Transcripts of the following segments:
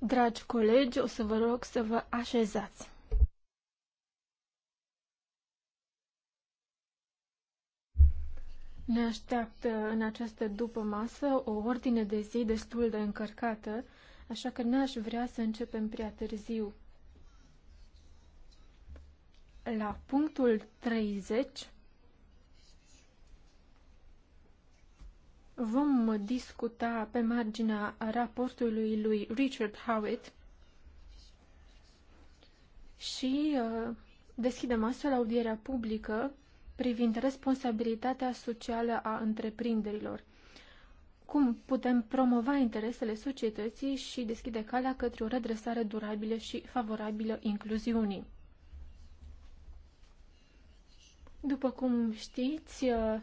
Dragi colegi, o să vă rog să vă așezați. Ne așteaptă în această după masă o ordine de zi destul de încărcată, așa că n-aș vrea să începem prea târziu. La punctul 30 Vom discuta pe marginea raportului lui Richard Howitt și uh, deschidem astfel audierea publică privind responsabilitatea socială a întreprinderilor. Cum putem promova interesele societății și deschide calea către o redresare durabilă și favorabilă incluziunii. După cum știți, uh,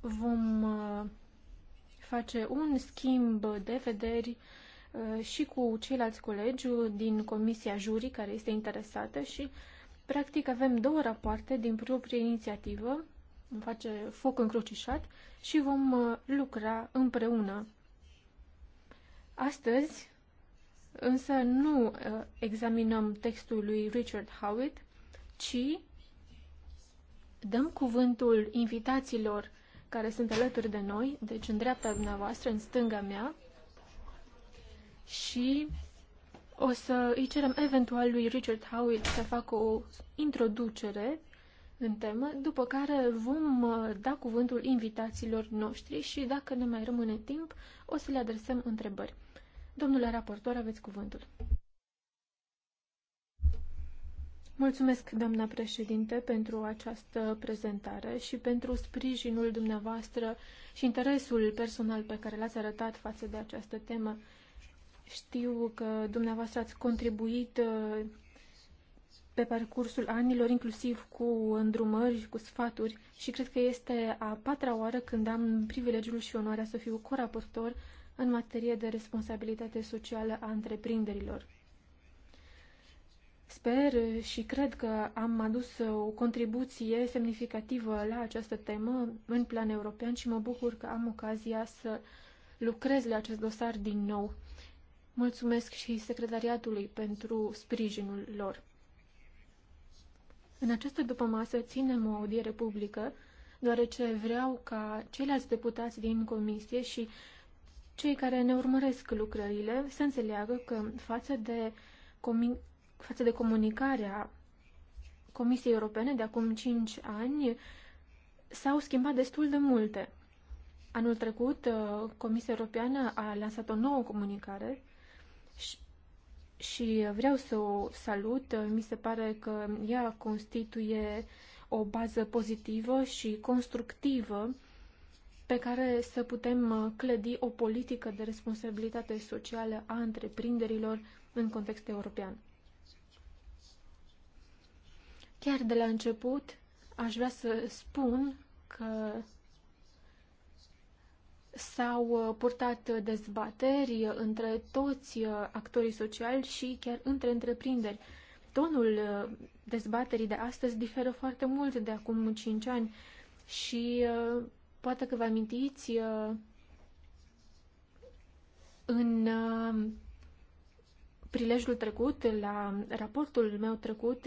vom uh, face un schimb de vederi uh, și cu ceilalți colegi din Comisia juri care este interesată și practic avem două rapoarte din proprie inițiativă, îmi face foc încrucișat și vom uh, lucra împreună. Astăzi însă nu examinăm textul lui Richard Howitt, ci dăm cuvântul invitațiilor care sunt alături de noi, deci în dreapta dumneavoastră, în stânga mea, și o să îi cerem eventual lui Richard Howitt să facă o introducere în temă, după care vom uh, da cuvântul invitațiilor noștri și, dacă ne mai rămâne timp, o să le adresăm întrebări. Domnule raportor, aveți cuvântul. Mulțumesc, doamna președinte, pentru această prezentare și pentru sprijinul dumneavoastră și interesul personal pe care l-ați arătat față de această temă. Știu că dumneavoastră ați contribuit uh, pe parcursul anilor, inclusiv cu îndrumări, cu sfaturi și cred că este a patra oară când am privilegiul și onoarea să fiu coraportor în materie de responsabilitate socială a întreprinderilor. Sper și cred că am adus o contribuție semnificativă la această temă în plan european și mă bucur că am ocazia să lucrez la acest dosar din nou. Mulțumesc și secretariatului pentru sprijinul lor. În această dupămasă ținem o audiere publică, deoarece vreau ca ceilalți deputați din comisie și cei care ne urmăresc lucrările să înțeleagă că față de comi față de comunicarea Comisiei Europene de acum 5 ani, s-au schimbat destul de multe. Anul trecut, uh, Comisia Europeană a lansat o nouă comunicare și, și vreau să o salut. Mi se pare că ea constituie o bază pozitivă și constructivă pe care să putem uh, clădi o politică de responsabilitate socială a întreprinderilor în context european. Chiar de la început aș vrea să spun că s-au uh, purtat uh, dezbateri uh, între toți actorii sociali și chiar între întreprinderi. Tonul dezbaterii de astăzi diferă foarte mult de acum 5 ani și poate că vă amintiți în prilejul trecut, la raportul meu trecut,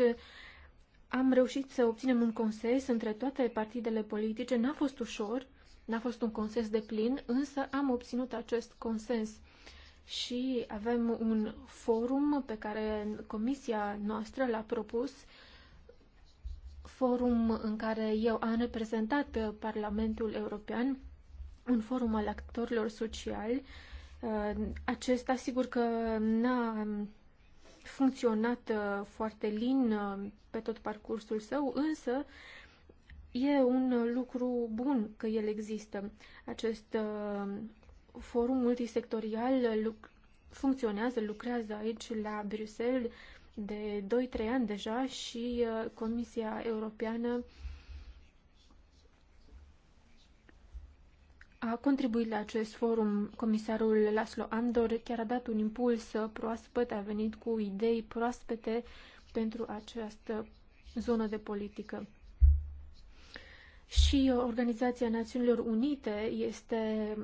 am reușit să obținem un consens între toate partidele politice. N-a fost ușor, n-a fost un consens de plin, însă am obținut acest consens. Și avem un forum pe care comisia noastră l-a propus, forum în care eu am reprezentat Parlamentul European, un forum al actorilor sociali. Acesta, sigur că n-a funcționat uh, foarte lin uh, pe tot parcursul său, însă e un lucru bun că el există. Acest uh, forum multisectorial funcționează, lucrează aici la Bruxelles de 2-3 ani deja și Comisia Europeană A contribuit la acest forum comisarul Laszlo Andor, chiar a dat un impuls proaspăt, a venit cu idei proaspete pentru această zonă de politică. Și Organizația Națiunilor Unite este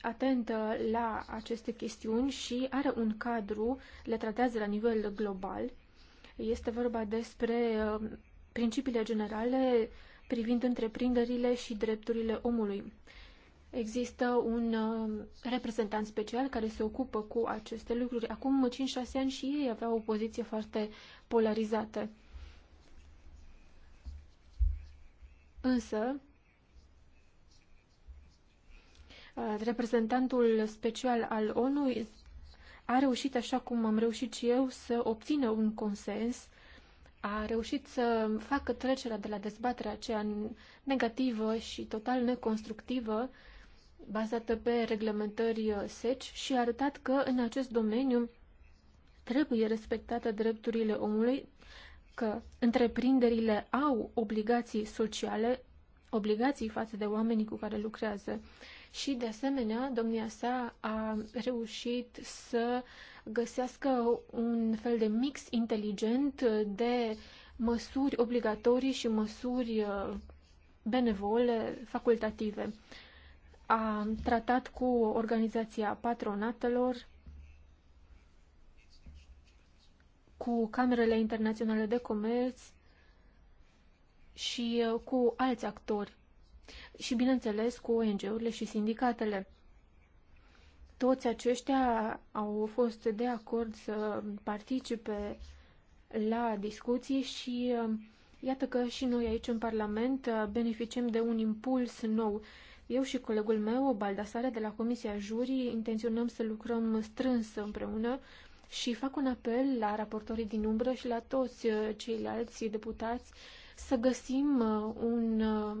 atentă la aceste chestiuni și are un cadru, le tratează la nivel global. Este vorba despre uh, principiile generale privind întreprinderile și drepturile omului. Există un uh, reprezentant special care se ocupă cu aceste lucruri. Acum 5-6 ani și ei aveau o poziție foarte polarizată. Însă, uh, reprezentantul special al ONU a reușit, așa cum am reușit și eu, să obțină un consens, a reușit să facă trecerea de la dezbaterea aceea negativă și total neconstructivă bazată pe reglementări uh, seci și a arătat că în acest domeniu trebuie respectate drepturile omului, că întreprinderile au obligații sociale, obligații față de oamenii cu care lucrează. Și, de asemenea, domnia sa a reușit să găsească un fel de mix inteligent uh, de măsuri obligatorii și măsuri uh, benevole, facultative am tratat cu organizația patronatelor, cu Camerele Internaționale de Comerț și uh, cu alți actori și, bineînțeles, cu ONG-urile și sindicatele. Toți aceștia au fost de acord să participe la discuții și uh, iată că și noi aici în Parlament uh, beneficiem de un impuls nou eu și colegul meu, Baldasare, de la Comisia Jurii, intenționăm să lucrăm strâns împreună și fac un apel la raportorii din umbră și la toți uh, ceilalți deputați să găsim uh, un uh,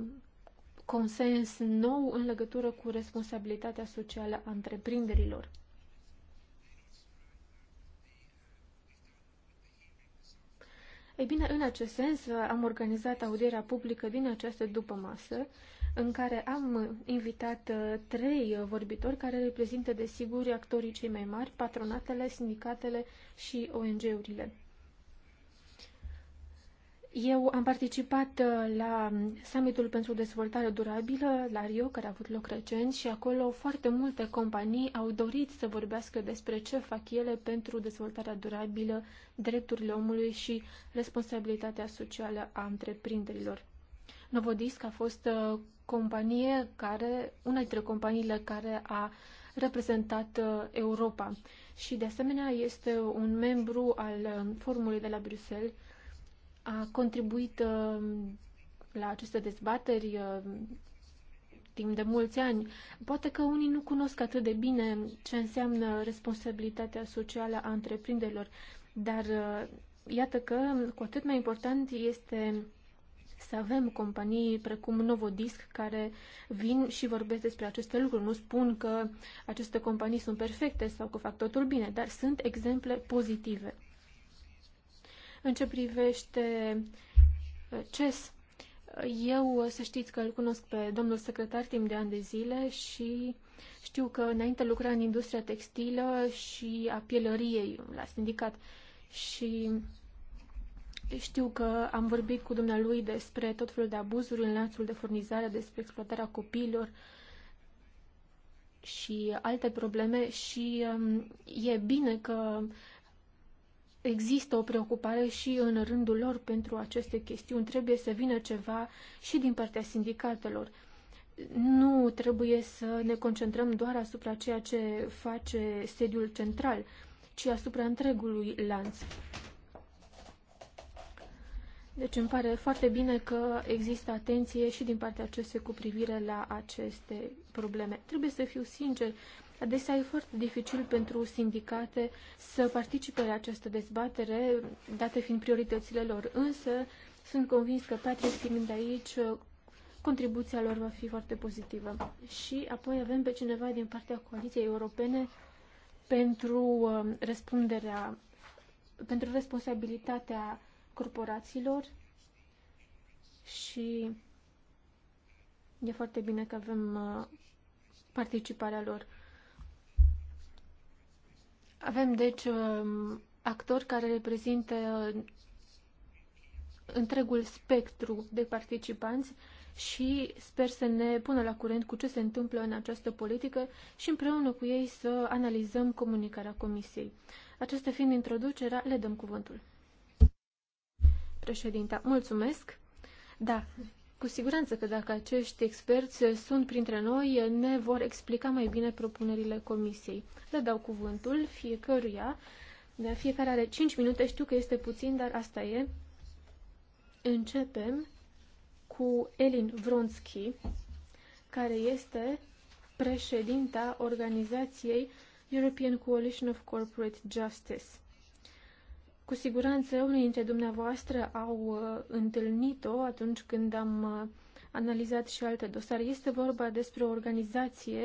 consens nou în legătură cu responsabilitatea socială a întreprinderilor. Ei bine, în acest sens am organizat audierea publică din această dupămasă în care am invitat uh, trei vorbitori care reprezintă, desigur, actorii cei mai mari, patronatele, sindicatele și ONG-urile. Eu am participat uh, la summitul pentru dezvoltare durabilă la Rio, care a avut loc recent și acolo foarte multe companii au dorit să vorbească despre ce fac ele pentru dezvoltarea durabilă, drepturile omului și responsabilitatea socială a întreprinderilor. Novodisc a fost uh, companie care, una dintre companiile care a reprezentat uh, Europa și de asemenea este un membru al um, forumului de la Bruxelles. A contribuit um, la aceste dezbateri um, timp de mulți ani. Poate că unii nu cunosc atât de bine ce înseamnă responsabilitatea socială a întreprinderilor, dar uh, iată că cu atât mai important este să avem companii precum Novodisc care vin și vorbesc despre aceste lucruri. Nu spun că aceste companii sunt perfecte sau că fac totul bine, dar sunt exemple pozitive. În ce privește uh, CES, uh, eu uh, să știți că îl cunosc pe domnul secretar timp de ani de zile și știu că înainte lucra în industria textilă și a pielăriei la sindicat și știu că am vorbit cu dumnealui despre tot felul de abuzuri în lanțul de furnizare, despre exploatarea copiilor și alte probleme și um, e bine că există o preocupare și în rândul lor pentru aceste chestiuni. Trebuie să vină ceva și din partea sindicatelor. Nu trebuie să ne concentrăm doar asupra ceea ce face sediul central, ci asupra întregului lanț. Deci îmi pare foarte bine că există atenție și din partea acestei cu privire la aceste probleme. Trebuie să fiu sincer, adesea e foarte dificil pentru sindicate să participe la această dezbatere, date fiind prioritățile lor. Însă sunt convins că Patrick fiind aici, contribuția lor va fi foarte pozitivă. Și apoi avem pe cineva din partea Coaliției Europene pentru um, răspunderea, pentru responsabilitatea corporațiilor și e foarte bine că avem uh, participarea lor. Avem, deci, uh, actori care reprezintă uh, întregul spectru de participanți și sper să ne pună la curent cu ce se întâmplă în această politică și împreună cu ei să analizăm comunicarea Comisiei. Acestea fiind introducerea, le dăm cuvântul. Președinta, mulțumesc. Da, cu siguranță că dacă acești experți sunt printre noi, ne vor explica mai bine propunerile comisiei. Le dau cuvântul fiecăruia. Da, fiecare are 5 minute, știu că este puțin, dar asta e. Începem cu Elin Vronski, care este președinta organizației European Coalition of Corporate Justice. Cu siguranță unii dintre dumneavoastră au uh, întâlnit-o atunci când am uh, analizat și alte dosare. Este vorba despre o organizație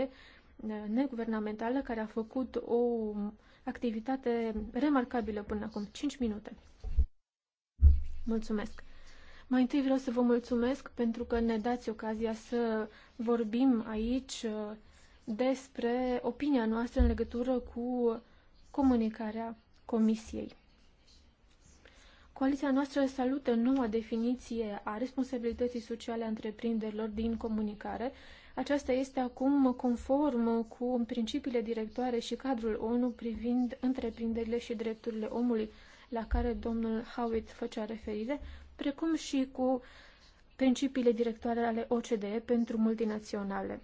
uh, neguvernamentală care a făcut o activitate remarcabilă până acum. 5 minute. Mulțumesc! Mai întâi vreau să vă mulțumesc pentru că ne dați ocazia să vorbim aici despre opinia noastră în legătură cu comunicarea Comisiei. Coaliția noastră salută noua definiție a responsabilității sociale a întreprinderilor din comunicare. Aceasta este acum conform cu principiile directoare și cadrul ONU privind întreprinderile și drepturile omului, la care domnul Howitt făcea referire, precum și cu principiile directoare ale OCDE pentru multinaționale.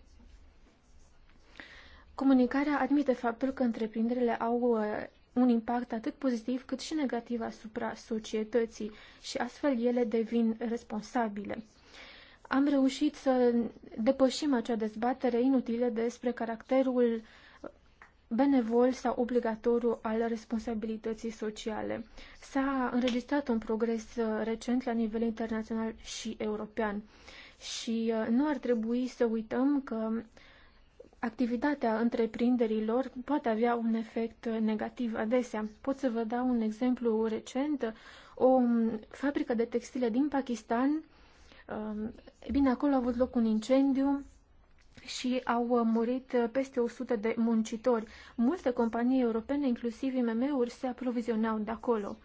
Comunicarea admite faptul că întreprinderile au un impact atât pozitiv cât și negativ asupra societății și astfel ele devin responsabile. Am reușit să depășim acea dezbatere inutilă despre caracterul benevol sau obligatoriu al responsabilității sociale. S-a înregistrat un progres recent la nivel internațional și european și uh, nu ar trebui să uităm că activitatea întreprinderilor poate avea un efect negativ adesea. Pot să vă dau un exemplu recent. O fabrică de textile din Pakistan, um, bine, acolo a avut loc un incendiu și au murit peste 100 de muncitori. Multe companii europene, inclusiv IMM-uri, se aprovizionau de acolo.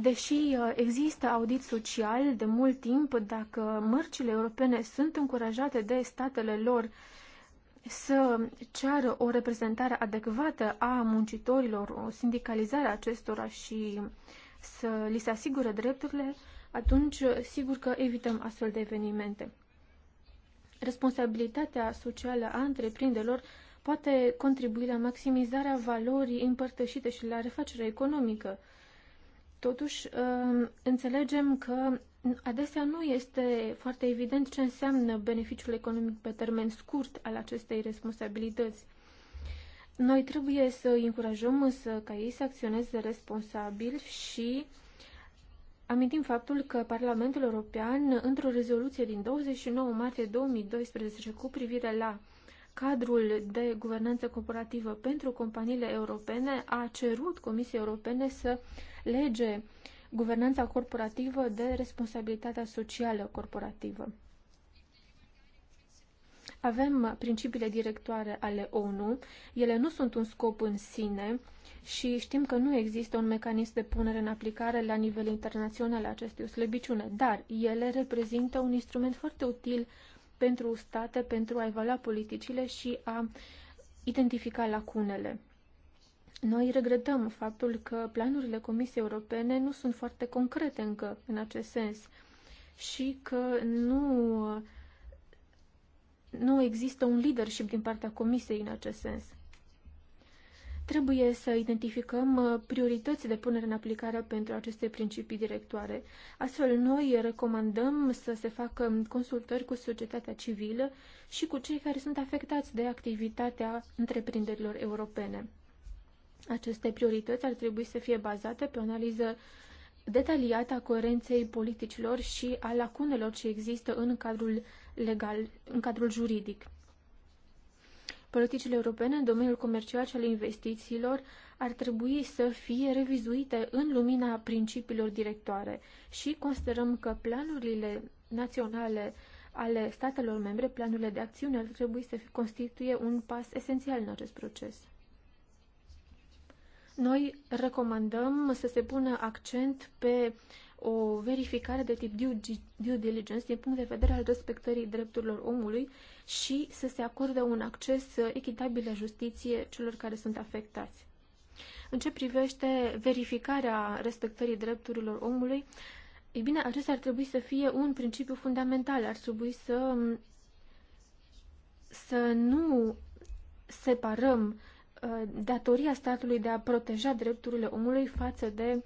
Deși uh, există audit social de mult timp, dacă mărcile europene sunt încurajate de statele lor să ceară o reprezentare adecvată a muncitorilor, o sindicalizare a acestora și să li se asigure drepturile, atunci sigur că evităm astfel de evenimente. Responsabilitatea socială a întreprinderilor poate contribui la maximizarea valorii împărtășite și la refacerea economică. Totuși, um, înțelegem că adesea nu este foarte evident ce înseamnă beneficiul economic pe termen scurt al acestei responsabilități. Noi trebuie să încurajăm însă ca ei să acționeze responsabil și amintim faptul că Parlamentul European, într-o rezoluție din 29 martie 2012 cu privire la cadrul de guvernanță corporativă pentru companiile europene a cerut Comisiei Europene să lege guvernanța corporativă de responsabilitatea socială corporativă. Avem principiile directoare ale ONU, ele nu sunt un scop în sine și știm că nu există un mecanism de punere în aplicare la nivel internațional a acestei slăbiciune, dar ele reprezintă un instrument foarte util pentru state pentru a evalua politicile și a identifica lacunele. Noi regretăm faptul că planurile Comisiei Europene nu sunt foarte concrete încă în acest sens și că nu, nu există un leadership din partea Comisiei în acest sens. Trebuie să identificăm uh, priorități de punere în aplicare pentru aceste principii directoare. Astfel, noi recomandăm să se facă um, consultări cu societatea civilă și cu cei care sunt afectați de activitatea întreprinderilor europene. Aceste priorități ar trebui să fie bazate pe o analiză detaliată a coerenței politicilor și a lacunelor ce există în cadrul legal, în cadrul juridic. Politicile europene în domeniul comercial și al investițiilor ar trebui să fie revizuite în lumina principiilor directoare și considerăm că planurile naționale ale statelor membre, planurile de acțiune, ar trebui să constituie un pas esențial în acest proces. Noi recomandăm să se pună accent pe uh, o verificare de tip due, diligence din punct de vedere al respectării drepturilor omului și să se acorde un acces echitabil la justiție celor care sunt afectați. În ce privește verificarea respectării drepturilor omului, ei bine, acesta ar trebui să fie un principiu fundamental, ar trebui să, să nu separăm uh, datoria statului de a proteja drepturile omului față de uh,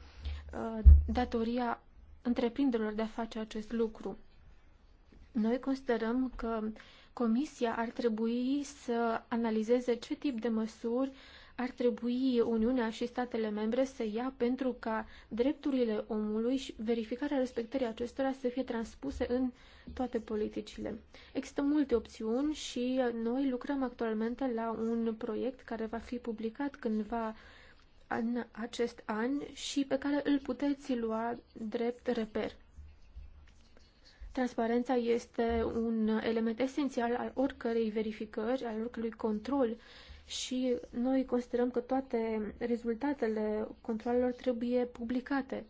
Uh, datoria întreprinderilor de a face acest lucru. Noi considerăm că Comisia ar trebui să analizeze ce tip de măsuri ar trebui Uniunea și statele membre să ia pentru ca drepturile omului și verificarea respectării acestora să fie transpuse în toate politicile. Există multe opțiuni și noi lucrăm actualmente la un proiect care va fi publicat cândva în acest an și pe care îl puteți lua drept reper. Transparența este un element esențial al oricărei verificări, al oricărui control și noi considerăm că toate rezultatele controlelor trebuie publicate.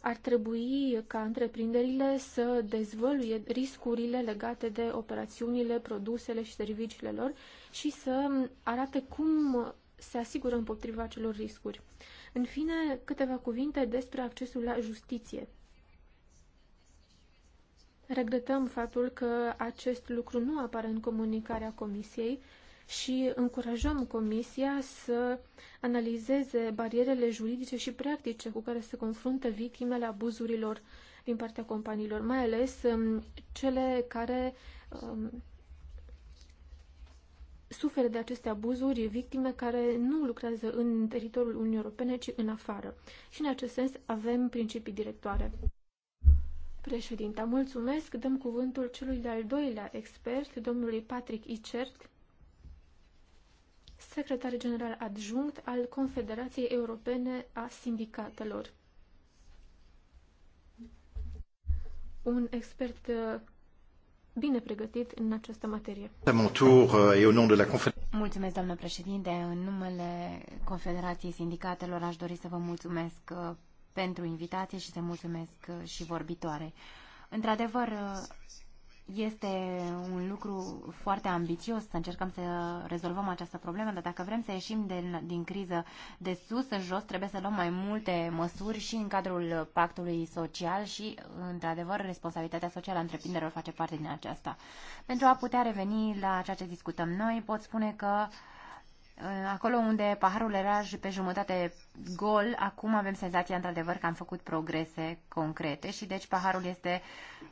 Ar trebui ca întreprinderile să dezvăluie riscurile legate de operațiunile, produsele și serviciile lor și să arate cum se asigură împotriva acelor riscuri. În fine, câteva cuvinte despre accesul la justiție. Regretăm faptul că acest lucru nu apare în comunicarea Comisiei și încurajăm Comisia să analizeze barierele juridice și practice cu care se confruntă victimele abuzurilor din partea companiilor, mai ales um, cele care um, suferă de aceste abuzuri victime care nu lucrează în teritoriul Uniunii Europene, ci în afară. Și în acest sens avem principii directoare. Președinta, mulțumesc. Dăm cuvântul celui de-al doilea expert, domnului Patrick Icert, secretar general adjunct al Confederației Europene a Sindicatelor. Un expert bine pregătit în această materie. Uh, mulțumesc, doamnă președinte. În numele Confederației Sindicatelor aș dori să vă mulțumesc uh, pentru invitație și să mulțumesc uh, și vorbitoare. Într-adevăr, este un lucru foarte ambițios să încercăm să rezolvăm această problemă, dar dacă vrem să ieșim de, din criză de sus în jos, trebuie să luăm mai multe măsuri și în cadrul pactului social și, într-adevăr, responsabilitatea socială a întreprinderilor face parte din aceasta. Pentru a putea reveni la ceea ce discutăm noi, pot spune că uh, Acolo unde paharul era și pe jumătate gol, acum avem senzația într-adevăr că am făcut progrese concrete și deci paharul este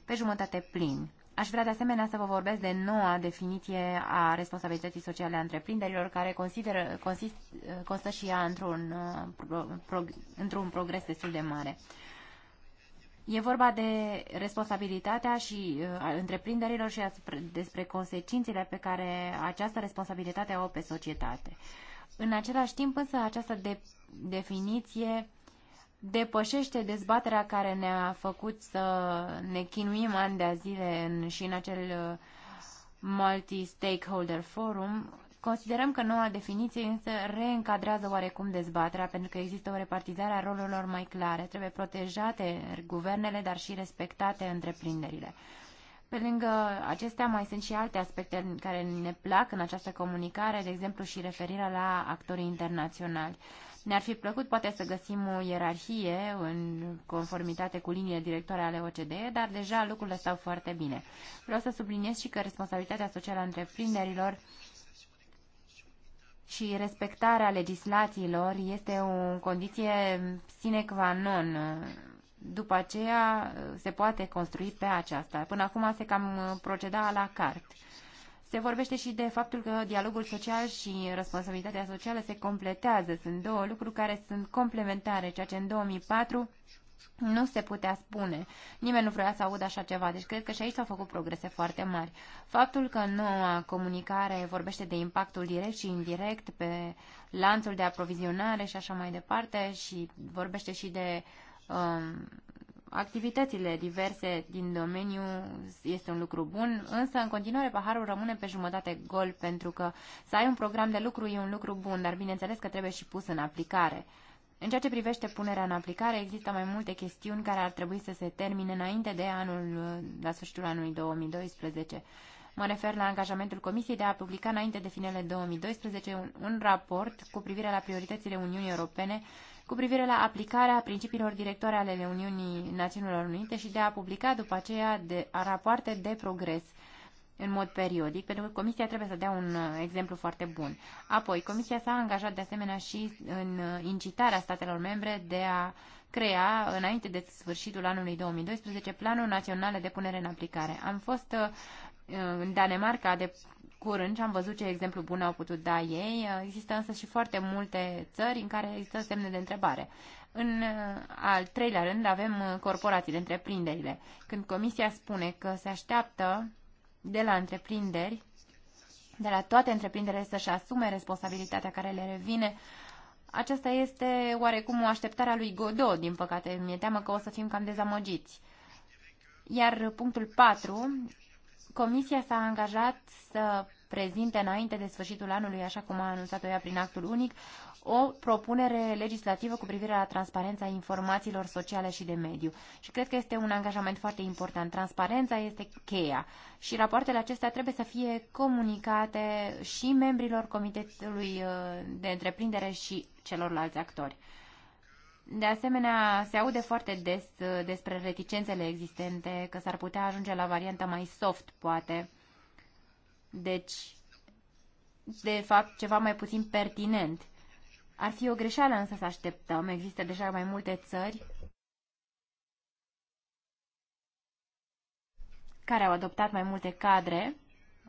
pe jumătate plin. Aș vrea de asemenea să vă vorbesc de noua definiție a responsabilității sociale a întreprinderilor, care consideră, consist, constă și ea într-un, uh, pro, într-un progres destul de mare. E vorba de responsabilitatea și uh, a întreprinderilor și despre consecințele pe care această responsabilitate o pe societate. În același timp, însă, această de, definiție depășește dezbaterea care ne-a făcut să ne chinuim ani de zile în, și în acel uh, multi-stakeholder forum. Considerăm că noua definiție însă reîncadrează oarecum dezbaterea pentru că există o repartizare a rolurilor mai clare. Trebuie protejate guvernele, dar și respectate întreprinderile. Pe lângă acestea mai sunt și alte aspecte care ne plac în această comunicare, de exemplu și referirea la actorii internaționali. Ne-ar fi plăcut poate să găsim o ierarhie în conformitate cu liniile directoare ale OCDE, dar deja lucrurile stau foarte bine. Vreau să subliniez și că responsabilitatea socială a întreprinderilor și respectarea legislațiilor este o condiție sine qua non. După aceea se poate construi pe aceasta. Până acum se cam proceda la carte. Se vorbește și de faptul că dialogul social și responsabilitatea socială se completează. Sunt două lucruri care sunt complementare, ceea ce în 2004 nu se putea spune. Nimeni nu vrea să audă așa ceva, deci cred că și aici s-au făcut progrese foarte mari. Faptul că noua comunicare vorbește de impactul direct și indirect pe lanțul de aprovizionare și așa mai departe și vorbește și de um, activitățile diverse din domeniu este un lucru bun, însă în continuare paharul rămâne pe jumătate gol pentru că să ai un program de lucru e un lucru bun, dar bineînțeles că trebuie și pus în aplicare. În ceea ce privește punerea în aplicare, există mai multe chestiuni care ar trebui să se termine înainte de anul, la sfârșitul anului 2012. Mă refer la angajamentul Comisiei de a publica înainte de finele 2012 un, un raport cu privire la prioritățile Uniunii Europene cu privire la aplicarea principiilor directoare ale Uniunii Națiunilor Unite și de a publica după aceea de, a rapoarte de progres în mod periodic, pentru că Comisia trebuie să dea un uh, exemplu foarte bun. Apoi, Comisia s-a angajat de asemenea și în uh, incitarea statelor membre de a crea, înainte de sfârșitul anului 2012, Planul Național de Punere în Aplicare. Am fost uh, în Danemarca de curând și am văzut ce exemplu bun au putut da ei. Există însă și foarte multe țări în care există semne de întrebare. În uh, al treilea rând avem uh, corporațiile, întreprinderile. Când Comisia spune că se așteaptă de la întreprinderi, de la toate întreprinderile să-și asume responsabilitatea care le revine, aceasta este oarecum o așteptare a lui Godot, din păcate. Mi-e teamă că o să fim cam dezamăgiți. Iar punctul 4, Comisia s-a angajat să prezinte înainte de sfârșitul anului, așa cum a anunțat-o ea prin actul unic, o propunere legislativă cu privire la transparența informațiilor sociale și de mediu. Și cred că este un angajament foarte important. Transparența este cheia și rapoartele acestea trebuie să fie comunicate și membrilor Comitetului uh, de Întreprindere și celorlalți actori. De asemenea, se aude foarte des uh, despre reticențele existente, că s-ar putea ajunge la varianta mai soft, poate. Deci, de fapt, ceva mai puțin pertinent. Ar fi o greșeală însă să așteptăm. Există deja mai multe țări care au adoptat mai multe cadre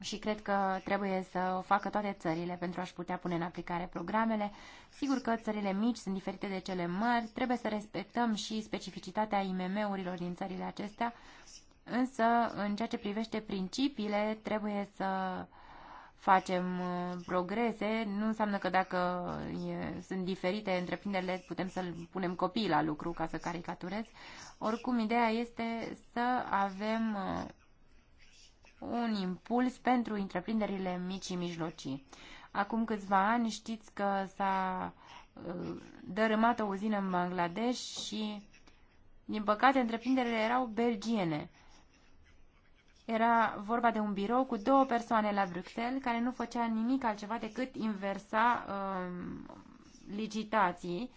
și cred că trebuie să o facă toate țările pentru a-și putea pune în aplicare programele. Sigur că țările mici sunt diferite de cele mari, trebuie să respectăm și specificitatea IMM-urilor din țările acestea, însă în ceea ce privește principiile trebuie să facem uh, progrese. Nu înseamnă că dacă e, sunt diferite întreprinderile putem să punem copiii la lucru ca să caricaturez. Oricum, ideea este să avem uh, un impuls pentru întreprinderile mici și mijlocii. Acum câțiva ani știți că s-a uh, dărâmat o uzină în Bangladesh și, din păcate, întreprinderile erau belgiene. Era vorba de un birou cu două persoane la Bruxelles care nu făcea nimic altceva decât inversa uh, licitații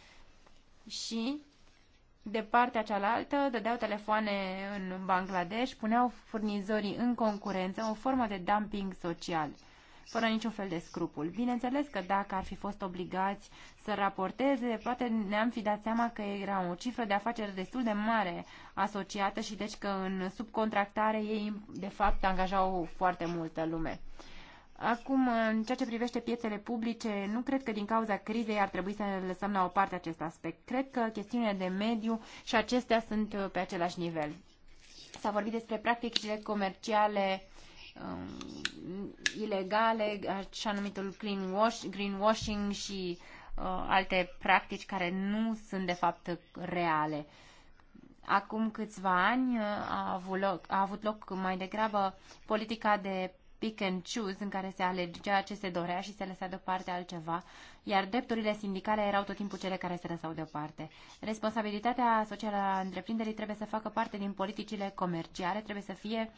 și de partea cealaltă dădeau telefoane în Bangladesh, puneau furnizorii în concurență, o formă de dumping social, fără niciun fel de scrupul. Bineînțeles că dacă ar fi fost obligați să raporteze, poate ne-am fi dat seama că era o cifră de afaceri destul de mare asociată și deci că în subcontractare ei, de fapt, angajau foarte multă lume. Acum, în ceea ce privește piețele publice, nu cred că din cauza crizei ar trebui să ne lăsăm la o parte acest aspect. Cred că chestiunile de mediu și acestea sunt uh, pe același nivel. S-a vorbit despre practicile comerciale uh, ilegale, așa numitul green greenwashing și uh, alte practici care nu sunt de fapt reale. Acum câțiva ani uh, a avut loc, a avut loc mai degrabă politica de pick and choose în care se alegea ce se dorea și se lăsa deoparte altceva, iar drepturile sindicale erau tot timpul cele care se lăsau deoparte. Responsabilitatea socială a întreprinderii trebuie să facă parte din politicile comerciale, trebuie să fie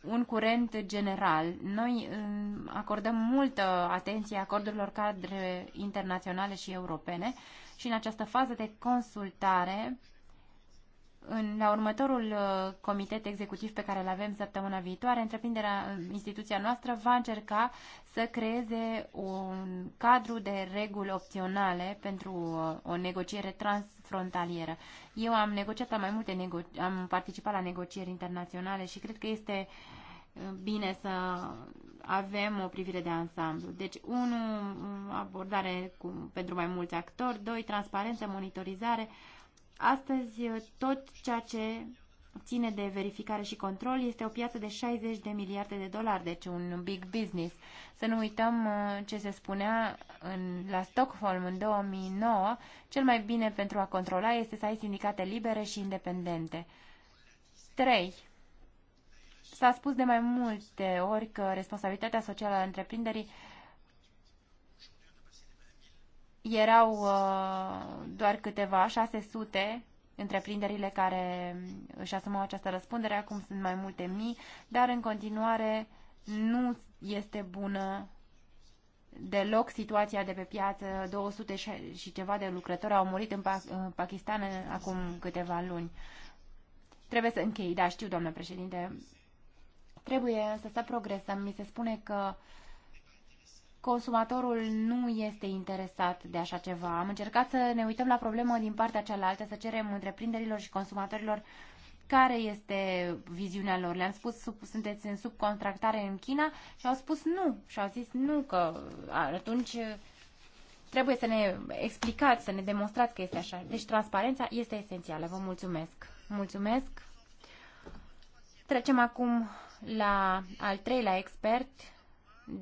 un curent general. Noi um, acordăm multă atenție acordurilor cadre internaționale și europene și în această fază de consultare în, la următorul uh, comitet executiv pe care îl avem săptămâna viitoare, întreprinderea, uh, instituția noastră va încerca să creeze un cadru de reguli opționale pentru uh, o negociere transfrontalieră. Eu am negociat la mai multe, nego- am participat la negocieri internaționale și cred că este bine să avem o privire de ansamblu. Deci, unu, abordare cu, pentru mai mulți actori, doi, transparență, monitorizare, uh, Astăzi, uh, tot ceea ce ține de verificare și control este o piață de 60 de miliarde de dolari, deci un big business. Să nu uităm uh, ce se spunea în, la Stockholm în 2009, cel mai bine pentru a controla este să ai sindicate libere și independente. 3. S-a spus de mai multe ori că responsabilitatea socială a întreprinderii uh, erau uh, doar câteva, 600 întreprinderile care își asumau această răspundere, acum sunt mai multe mii, dar în continuare nu este bună deloc situația de pe piață. 200 și ceva de lucrători au murit în, Pakistan acum câteva luni. Trebuie să închei, da, știu, doamnă președinte. Trebuie să să progresăm. Mi se spune că uh, consumatorul nu este interesat de așa ceva. Am încercat să ne uităm la problemă din partea cealaltă, să cerem întreprinderilor și consumatorilor care este viziunea lor. Le-am spus, sub, sunteți în subcontractare în China și au spus nu. Și au zis nu, că atunci trebuie să ne explicați, să ne demonstrați că este așa. Deci transparența este esențială. Vă mulțumesc. Mulțumesc. Trecem acum la al treilea expert,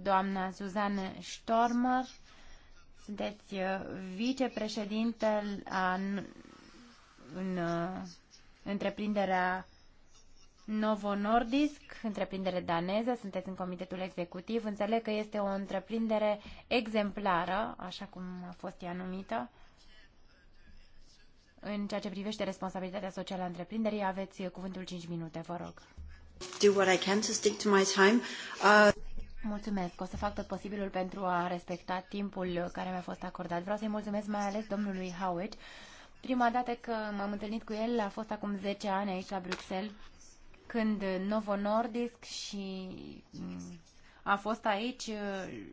doamna Suzanne Stormer. Sunteți uh, vicepreședinte în, în uh, întreprinderea Novo Nordisk, întreprindere daneză, sunteți în comitetul executiv. Înțeleg că este o întreprindere exemplară, așa cum a fost ea numită. În ceea ce privește responsabilitatea socială a întreprinderii, aveți cuvântul 5 minute, vă rog. Do what I can to stick to my time. Uh... Mulțumesc. O să fac tot posibilul pentru a respecta timpul care mi-a fost acordat. Vreau să-i mulțumesc mai ales domnului Howard. Prima dată că m-am întâlnit cu el a fost acum 10 ani aici la Bruxelles, când Novo Nordisk și mm, a fost aici uh,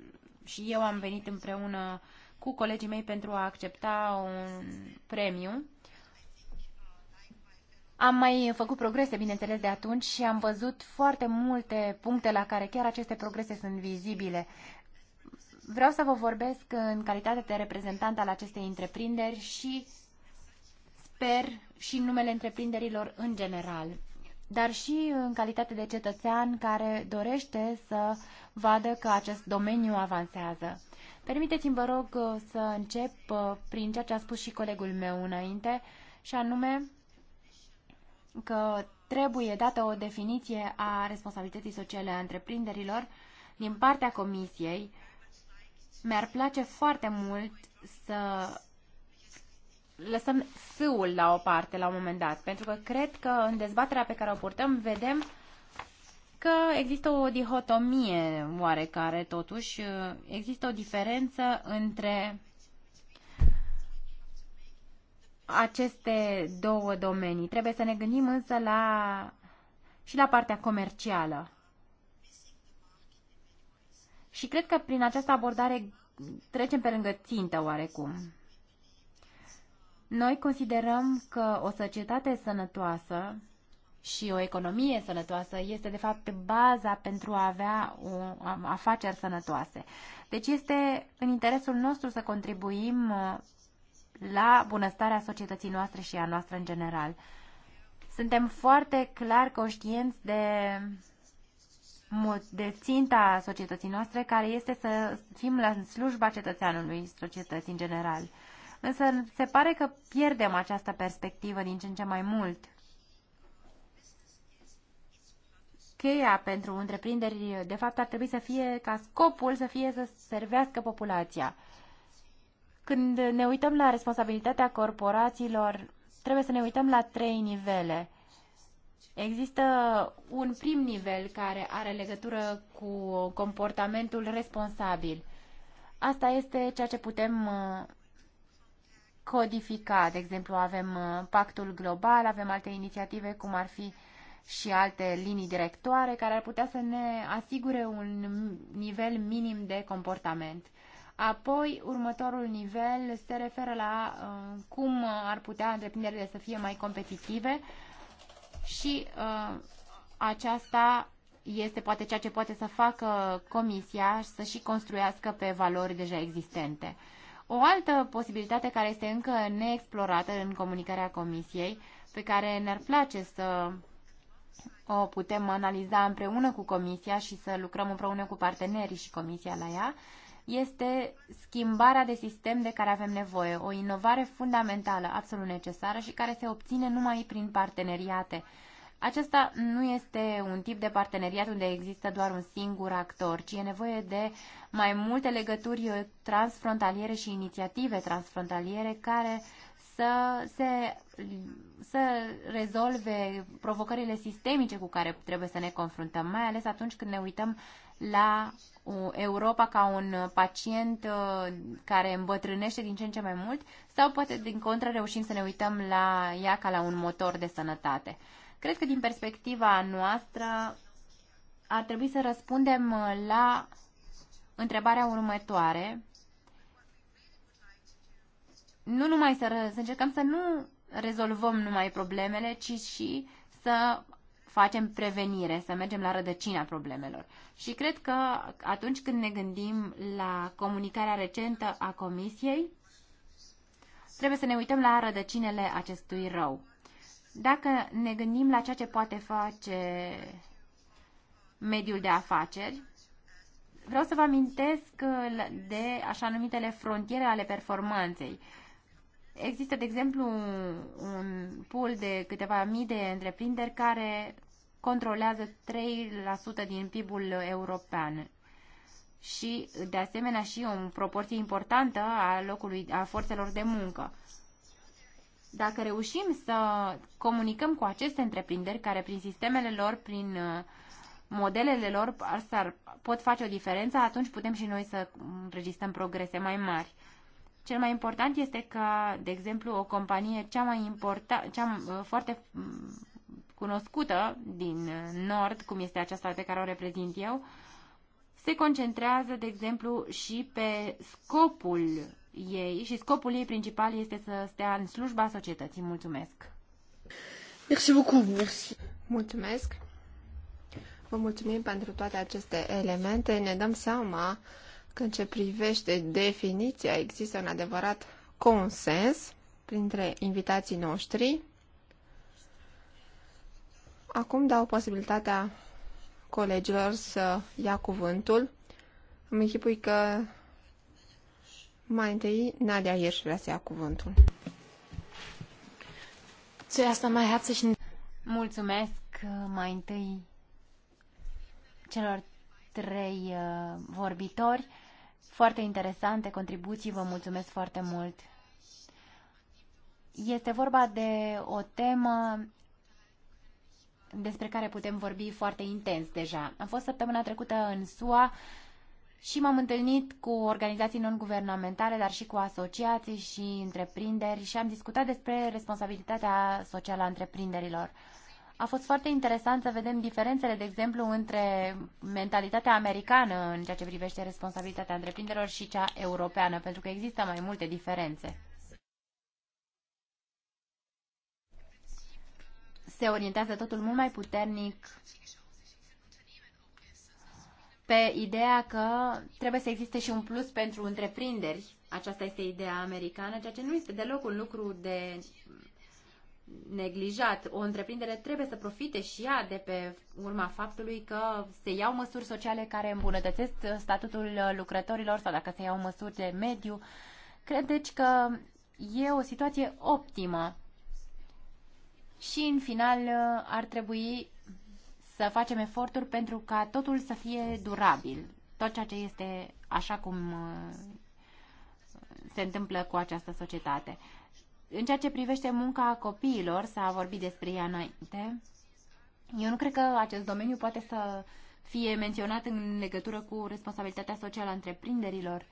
și eu am venit împreună cu colegii mei pentru a accepta un premiu am mai făcut progrese, bineînțeles, de atunci și am văzut foarte multe puncte la care chiar aceste progrese sunt vizibile. Vreau să vă vorbesc în calitate de reprezentant al acestei întreprinderi și sper și în numele întreprinderilor în general, dar și în calitate de cetățean care dorește să vadă că acest domeniu avansează. Permiteți-mi, vă rog, să încep uh, prin ceea ce a spus și colegul meu înainte, și anume că trebuie dată o definiție a responsabilității sociale a întreprinderilor din partea Comisiei. Mi-ar place foarte mult să lăsăm sâul la o parte la un moment dat, pentru că cred că în dezbaterea pe care o purtăm vedem că există o dihotomie oarecare totuși, există o diferență între aceste două domenii. Trebuie să ne gândim însă la, și la partea comercială. Și cred că prin această abordare trecem pe lângă țintă oarecum. Noi considerăm că o societate sănătoasă și o economie sănătoasă este de fapt baza pentru a avea o afaceri sănătoase. Deci este în interesul nostru să contribuim la bunăstarea societății noastre și a noastră în general. Suntem foarte clar conștienți de, de ținta societății noastre, care este să fim la slujba cetățeanului societății în general. Însă se pare că pierdem această perspectivă din ce în ce mai mult. Cheia pentru întreprinderi, de fapt, ar trebui să fie ca scopul să fie să servească populația. Când ne uităm la responsabilitatea corporațiilor, trebuie să ne uităm la trei nivele. Există un prim nivel care are legătură cu comportamentul responsabil. Asta este ceea ce putem uh, codifica. De exemplu, avem uh, pactul global, avem alte inițiative, cum ar fi și alte linii directoare, care ar putea să ne asigure un nivel minim de comportament. Apoi, următorul nivel se referă la uh, cum ar putea întreprinderile să fie mai competitive și uh, aceasta este poate ceea ce poate să facă comisia să și construiască pe valori deja existente. O altă posibilitate care este încă neexplorată în comunicarea comisiei, pe care ne-ar place să o putem analiza împreună cu comisia și să lucrăm împreună cu partenerii și comisia la ea, este schimbarea de sistem de care avem nevoie, o inovare fundamentală, absolut necesară și care se obține numai prin parteneriate. Acesta nu este un tip de parteneriat unde există doar un singur actor, ci e nevoie de mai multe legături transfrontaliere și inițiative transfrontaliere care să, se, să rezolve provocările sistemice cu care trebuie să ne confruntăm, mai ales atunci când ne uităm la Europa ca un uh, pacient uh, care îmbătrânește din ce în ce mai mult sau poate din contră reușim să ne uităm la ea ca la un motor de sănătate. Cred că din perspectiva noastră ar trebui să răspundem uh, la întrebarea următoare. Nu numai să, să încercăm să nu rezolvăm numai problemele, ci și să facem prevenire, să mergem la rădăcina problemelor. Și cred că atunci când ne gândim la comunicarea recentă a Comisiei, trebuie să ne uităm la rădăcinele acestui rău. Dacă ne gândim la ceea ce poate face mediul de afaceri, vreau să vă amintesc de așa numitele frontiere ale performanței. Există, de exemplu, un pool de câteva mii de întreprinderi care controlează 3% din PIB-ul european și, de asemenea, și o proporție importantă a, locului, a forțelor de muncă. Dacă reușim să comunicăm cu aceste întreprinderi care prin sistemele lor, prin uh, modelele lor ar, pot face o diferență, atunci putem și noi să înregistrăm progrese mai mari. Cel mai important este că, de exemplu, o companie cea mai importantă, cea uh, foarte mm, cunoscută din Nord, cum este aceasta pe care o reprezint eu, se concentrează, de exemplu, și pe scopul ei și scopul ei principal este să stea în slujba societății. Mulțumesc! Merci beaucoup, merci. Mulțumesc! Vă mulțumim pentru toate aceste elemente. Ne dăm seama că în ce privește definiția există un adevărat consens printre invitații noștri. Acum dau posibilitatea colegilor să ia cuvântul. Îmi închipui că mai întâi Nadia Hirsch vrea să ia cuvântul. Zuerst einmal herzlichen Mulțumesc uh, mai întâi celor trei uh, vorbitori. Foarte interesante contribuții, vă mulțumesc foarte mult. Este vorba de o temă despre care putem vorbi foarte intens deja. Am fost săptămâna trecută în SUA și m-am întâlnit cu organizații non-guvernamentale, dar și cu asociații și întreprinderi și am discutat despre responsabilitatea socială a întreprinderilor. A fost foarte interesant să vedem diferențele, de exemplu, între mentalitatea americană în ceea ce privește responsabilitatea întreprinderilor și cea europeană, pentru că există mai multe diferențe. se orientează totul mult mai puternic pe ideea că trebuie să existe și un plus pentru întreprinderi. Aceasta este ideea americană, ceea ce nu este deloc un lucru de neglijat. O întreprindere trebuie să profite și ea de pe urma faptului că se iau măsuri sociale care îmbunătățesc statutul lucrătorilor sau dacă se iau măsuri de mediu. Cred deci că e o situație optimă și în final uh, ar trebui să facem eforturi pentru ca totul să fie durabil. Tot ceea ce este așa cum uh, se întâmplă cu această societate. În ceea ce privește munca copiilor, s-a vorbit despre ea înainte, eu nu cred că acest domeniu poate să fie menționat în legătură cu responsabilitatea socială a întreprinderilor. Uh,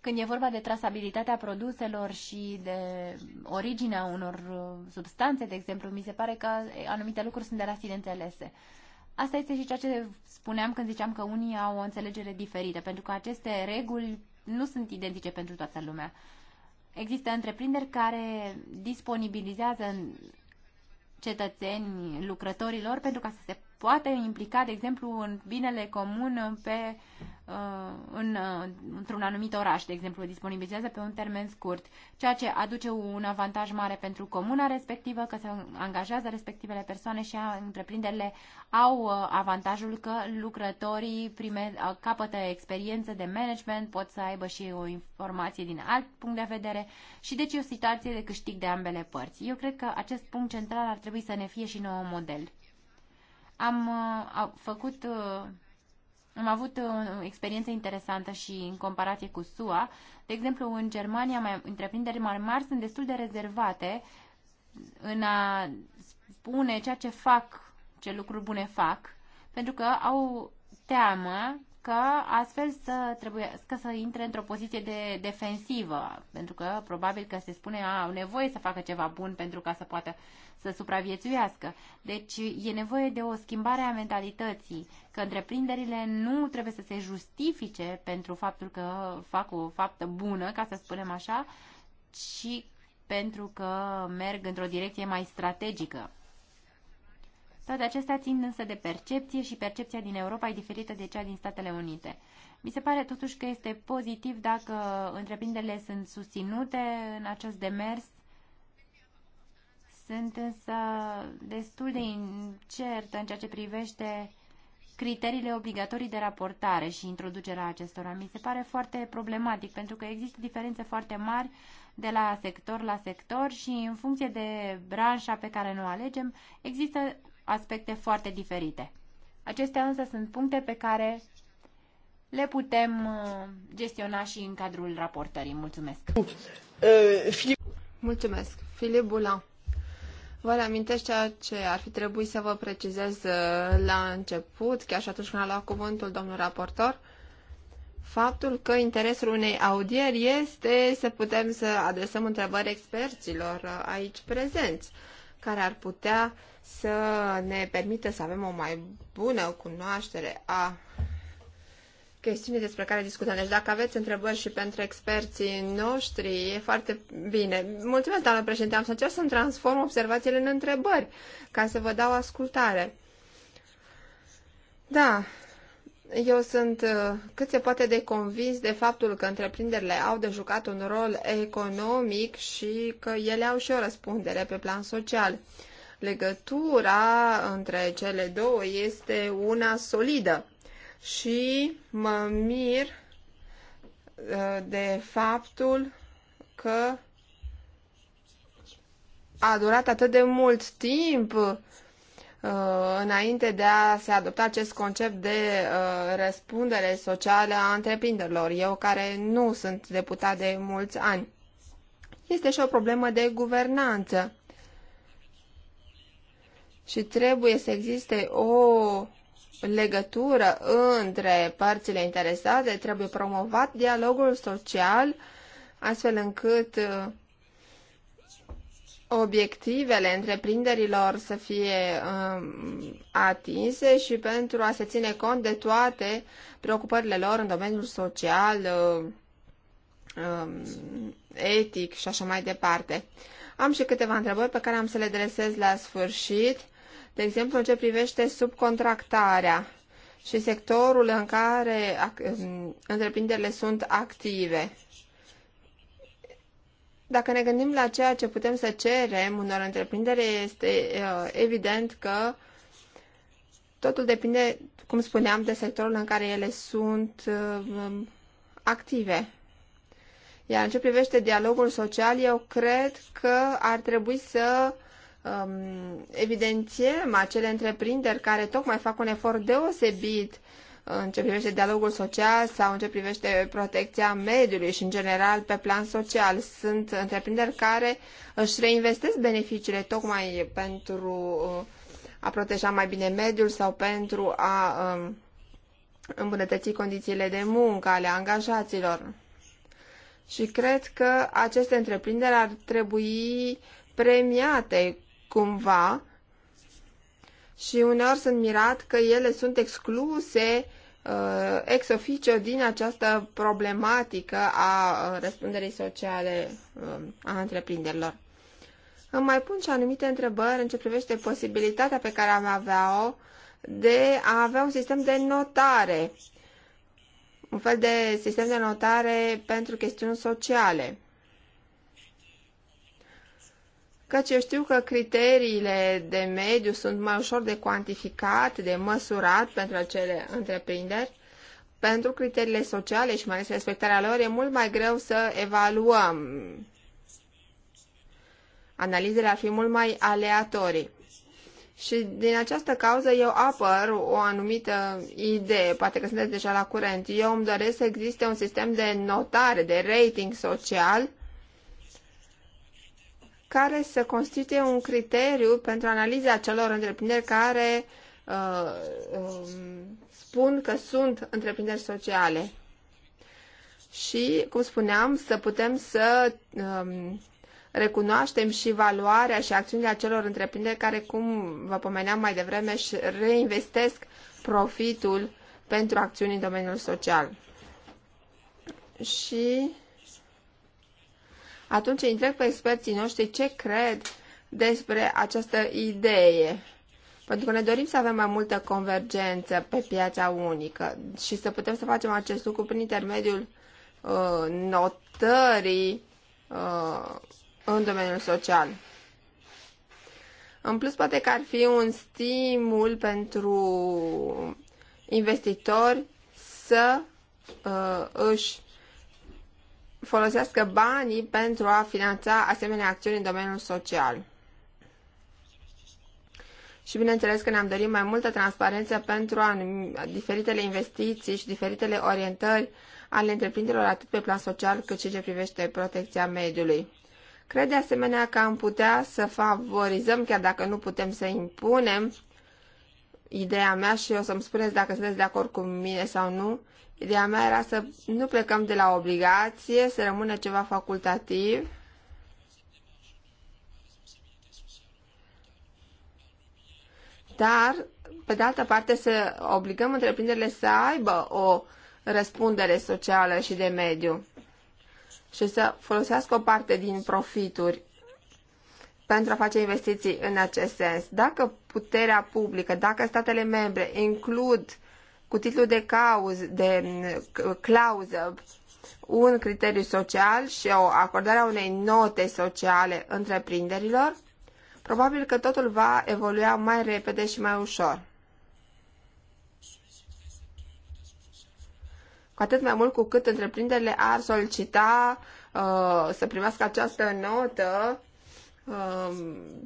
Când e vorba de trasabilitatea produselor și de originea unor uh, substanțe, de exemplu, mi se pare că anumite lucruri sunt de la sine înțelese. Asta este și ceea ce spuneam când ziceam că unii au o înțelegere diferită, pentru că aceste reguli nu sunt identice pentru toată lumea. Există întreprinderi care disponibilizează cetățeni lucrătorilor pentru ca să se poate implica, de exemplu, în binele comun pe, uh, în, uh, într-un anumit oraș, de exemplu, disponibilizează pe un termen scurt, ceea ce aduce un avantaj mare pentru comuna respectivă, că se angajează respectivele persoane și întreprinderile au uh, avantajul că lucrătorii prime, capătă experiență de management, pot să aibă și o informație din alt punct de vedere și deci e o situație de câștig de ambele părți. Eu cred că acest punct central ar trebui să ne fie și nouă model. Am uh, făcut uh, am avut o uh, experiență interesantă și în comparație cu SUA. De exemplu, în Germania, mai, întreprinderi mari mari sunt destul de rezervate în a spune ceea ce fac, ce lucruri bune fac, pentru că au teamă că astfel să trebuiască să intre într-o poziție de defensivă, pentru că probabil că se spune a, au nevoie să facă ceva bun pentru ca să poată să supraviețuiască. Deci e nevoie de o schimbare a mentalității, că întreprinderile nu trebuie să se justifice pentru faptul că fac o faptă bună, ca să spunem așa, ci pentru că merg într-o direcție mai strategică. Toate acestea țin însă de percepție și percepția din Europa e diferită de cea din Statele Unite. Mi se pare totuși că este pozitiv dacă întreprinderile sunt susținute în acest demers. Sunt însă destul de incertă în ceea ce privește criteriile obligatorii de raportare și introducerea acestora. Mi se pare foarte problematic pentru că există diferențe foarte mari de la sector la sector și în funcție de branșa pe care nu o alegem, există aspecte foarte diferite. Acestea însă sunt puncte pe care le putem uh, gestiona și în cadrul raportării. Mulțumesc! Mulțumesc! Filip Bula, vă reamintesc ceea ce ar fi trebuit să vă precizez uh, la început, chiar și atunci când a luat cuvântul domnul raportor, faptul că interesul unei audieri este să putem să adresăm întrebări experților uh, aici prezenți care ar putea să ne permită să avem o mai bună cunoaștere a chestiunii despre care discutăm. Deci dacă aveți întrebări și pentru experții noștri, e foarte bine. Mulțumesc, doamnă președinte, am să încerc să-mi transform observațiile în întrebări, ca să vă dau ascultare. Da, eu sunt uh, cât se poate de convins de faptul că întreprinderile au de jucat un rol economic și că ele au și o răspundere pe plan social. Legătura între cele două este una solidă și mă mir uh, de faptul că a durat atât de mult timp Uh, înainte de a se adopta acest concept de uh, răspundere socială a întreprinderilor, eu care nu sunt deputat de mulți ani. Este și o problemă de guvernanță și trebuie să existe o legătură între părțile interesate, trebuie promovat dialogul social astfel încât uh, obiectivele întreprinderilor să fie um, atinse și pentru a se ține cont de toate preocupările lor în domeniul social, um, um, etic și așa mai departe. Am și câteva întrebări pe care am să le adresez la sfârșit, de exemplu în ce privește subcontractarea și sectorul în care întreprinderile sunt active. Dacă ne gândim la ceea ce putem să cerem unor întreprindere, este uh, evident că totul depinde, cum spuneam, de sectorul în care ele sunt uh, active. Iar în ce privește dialogul social, eu cred că ar trebui să um, evidențiem acele întreprinderi care tocmai fac un efort deosebit în ce privește dialogul social sau în ce privește protecția mediului și în general pe plan social. Sunt întreprinderi care își reinvestesc beneficiile tocmai pentru uh, a proteja mai bine mediul sau pentru a um, îmbunătăți condițiile de muncă ale angajaților. Și cred că aceste întreprinderi ar trebui premiate cumva și uneori sunt mirat că ele sunt excluse Uh, ex officio din această problematică a uh, răspunderii sociale um, a întreprinderilor. Îmi mai pun și anumite întrebări în ce privește posibilitatea pe care am avea-o de a avea un sistem de notare, un fel de sistem de notare pentru chestiuni sociale căci eu știu că criteriile de mediu sunt mai ușor de cuantificat, de măsurat pentru acele întreprinderi. Pentru criteriile sociale și mai ales respectarea lor e mult mai greu să evaluăm. Analizele ar fi mult mai aleatorii. Și din această cauză eu apăr o anumită idee, poate că sunteți deja la curent. Eu îmi doresc să existe un sistem de notare, de rating social, care să constituie un criteriu pentru analiza celor întreprinderi care uh, um, spun că sunt întreprinderi sociale. Și, cum spuneam, să putem să um, recunoaștem și valoarea și acțiunile acelor întreprinderi care, cum vă pomeneam mai devreme, și reinvestesc profitul pentru acțiuni în domeniul social. Și atunci întreb pe experții noștri ce cred despre această idee. Pentru că ne dorim să avem mai multă convergență pe piața unică și să putem să facem acest lucru prin intermediul uh, notării uh, în domeniul social. În plus, poate că ar fi un stimul pentru investitori să uh, își folosească banii pentru a finanța asemenea acțiuni în domeniul social. Și bineînțeles că ne-am dorit mai multă transparență pentru a diferitele investiții și diferitele orientări ale întreprinderilor atât pe plan social cât și ce privește protecția mediului. Cred de asemenea că am putea să favorizăm, chiar dacă nu putem să impunem, ideea mea și o să-mi spuneți dacă sunteți de acord cu mine sau nu, Ideea mea era să nu plecăm de la obligație, să rămână ceva facultativ. Dar, pe de altă parte, să obligăm întreprinderile să aibă o răspundere socială și de mediu și să folosească o parte din profituri pentru a face investiții în acest sens. Dacă puterea publică, dacă statele membre includ cu titlu de, cauz, de mm, clauză un criteriu social și o acordare a unei note sociale întreprinderilor, probabil că totul va evolua mai repede și mai ușor. Cu atât mai mult cu cât întreprinderile ar solicita uh, să primească această notă uh,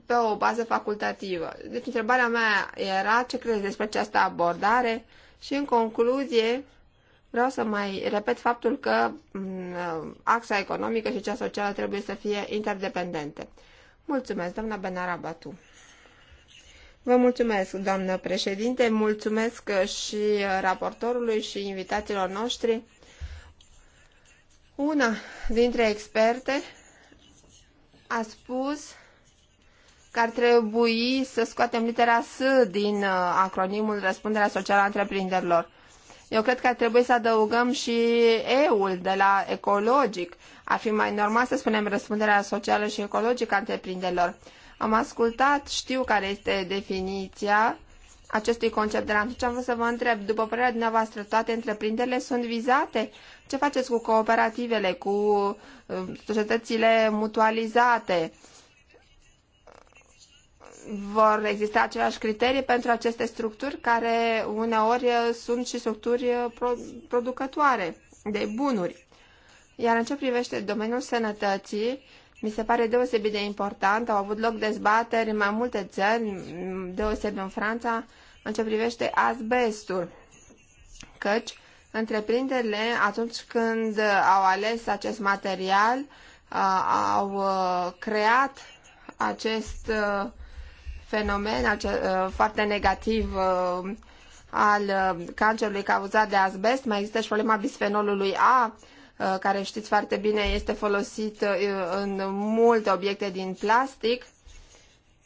pe o bază facultativă. Deci întrebarea mea era ce crezi despre această abordare și în concluzie, vreau să mai repet faptul că mm, axa economică și cea socială trebuie să fie interdependente. Mulțumesc, doamna Benara Batu. Vă mulțumesc, doamnă președinte, mulțumesc și raportorului și invitațiilor noștri. Una dintre experte a spus că ar trebui să scoatem litera S din uh, acronimul Răspunderea Socială a Întreprinderilor. Eu cred că ar trebui să adăugăm și E-ul de la ecologic. Ar fi mai normal să spunem răspunderea socială și ecologică a întreprinderilor. Am ascultat, știu care este definiția acestui concept, dar atunci am vrut să vă întreb, după părerea dumneavoastră, toate întreprinderile sunt vizate? Ce faceți cu cooperativele, cu uh, societățile mutualizate? vor exista aceleași criterii pentru aceste structuri care uneori sunt și structuri producătoare de bunuri. Iar în ce privește domeniul sănătății, mi se pare deosebit de important. Au avut loc dezbateri în mai multe țări, deosebit în Franța, în ce privește asbestul. Căci întreprinderile, atunci când au ales acest material, uh, au uh, creat acest uh, fenomen uh, foarte negativ uh, al uh, cancerului cauzat de asbest. Mai există și problema bisfenolului A, care știți foarte bine este folosit în multe obiecte din plastic.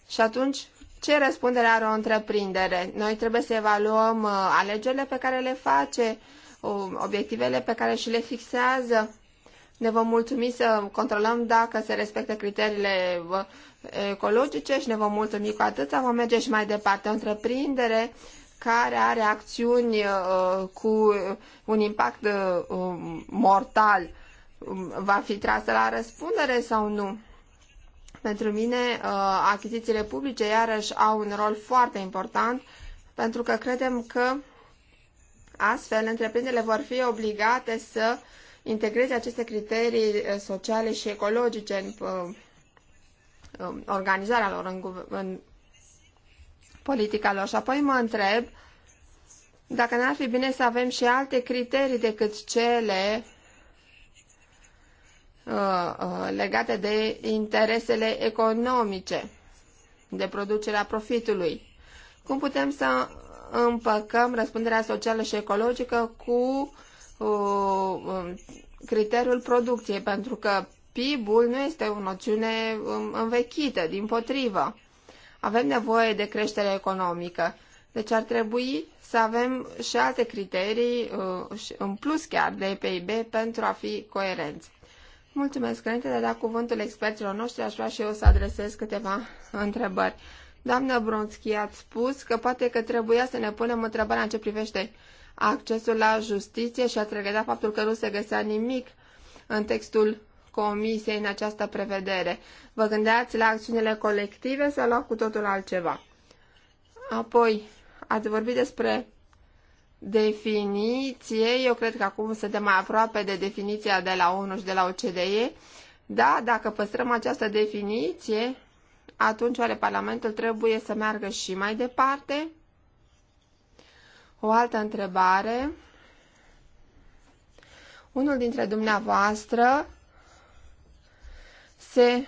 Și atunci, ce răspundere are o întreprindere? Noi trebuie să evaluăm alegerile pe care le face, um, obiectivele pe care și le fixează ne vom mulțumi să controlăm dacă se respectă criteriile uh, ecologice și ne vom mulțumi cu atâta. Vom merge și mai departe. O întreprindere care are acțiuni uh, cu un impact uh, mortal um, va fi trasă la răspundere sau nu? Pentru mine, achizițiile publice iarăși au un rol foarte important pentru că credem că astfel întreprinderile vor fi obligate să uh, integreze aceste criterii eh, sociale și ecologice în eh, eh, organizarea lor, în, în politica lor. Și apoi mă întreb dacă n-ar fi bine să avem și alte criterii decât cele legate de interesele economice, de producerea profitului. Cum putem să împăcăm răspunderea socială și ecologică cu Uh, um, criteriul producției, pentru că PIB-ul nu este o noțiune um, învechită, din potrivă. Avem nevoie de creștere economică, deci ar trebui să avem și alte criterii, uh, în plus chiar de PIB, pentru a fi coerenți. Mulțumesc, înainte de a da cuvântul experților noștri, aș vrea și eu să adresez câteva întrebări. Doamna Bronski, ați spus că poate că trebuia să ne punem întrebarea în ce privește accesul la justiție și a regretat faptul că nu se găsea nimic în textul comisiei în această prevedere. Vă gândeați la acțiunile colective sau la cu totul altceva? Apoi, ați vorbit despre definiție. Eu cred că acum suntem mai aproape de definiția de la ONU și de la OCDE. Da, dacă păstrăm această definiție, atunci oare Parlamentul trebuie să meargă și mai departe? O altă întrebare. Unul dintre dumneavoastră se,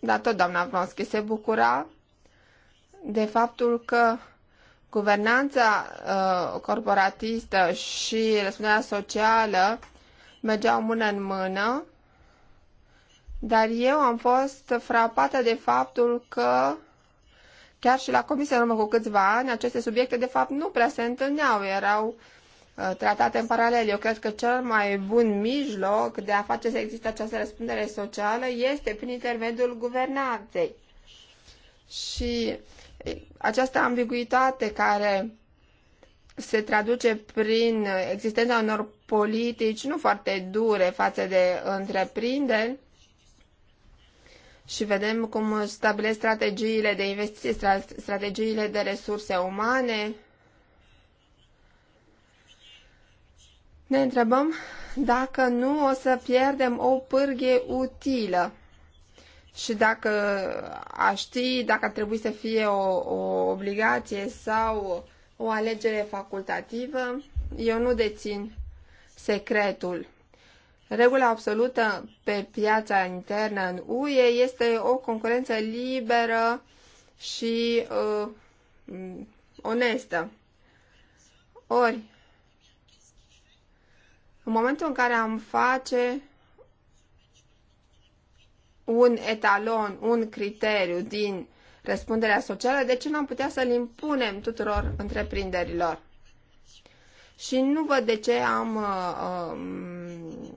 dar tot doamna Vronski se bucura de faptul că guvernanța uh, corporatistă și răspunderea socială mergeau mână în mână, dar eu am fost frapată de faptul că Chiar și la comisie în urmă cu câțiva ani, aceste subiecte de fapt nu prea se întâlneau, erau uh, tratate în paralel. Eu cred că cel mai bun mijloc de a face să existe această răspundere socială este prin intermediul guvernanței. Și această ambiguitate care se traduce prin existența unor politici nu foarte dure față de întreprinderi, și vedem cum stabilesc strategiile de investiții, strategiile de resurse umane. Ne întrebăm dacă nu o să pierdem o pârghie utilă și dacă a ști dacă ar trebui să fie o, o obligație sau o alegere facultativă, eu nu dețin secretul Regula absolută pe piața internă în UE este o concurență liberă și uh, onestă. Ori, în momentul în care am face un etalon, un criteriu din răspunderea socială, de ce n-am putea să-l impunem tuturor întreprinderilor? Și nu văd de ce am uh, uh,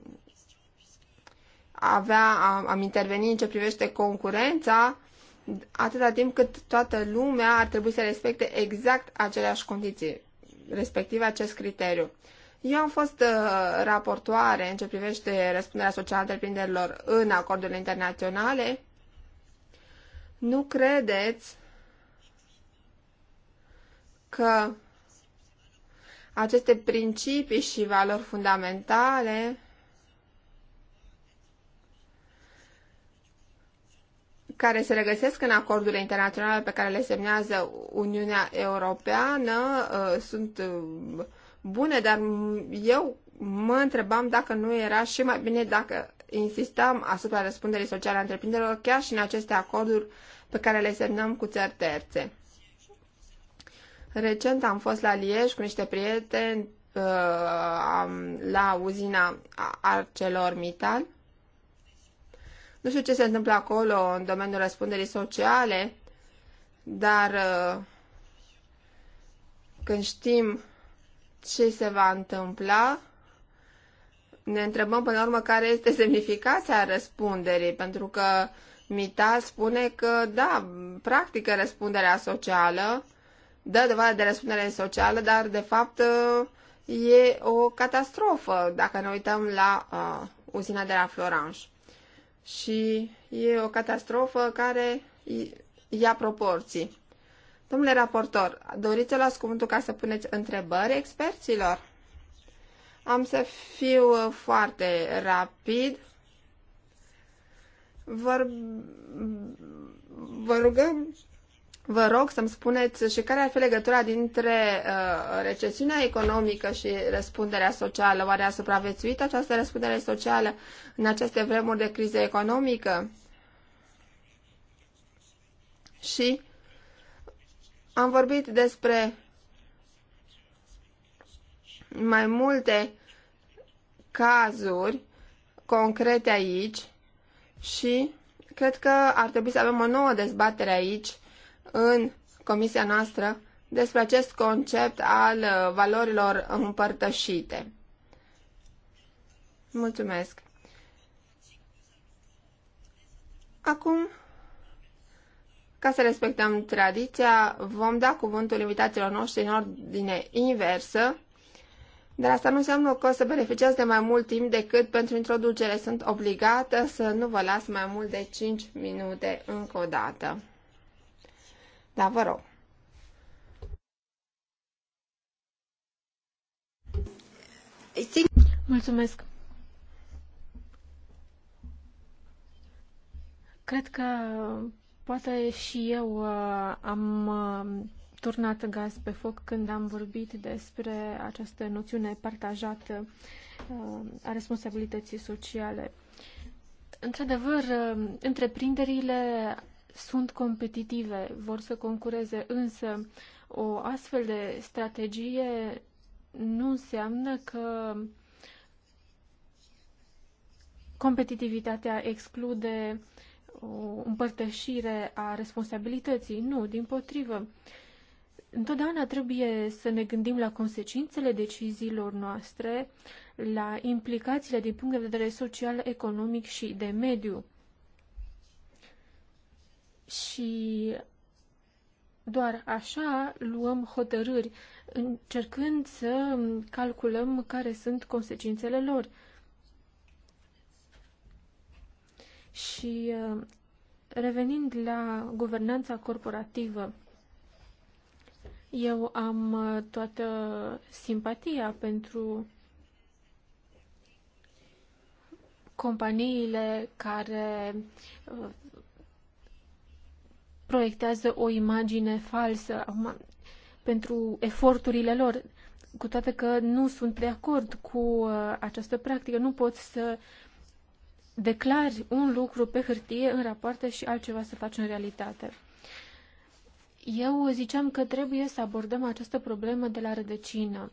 avea, am, am intervenit în ce privește concurența, atâta timp cât toată lumea ar trebui să respecte exact aceleași condiții, respectiv acest criteriu. Eu am fost uh, raportoare în ce privește răspunderea socială a întreprinderilor în acordurile internaționale. Nu credeți că aceste principii și valori fundamentale care se regăsesc în acordurile internaționale pe care le semnează Uniunea Europeană uh, sunt uh, bune, dar eu mă întrebam dacă nu era și mai bine dacă insistam asupra răspunderii sociale a întreprinderilor chiar și în aceste acorduri pe care le semnăm cu țări terțe. Recent am fost la Liej cu niște prieteni uh, la uzina ArcelorMittal nu știu ce se întâmplă acolo în domeniul răspunderii sociale, dar uh, când știm ce se va întâmpla, ne întrebăm până la urmă care este semnificația răspunderii, pentru că Mita spune că, da, practică răspunderea socială, dă dovadă de răspundere socială, dar de fapt uh, e o catastrofă dacă ne uităm la uh, uzina de la Florange și e o catastrofă care ia proporții. Domnule raportor, doriți să luați cuvântul ca să puneți întrebări experților? Am să fiu uh, foarte rapid. Vă rugăm Vă rog să-mi spuneți și care ar fi legătura dintre uh, recesiunea economică și răspunderea socială. Oare a supraviețuit această răspundere socială în aceste vremuri de criză economică? Și am vorbit despre mai multe cazuri concrete aici și cred că ar trebui să avem o nouă dezbatere aici în comisia noastră despre acest concept al uh, valorilor împărtășite. Mulțumesc. Acum, ca să respectăm tradiția, vom da cuvântul invitațiilor noștri în ordine inversă, dar asta nu înseamnă că o să beneficiați de mai mult timp decât pentru introducere. Sunt obligată să nu vă las mai mult de 5 minute încă o dată. Da, vă rog. Mulțumesc. Cred că poate și eu uh, am uh, turnat gaz pe foc când am vorbit despre această noțiune partajată uh, a responsabilității sociale. Într-adevăr, întreprinderile sunt competitive, vor să concureze, însă o astfel de strategie nu înseamnă că competitivitatea exclude o împărtășire a responsabilității. Nu, din potrivă. Întotdeauna trebuie să ne gândim la consecințele deciziilor noastre, la implicațiile din punct de vedere social, economic și de mediu și doar așa luăm hotărâri, încercând să calculăm care sunt consecințele lor. Și uh, revenind la guvernanța corporativă, eu am uh, toată simpatia pentru companiile care uh, proiectează o imagine falsă acum, pentru eforturile lor, cu toate că nu sunt de acord cu uh, această practică. Nu pot să declari un lucru pe hârtie în rapoarte și altceva să faci în realitate. Eu ziceam că trebuie să abordăm această problemă de la rădăcină.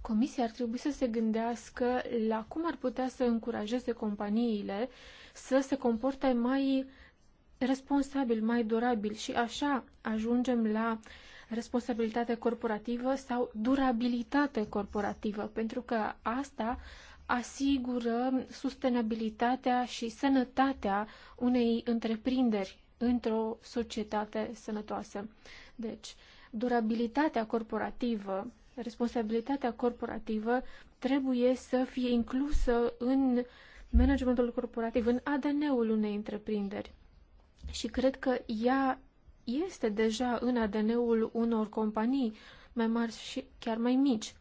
Comisia ar trebui să se gândească la cum ar putea să încurajeze companiile să se comporte mai uh, responsabil, mai durabil și așa ajungem la responsabilitate corporativă sau durabilitate corporativă, pentru că asta asigură sustenabilitatea și sănătatea unei întreprinderi într-o societate sănătoasă. Deci, durabilitatea corporativă, responsabilitatea corporativă trebuie să fie inclusă în managementul corporativ, în ADN-ul unei întreprinderi. Și cred că ea este deja în ADN-ul unor companii mai mari și chiar mai mici.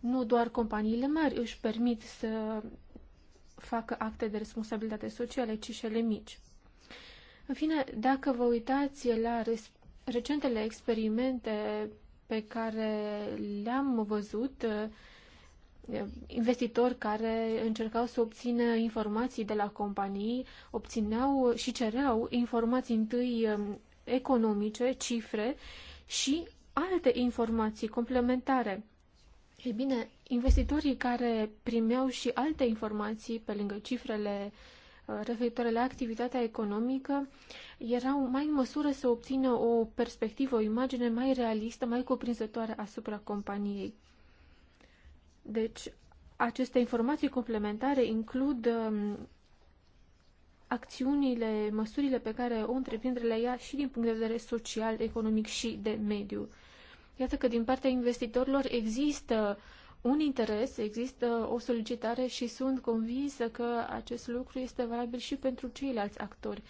Nu doar companiile mari își permit să facă acte de responsabilitate socială, ci și ele mici. În fine, dacă vă uitați la recentele experimente pe care le-am văzut investitori care încercau să obțină informații de la companii, obțineau și cereau informații întâi um, economice, cifre și alte informații complementare. Ei bine, investitorii care primeau și alte informații pe lângă cifrele uh, referitoare la activitatea economică erau mai în măsură să obțină o perspectivă, o imagine mai realistă, mai cuprinzătoare asupra companiei. Deci, aceste informații complementare includ um, acțiunile, măsurile pe care o întreprindere le ia și din punct de vedere social, economic și de mediu. Iată că din partea investitorilor există un interes, există o solicitare și sunt convinsă că acest lucru este valabil și pentru ceilalți actori.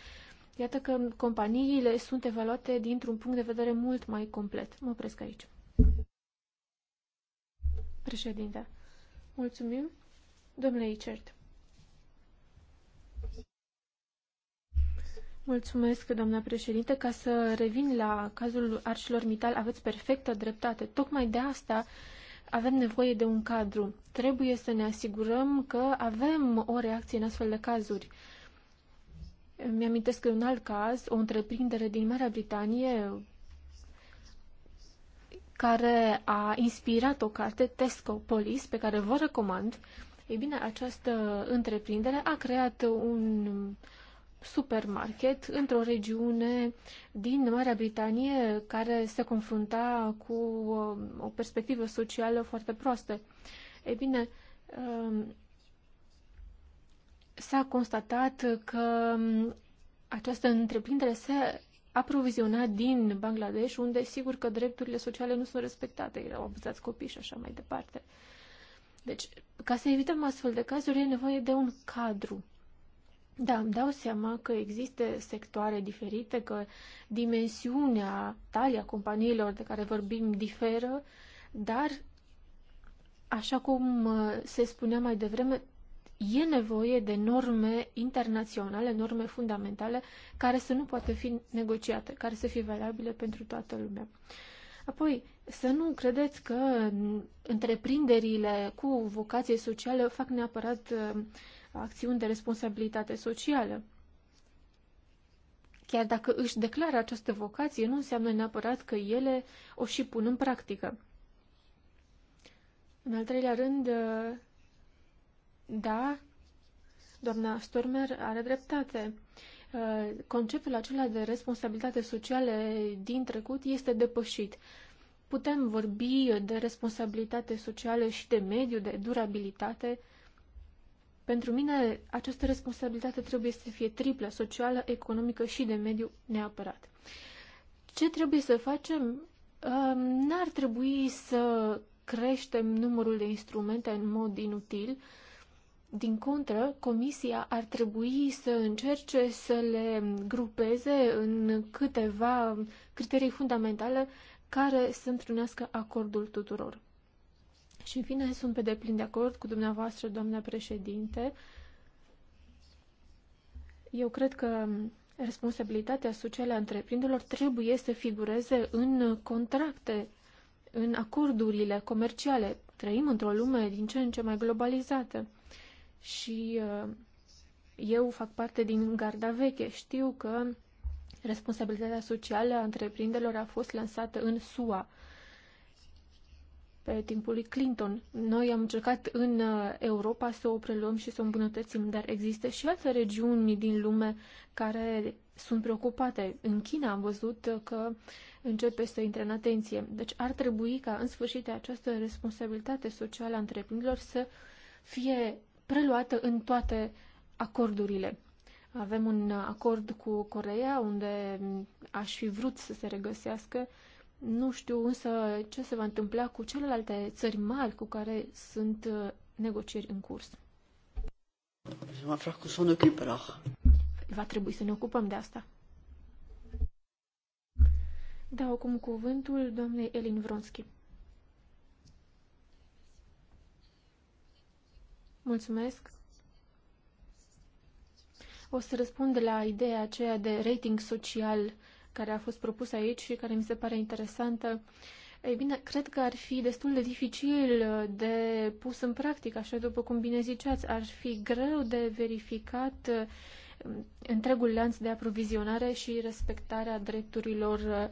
Iată că companiile sunt evaluate dintr-un punct de vedere mult mai complet. Mă opresc aici. Președinte, mulțumim. Domnule Icert. Mulțumesc, doamna președinte. Ca să revin la cazul mital, aveți perfectă dreptate. Tocmai de asta avem nevoie de un cadru. Trebuie să ne asigurăm că avem o reacție în astfel de cazuri. Mi-amintesc de un alt caz, o întreprindere din Marea Britanie, care a inspirat o carte, Tesco Police, pe care vă recomand. Ei bine, această întreprindere a creat un supermarket într-o regiune din Marea Britanie care se confrunta cu um, o perspectivă socială foarte proastă. Ei bine, um, s-a constatat că um, această întreprindere se aproviziona din Bangladesh, unde sigur că drepturile sociale nu sunt respectate, erau abuzați copii și așa mai departe. Deci, ca să evităm astfel de cazuri, e nevoie de un cadru. Da, îmi dau seama că există sectoare diferite, că dimensiunea, talia companiilor de care vorbim diferă, dar, așa cum uh, se spunea mai devreme, e nevoie de norme internaționale, norme fundamentale, care să nu poată fi negociate, care să fie valabile pentru toată lumea. Apoi, să nu credeți că întreprinderile cu vocație socială fac neapărat uh, acțiuni de responsabilitate socială. Chiar dacă își declară această vocație, nu înseamnă neapărat că ele o și pun în practică. În al treilea rând, uh, da, doamna Stormer are dreptate. Uh, conceptul acela de responsabilitate socială din trecut este depășit. Putem vorbi de responsabilitate socială și de mediu, de durabilitate. Pentru mine, această responsabilitate trebuie să fie triplă, socială, economică și de mediu neapărat. Ce trebuie să facem? Uh, n-ar trebui să creștem numărul de instrumente în mod inutil, din contră, comisia ar trebui să încerce să le grupeze în câteva criterii fundamentale care să întrunească acordul tuturor. Și în fine, sunt pe deplin de acord cu dumneavoastră, doamna președinte. Eu cred că responsabilitatea socială a întreprinderilor trebuie să figureze în contracte, în acordurile comerciale. Trăim într-o lume din ce în ce mai globalizată și uh, eu fac parte din garda veche. Știu că responsabilitatea socială a întreprinderilor a fost lansată în SUA pe timpul lui Clinton. Noi am încercat în uh, Europa să o preluăm și să o îmbunătățim, dar există și alte regiuni din lume care sunt preocupate. În China am văzut că începe să intre în atenție. Deci ar trebui ca în sfârșit această responsabilitate socială a întreprinderilor să fie preluată în toate acordurile. Avem un acord cu Coreea, unde aș fi vrut să se regăsească. Nu știu însă ce se va întâmpla cu celelalte țări mari cu care sunt uh, negocieri în curs. Va trebui să ne ocupăm de asta. Dau acum cuvântul doamnei Elin Vronski. Mulțumesc. O să răspund la ideea aceea de rating social care a fost propus aici și care mi se pare interesantă. Ei bine, cred că ar fi destul de dificil de pus în practică, așa după cum bine ziceați, ar fi greu de verificat um, întregul lanț de aprovizionare și respectarea drepturilor uh,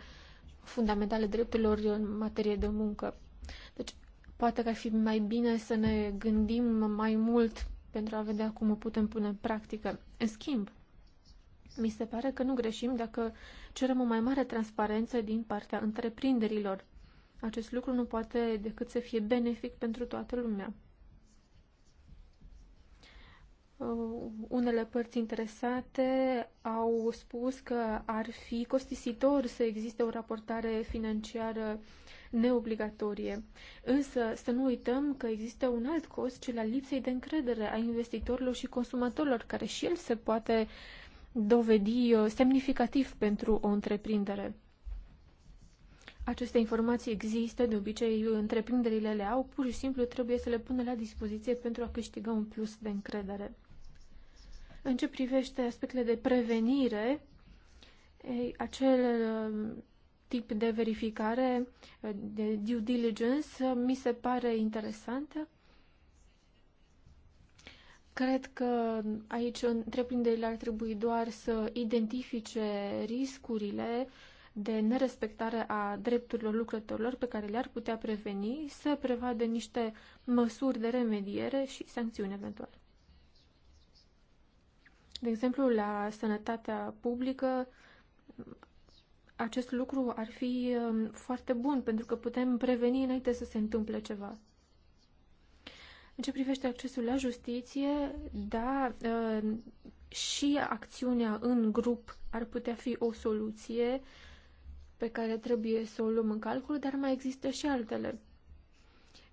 fundamentale, drepturilor în materie de muncă. Deci Poate că ar fi mai bine să ne gândim mai mult pentru a vedea cum o putem pune în practică. În schimb, mi se pare că nu greșim dacă cerem o mai mare transparență din partea întreprinderilor. Acest lucru nu poate decât să fie benefic pentru toată lumea. Uh, unele părți interesate au spus că ar fi costisitor să existe o raportare financiară uh, neobligatorie. Însă să nu uităm că există un alt cost, cel al lipsei de încredere a investitorilor și consumatorilor, care și el se poate dovedi uh, semnificativ pentru o întreprindere. Aceste informații există, de obicei întreprinderile le au, pur și simplu trebuie să le pună la dispoziție pentru a câștiga un plus de încredere. În ce privește aspectele de prevenire, ei, acel uh, tip de verificare, eh, de due diligence, eh, mi se pare interesantă. Cred că aici întreprinderile ar trebui doar să identifice riscurile de nerespectare a drepturilor lucrătorilor pe care le-ar putea preveni, să prevadă niște măsuri de remediere și sancțiuni eventual. De exemplu, la sănătatea publică acest lucru ar fi um, foarte bun, pentru că putem preveni înainte să se întâmple ceva. În ce privește accesul la justiție, da, uh, și acțiunea în grup ar putea fi o soluție pe care trebuie să o luăm în calcul, dar mai există și altele.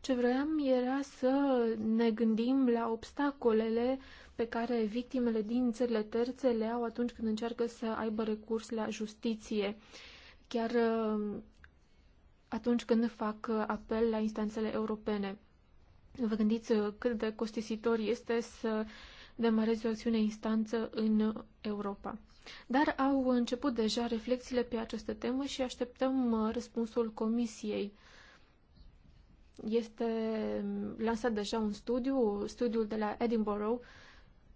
Ce vroiam era să ne gândim la obstacolele pe care victimele din țările terțe le au atunci când încearcă să aibă recurs la justiție, chiar uh, atunci când fac uh, apel la instanțele europene. Vă gândiți uh, cât de costisitor este să demareze o acțiune instanță în Europa. Dar au început deja reflexiile pe această temă și așteptăm răspunsul Comisiei este um, lansat deja un studiu, studiul de la Edinburgh,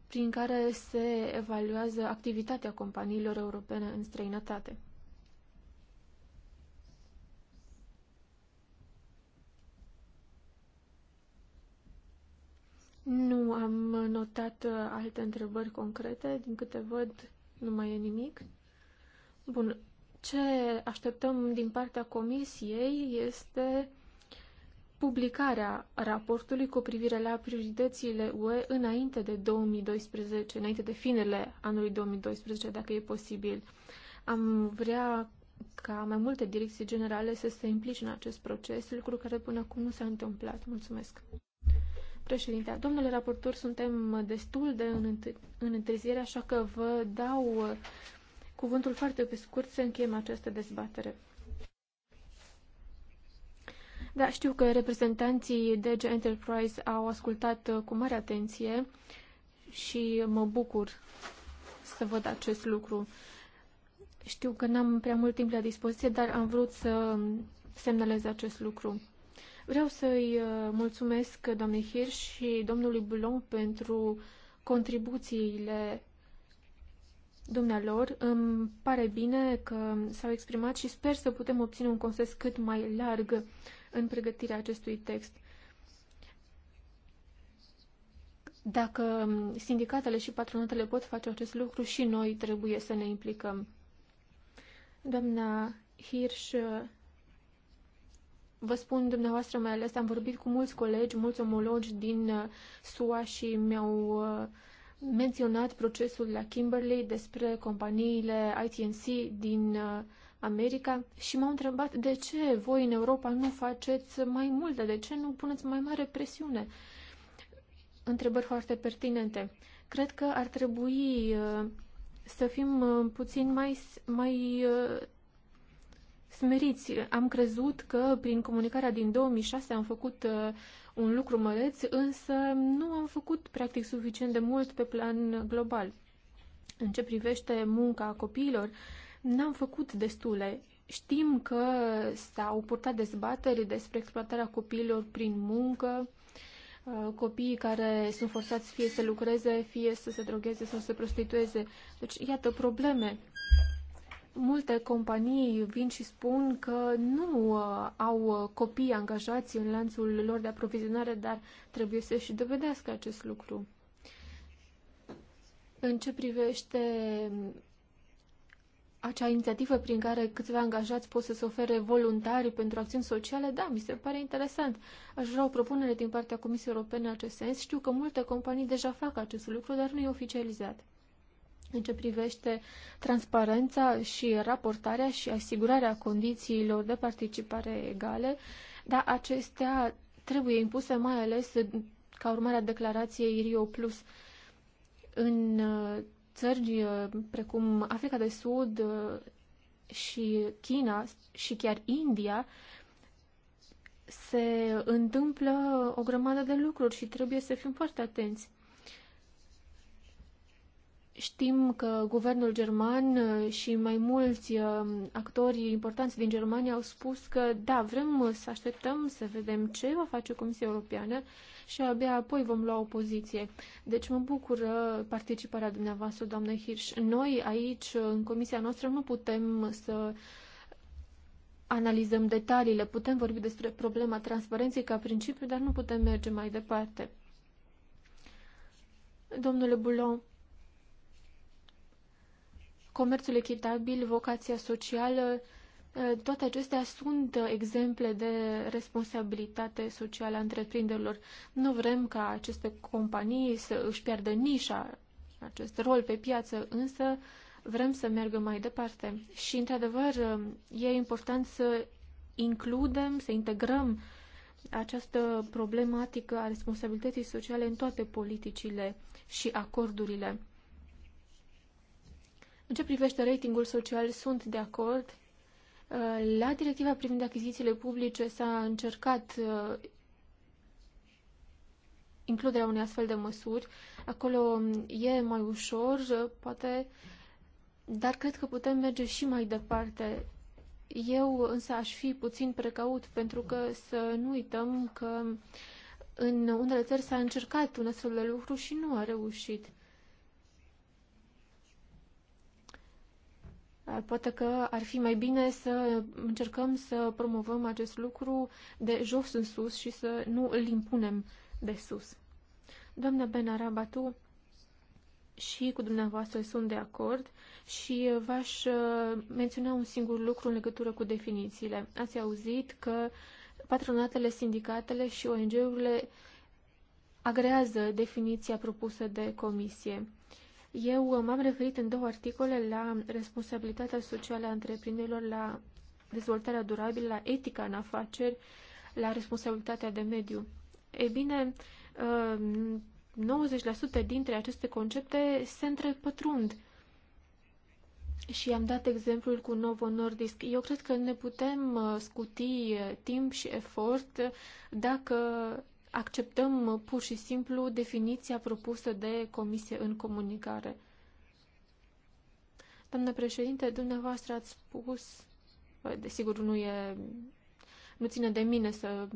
prin care se evaluează activitatea companiilor europene în străinătate. Nu am notat alte întrebări concrete, din câte văd nu mai e nimic. Bun, ce așteptăm din partea comisiei este publicarea raportului cu privire la prioritățile UE înainte de 2012, înainte de finele anului 2012, dacă e posibil. Am vrea ca mai multe direcții generale să se implice în acest proces, lucru care până acum nu s-a întâmplat. Mulțumesc. Președinte, domnule raportor, suntem destul de în, întârziere, așa că vă dau cuvântul foarte pe scurt să încheiem această dezbatere. Da, știu că reprezentanții DG Enterprise au ascultat uh, cu mare atenție și mă bucur să văd acest lucru. Știu că n-am prea mult timp la dispoziție, dar am vrut să semnalez acest lucru. Vreau să-i uh, mulțumesc doamnei Hirsch și domnului Boulon pentru contribuțiile dumnealor. Îmi pare bine că s-au exprimat și sper să putem obține un consens cât mai larg în pregătirea acestui text. Dacă sindicatele și patronatele pot face acest lucru, și noi trebuie să ne implicăm. Doamna Hirsch, vă spun dumneavoastră mai ales, am vorbit cu mulți colegi, mulți omologi din SUA și mi-au uh, menționat procesul la Kimberley despre companiile ITNC din uh, America și m-au întrebat de ce voi în Europa nu faceți mai multe, de ce nu puneți mai mare presiune. Întrebări foarte pertinente. Cred că ar trebui uh, să fim uh, puțin mai, mai uh, smeriți. Am crezut că prin comunicarea din 2006 am făcut un lucru măreț, însă nu am făcut practic suficient de mult pe plan global. În ce privește munca copiilor, uh, n-am făcut destule. Știm că s-au purtat dezbateri despre exploatarea copiilor prin muncă, uh, copiii care sunt forțați fie să lucreze, fie să se drogheze sau să se prostitueze. Deci, iată, probleme. Multe companii vin și spun că nu uh, au uh, copii angajați în lanțul lor de aprovizionare, dar trebuie să-și dovedească acest lucru. În ce privește acea inițiativă prin care câțiva angajați pot să se ofere voluntari pentru acțiuni sociale, da, mi se pare interesant. Aș vrea o propunere din partea Comisiei Europene în acest sens. Știu că multe companii deja fac acest lucru, dar nu e oficializat. În ce privește transparența și raportarea și asigurarea condițiilor de participare egale, da, acestea trebuie impuse mai ales ca urmare a declarației Rio Plus în țări uh, precum Africa de Sud uh, și China și chiar India, se întâmplă o grămadă de lucruri și trebuie să fim foarte atenți. Știm că guvernul german uh, și mai mulți uh, actori importanți din Germania au spus că da, vrem uh, să așteptăm să vedem ce va face Comisia Europeană și abia apoi vom lua o poziție. Deci mă bucură participarea dumneavoastră, doamnă Hirsch. Noi aici, în comisia noastră, nu putem să analizăm detaliile, putem vorbi despre problema transparenței ca principiu, dar nu putem merge mai departe. Domnule Boulon, comerțul echitabil, vocația socială, eh, toate acestea sunt eh, exemple de responsabilitate socială a întreprinderilor. Nu vrem ca aceste companii să își piardă nișa, acest rol pe piață, însă vrem să meargă mai departe. Și, într-adevăr, eh, e important să includem, să integrăm această problematică a responsabilității sociale în toate politicile și acordurile. În ce privește ratingul social, sunt de acord. Uh, la directiva privind achizițiile publice s-a încercat uh, includerea unei astfel de măsuri. Acolo um, e mai ușor, uh, poate, dar cred că putem merge și mai departe. Eu însă aș fi puțin precaut, pentru că să nu uităm că în unele țări s-a încercat un astfel de lucru și nu a reușit. Eh, poate că ar fi mai bine să încercăm să promovăm acest lucru de jos în sus și să nu îl impunem de sus. Doamna Benarabatu, și cu dumneavoastră sunt de acord și v-aș eh, menționa un singur lucru în legătură cu definițiile. Ați auzit că patronatele, sindicatele și ONG-urile agrează definiția propusă de comisie. Eu m-am referit în două articole la responsabilitatea socială a întreprinderilor, la dezvoltarea durabilă, la etica în afaceri, la responsabilitatea de mediu. Ei bine, 90% uh, dintre aceste concepte se întrepătrund. Și am dat exemplul cu Novo Nordisk. Eu cred că ne putem uh, scuti uh, timp și efort dacă acceptăm uh, pur și simplu definiția propusă de comisie în comunicare. Doamnă președinte, dumneavoastră ați spus, uh, desigur nu e, nu ține de mine să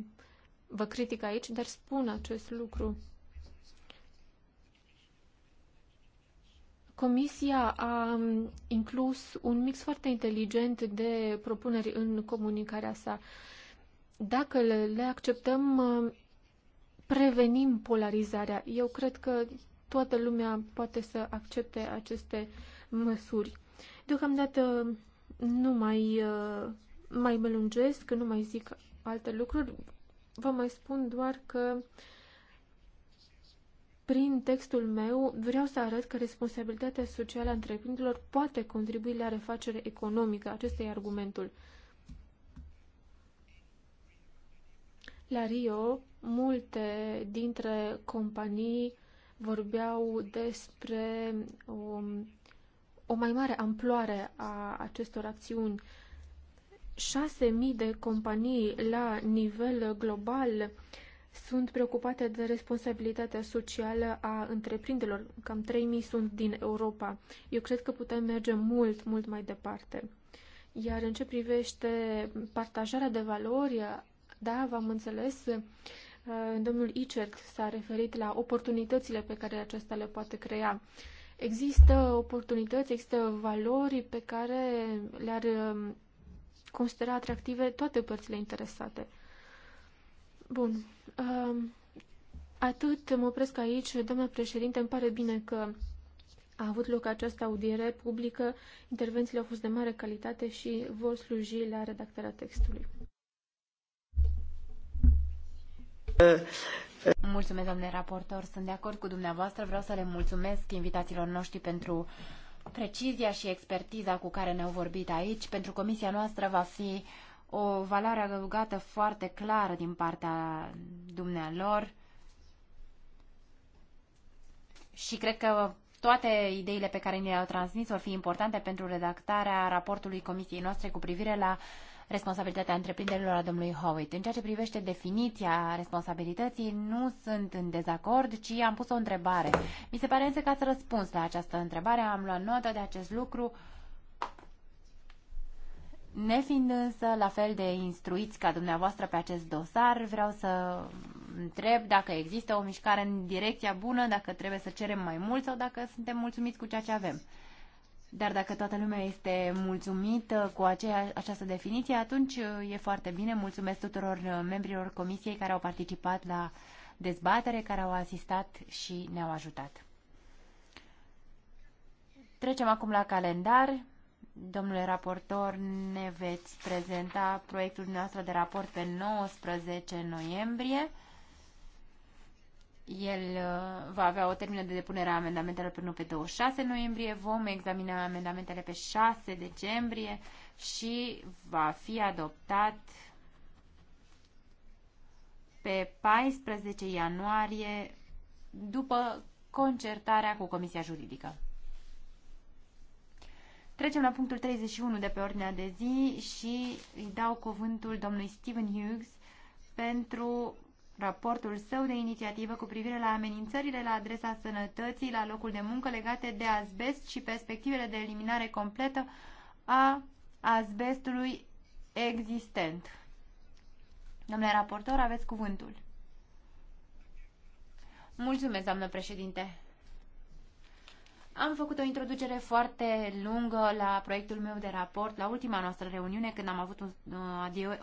vă critic aici, dar spun acest lucru. Comisia a um, inclus un mix foarte inteligent de propuneri în comunicarea sa. Dacă le acceptăm, um, prevenim polarizarea. Eu cred că toată lumea poate să accepte aceste măsuri. Deocamdată nu mai, uh, mai mă lungesc, nu mai zic alte lucruri. Vă mai spun doar că prin textul meu vreau să arăt că responsabilitatea socială a întreprinderilor poate contribui la refacere economică. Acesta e argumentul. La Rio, multe dintre companii vorbeau despre o, o mai mare amploare a acestor acțiuni. 6.000 de companii la nivel global sunt preocupate de responsabilitatea socială a întreprinderilor. Cam 3.000 sunt din Europa. Eu cred că putem merge mult, mult mai departe. Iar în ce privește partajarea de valori da, v-am înțeles. Uh, domnul Icerc s-a referit la oportunitățile pe care acesta le poate crea. Există oportunități, există valori pe care le-ar um, considera atractive toate părțile interesate. Bun. Um, atât mă opresc aici. doamnă președinte, îmi pare bine că a avut loc această audiere publică, intervențiile au fost de mare calitate și vor sluji la redactarea textului. Mulțumesc, domnule raportor. Sunt de acord cu dumneavoastră. Vreau să le mulțumesc invitaților noștri pentru precizia și expertiza cu care ne-au vorbit aici. Pentru comisia noastră va fi o valoare adăugată foarte clară din partea dumnealor și cred că toate ideile pe care ni le-au transmis vor fi importante pentru redactarea raportului comisiei noastre cu privire la uh, responsabilitatea întreprinderilor a domnului Howitt. În ceea ce privește definiția responsabilității, nu sunt în dezacord, ci am pus o întrebare. Mi se pare însă că ați răspuns la această întrebare, am luat notă de acest lucru. Nefiind însă la fel de instruiți ca dumneavoastră pe acest dosar, vreau să întreb dacă există o mișcare în direcția bună, dacă trebuie să cerem mai mult sau dacă suntem mulțumiți cu ceea ce avem. Dar dacă toată lumea este mulțumită cu aceea, această definiție, atunci e foarte bine. Mulțumesc tuturor uh, membrilor comisiei care au participat la dezbatere, care au asistat și ne-au ajutat. Trecem acum la calendar. Domnule raportor, ne veți prezenta proiectul nostru de raport pe 19 noiembrie. El uh, va avea o termină de depunere a amendamentelor până pe 26 noiembrie, vom examina amendamentele pe 6 decembrie și va fi adoptat pe 14 ianuarie după concertarea cu Comisia Juridică. Trecem la punctul 31 de pe ordinea de zi și îi dau cuvântul domnului Stephen Hughes pentru raportul său de inițiativă cu privire la amenințările la adresa sănătății la locul de muncă legate de azbest și perspectivele de eliminare completă a azbestului existent. Domnule raportor, aveți cuvântul. Mulțumesc, doamnă președinte. Am făcut o introducere foarte lungă la proiectul meu de raport, la ultima noastră reuniune, când am avut un,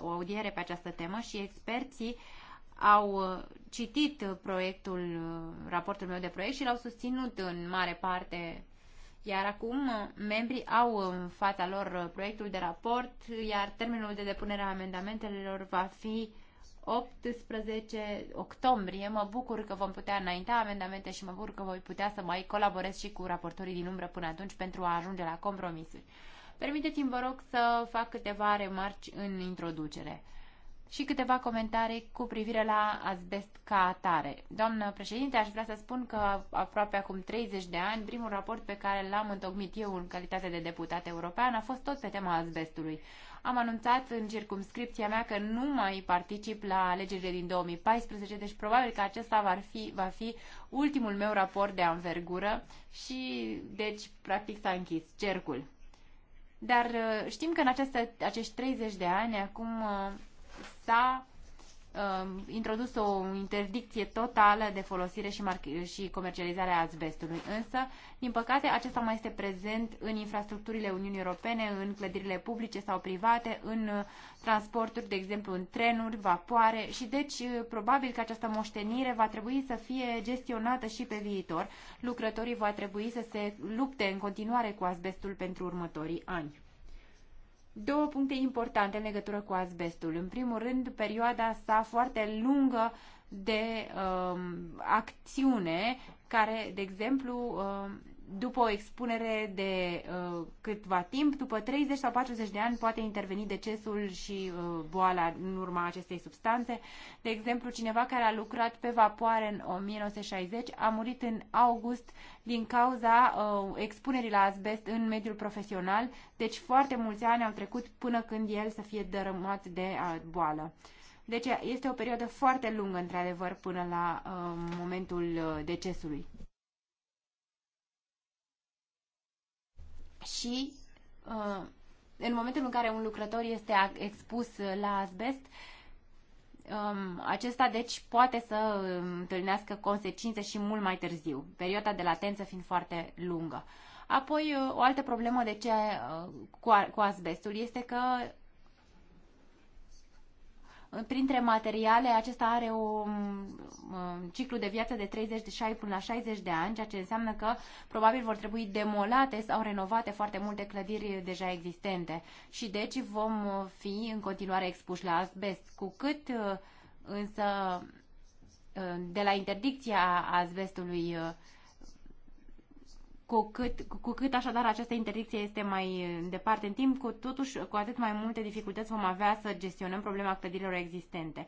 o audiere pe această temă și experții uh, au uh, citit uh, proiectul, uh, raportul meu de proiect și l-au susținut în mare parte. Iar acum membrii au în fața lor proiectul de raport, iar termenul de depunere a amendamentelor va fi 18 octombrie. Mă bucur că vom putea înainta amendamente și mă bucur că voi putea să mai colaborez și cu raportorii din umbră până atunci pentru a ajunge la compromisuri. Permiteți-mi, vă rog, să fac câteva remarci în introducere și câteva comentarii cu privire la azbest ca atare. Doamnă președinte, aș vrea să spun că aproape acum 30 de ani, primul raport pe care l-am întocmit eu în calitate de deputat european a fost tot pe tema azbestului. Am anunțat în circumscripția mea că nu mai particip la alegerile din 2014, deci probabil că acesta va fi, va fi ultimul meu raport de anvergură și deci practic s-a închis cercul. Dar uh, știm că în aceste, acești 30 de ani acum uh, s-a uh, introdus o interdicție totală de folosire și, și comercializare a azbestului. Însă, din păcate, acesta mai este prezent în infrastructurile Uniunii Europene, în clădirile publice sau private, în uh, transporturi, de exemplu, în trenuri, vapoare și deci uh, probabil că această moștenire va trebui să fie gestionată și pe viitor. Lucrătorii va trebui să se lupte în continuare cu azbestul pentru următorii ani două puncte importante în legătură cu asbestul. În primul rând, perioada sa foarte lungă de uh, acțiune, care, de exemplu, uh, după o expunere de uh, câtva timp, după 30 sau 40 de ani, poate interveni decesul și uh, boala în urma acestei substanțe. De exemplu, cineva care a lucrat pe vapoare în 1960 a murit în august din cauza uh, expunerii la asbest în mediul profesional, deci foarte mulți ani au trecut până când el să fie dărâmat de uh, boală. Deci este o perioadă foarte lungă, într-adevăr, până la uh, momentul uh, decesului. și uh, în momentul în care un lucrător este expus uh, la asbest, um, acesta deci poate să întâlnească consecințe și mult mai târziu, perioada de latență fiind foarte lungă. Apoi, uh, o altă problemă de ce cu asbestul este că printre materiale, acesta are un um, um, ciclu de viață de 30 de șai până la 60 de ani, ceea ce înseamnă că probabil vor trebui demolate sau renovate foarte multe clădiri deja existente. Și deci vom uh, fi în continuare expuși la asbest. Cu cât uh, însă uh, de la interdicția asbestului cu cât, cu cât așadar această interdicție este mai uh, departe în timp, cu totuși cu atât mai multe dificultăți vom avea să gestionăm problema clădirilor existente.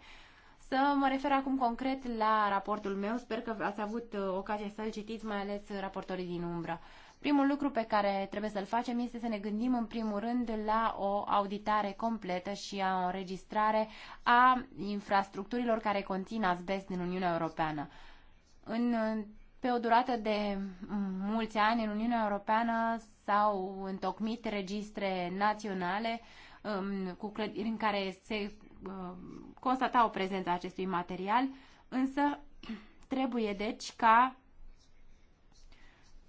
Să mă refer acum concret la raportul meu, sper că ați avut uh, ocazia să-l citiți, mai ales raportorii din umbră. Primul lucru pe care trebuie să-l facem este să ne gândim în primul rând la o auditare completă și a o înregistrare a infrastructurilor care conțin asbest în Uniunea Europeană. În uh, pe o durată de mulți ani în Uniunea Europeană s-au întocmit registre naționale um, cu clădiri în care se um, o prezență acestui material, însă trebuie deci ca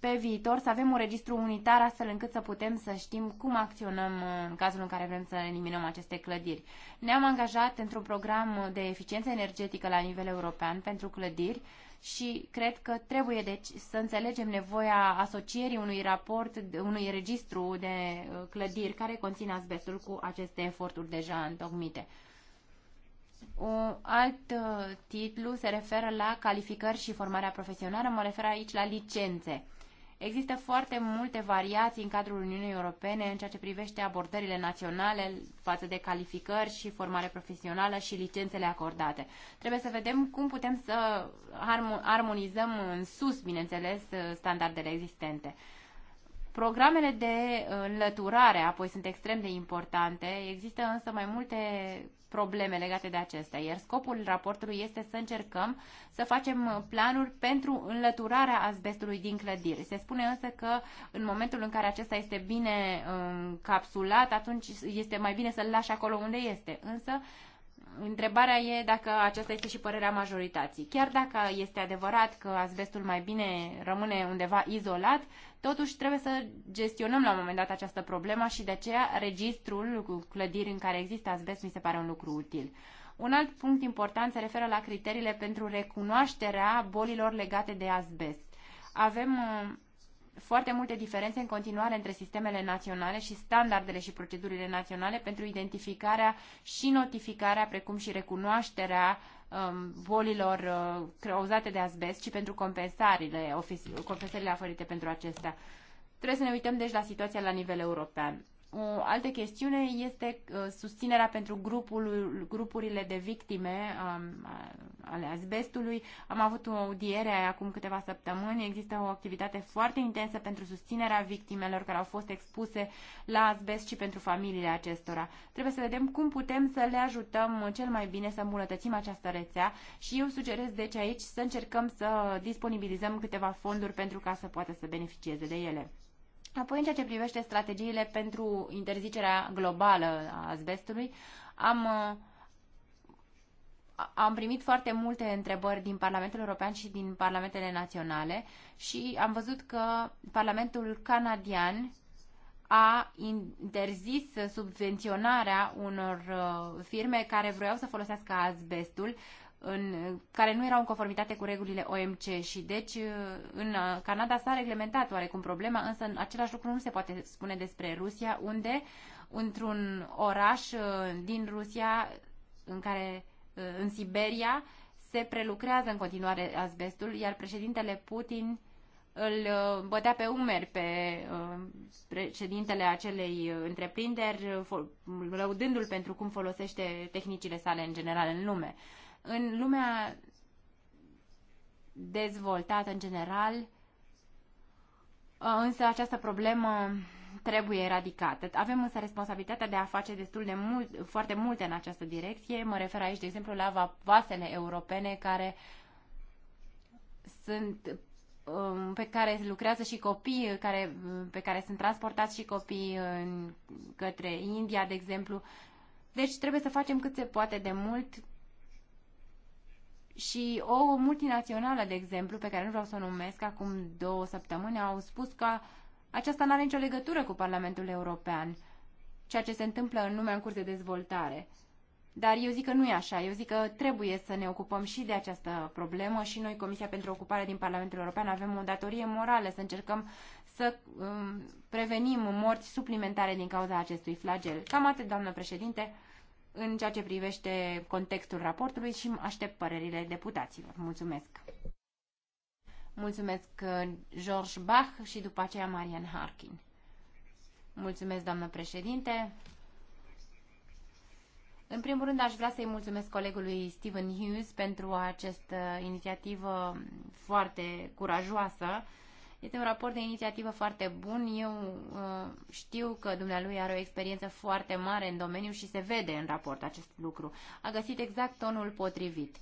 pe viitor să avem un registru unitar astfel încât să putem să știm cum acționăm uh, în cazul în care vrem să eliminăm aceste clădiri. Ne-am angajat într-un program de eficiență energetică la nivel european pentru clădiri și cred că trebuie deci să înțelegem nevoia asocierii unui raport, unui registru de uh, clădiri care conține asbestul cu aceste eforturi deja întocmite. Un alt uh, titlu se referă la calificări și formarea profesională, mă refer aici la licențe. Există foarte multe variații în cadrul Uniunii Europene în ceea ce privește abordările naționale față de calificări și formare profesională și licențele acordate. Trebuie să vedem cum putem să armonizăm în sus, bineînțeles, standardele existente. Programele de înlăturare apoi sunt extrem de importante. Există însă mai multe probleme legate de acestea, iar scopul raportului este să încercăm să facem planuri pentru înlăturarea azbestului din clădiri. Se spune însă că în momentul în care acesta este bine um, capsulat, atunci este mai bine să-l lași acolo unde este. Însă întrebarea e dacă aceasta este și părerea majorității. Chiar dacă este adevărat că asbestul mai bine rămâne undeva izolat, totuși trebuie să gestionăm la un moment dat această problemă și de aceea registrul cu clădiri în care există asbest mi se pare un lucru util. Un alt punct important se referă la criteriile pentru recunoașterea bolilor legate de asbest. Avem uh, foarte multe diferențe în continuare între sistemele naționale și standardele și procedurile naționale pentru identificarea și notificarea, precum și recunoașterea um, bolilor uh, cauzate de azbest și pentru compensările, compensările aferite pentru acestea. Trebuie să ne uităm deci la situația la nivel european. O altă chestiune este uh, susținerea pentru grupul, grupurile de victime um, ale asbestului. Am avut o audiere acum câteva săptămâni. Există o activitate foarte intensă pentru susținerea victimelor care au fost expuse la asbest și pentru familiile acestora. Trebuie să vedem cum putem să le ajutăm cel mai bine să îmbunătățim această rețea și eu sugerez deci aici să încercăm să disponibilizăm câteva fonduri pentru ca să poată să beneficieze de ele. Apoi, în ceea ce privește strategiile pentru interzicerea globală a azbestului, am, uh, am primit foarte multe întrebări din Parlamentul European și din Parlamentele Naționale și am văzut că Parlamentul Canadian a interzis subvenționarea unor uh, firme care vreau să folosească azbestul în, care nu erau în conformitate cu regulile OMC și deci uh, în uh, Canada s-a reglementat oarecum problema, însă în același lucru nu se poate spune despre Rusia, unde într-un oraș uh, din Rusia în care în Siberia se prelucrează în continuare asbestul, iar președintele Putin îl bătea pe umeri pe președintele acelei întreprinderi, lăudându-l pentru cum folosește tehnicile sale în general în lume. În lumea dezvoltată în general, uh, însă această problemă trebuie eradicată. Avem însă responsabilitatea de a face destul de mult, foarte multe în această direcție. Mă refer aici, de exemplu, la vasele europene care sunt um, pe care lucrează și copii, care, pe care sunt transportați și copii în, către India, de exemplu. Deci trebuie să facem cât se poate de mult și o multinațională, de exemplu, pe care nu vreau să o numesc, acum două săptămâni au spus că aceasta nu are nicio legătură cu Parlamentul European, ceea ce se întâmplă în lumea în curs de dezvoltare. Dar eu zic că nu e așa. Eu zic că trebuie să ne ocupăm și de această problemă și noi, Comisia pentru Ocupare din Parlamentul European, avem o datorie morală să încercăm să um, prevenim morți suplimentare din cauza acestui flagel. Cam atât, doamnă președinte în ceea ce privește contextul raportului și aștept părerile deputaților. Mulțumesc! Mulțumesc uh, George Bach și după aceea Marian Harkin. Mulțumesc, doamnă președinte. În primul rând, aș vrea să-i mulțumesc colegului Stephen Hughes pentru această inițiativă foarte curajoasă este un raport de inițiativă foarte bun. Eu uh, știu că dumnealui are o experiență foarte mare în domeniu și se vede în raport acest lucru. A găsit exact tonul potrivit.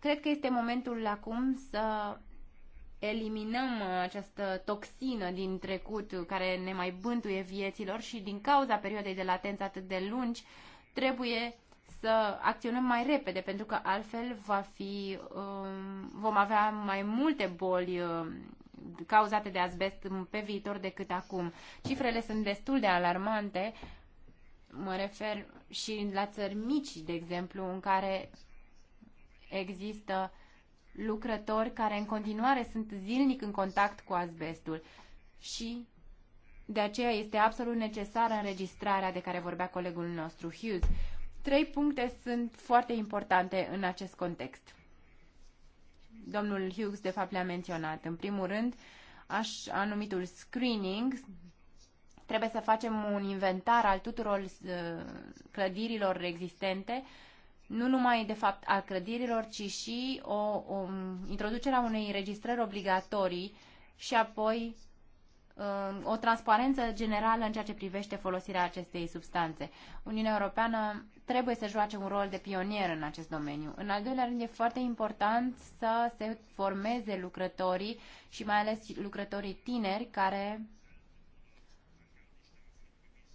Cred că este momentul acum să eliminăm această toxină din trecut care ne mai bântuie vieților și din cauza perioadei de latență atât de lungi trebuie să acționăm mai repede, pentru că altfel va fi, um, vom avea mai multe boli um, cauzate de asbest pe viitor decât acum. Cifrele sunt destul de alarmante, mă refer și la țări mici, de exemplu, în care există lucrători care în continuare sunt zilnic în contact cu asbestul și de aceea este absolut necesară înregistrarea de care vorbea colegul nostru Hughes Trei puncte sunt foarte importante în acest context. Domnul Hughes, de fapt, le-a menționat. În primul rând, aș, anumitul screening, trebuie să facem un inventar al tuturor uh, clădirilor existente, nu numai, de fapt, al clădirilor, ci și o, o introducerea unei registrări obligatorii și apoi Um, o transparență generală în ceea ce privește folosirea acestei substanțe. Uniunea Europeană trebuie să joace un rol de pionier în acest domeniu. În al doilea rând, e foarte important să se formeze lucrătorii și mai ales lucrătorii tineri care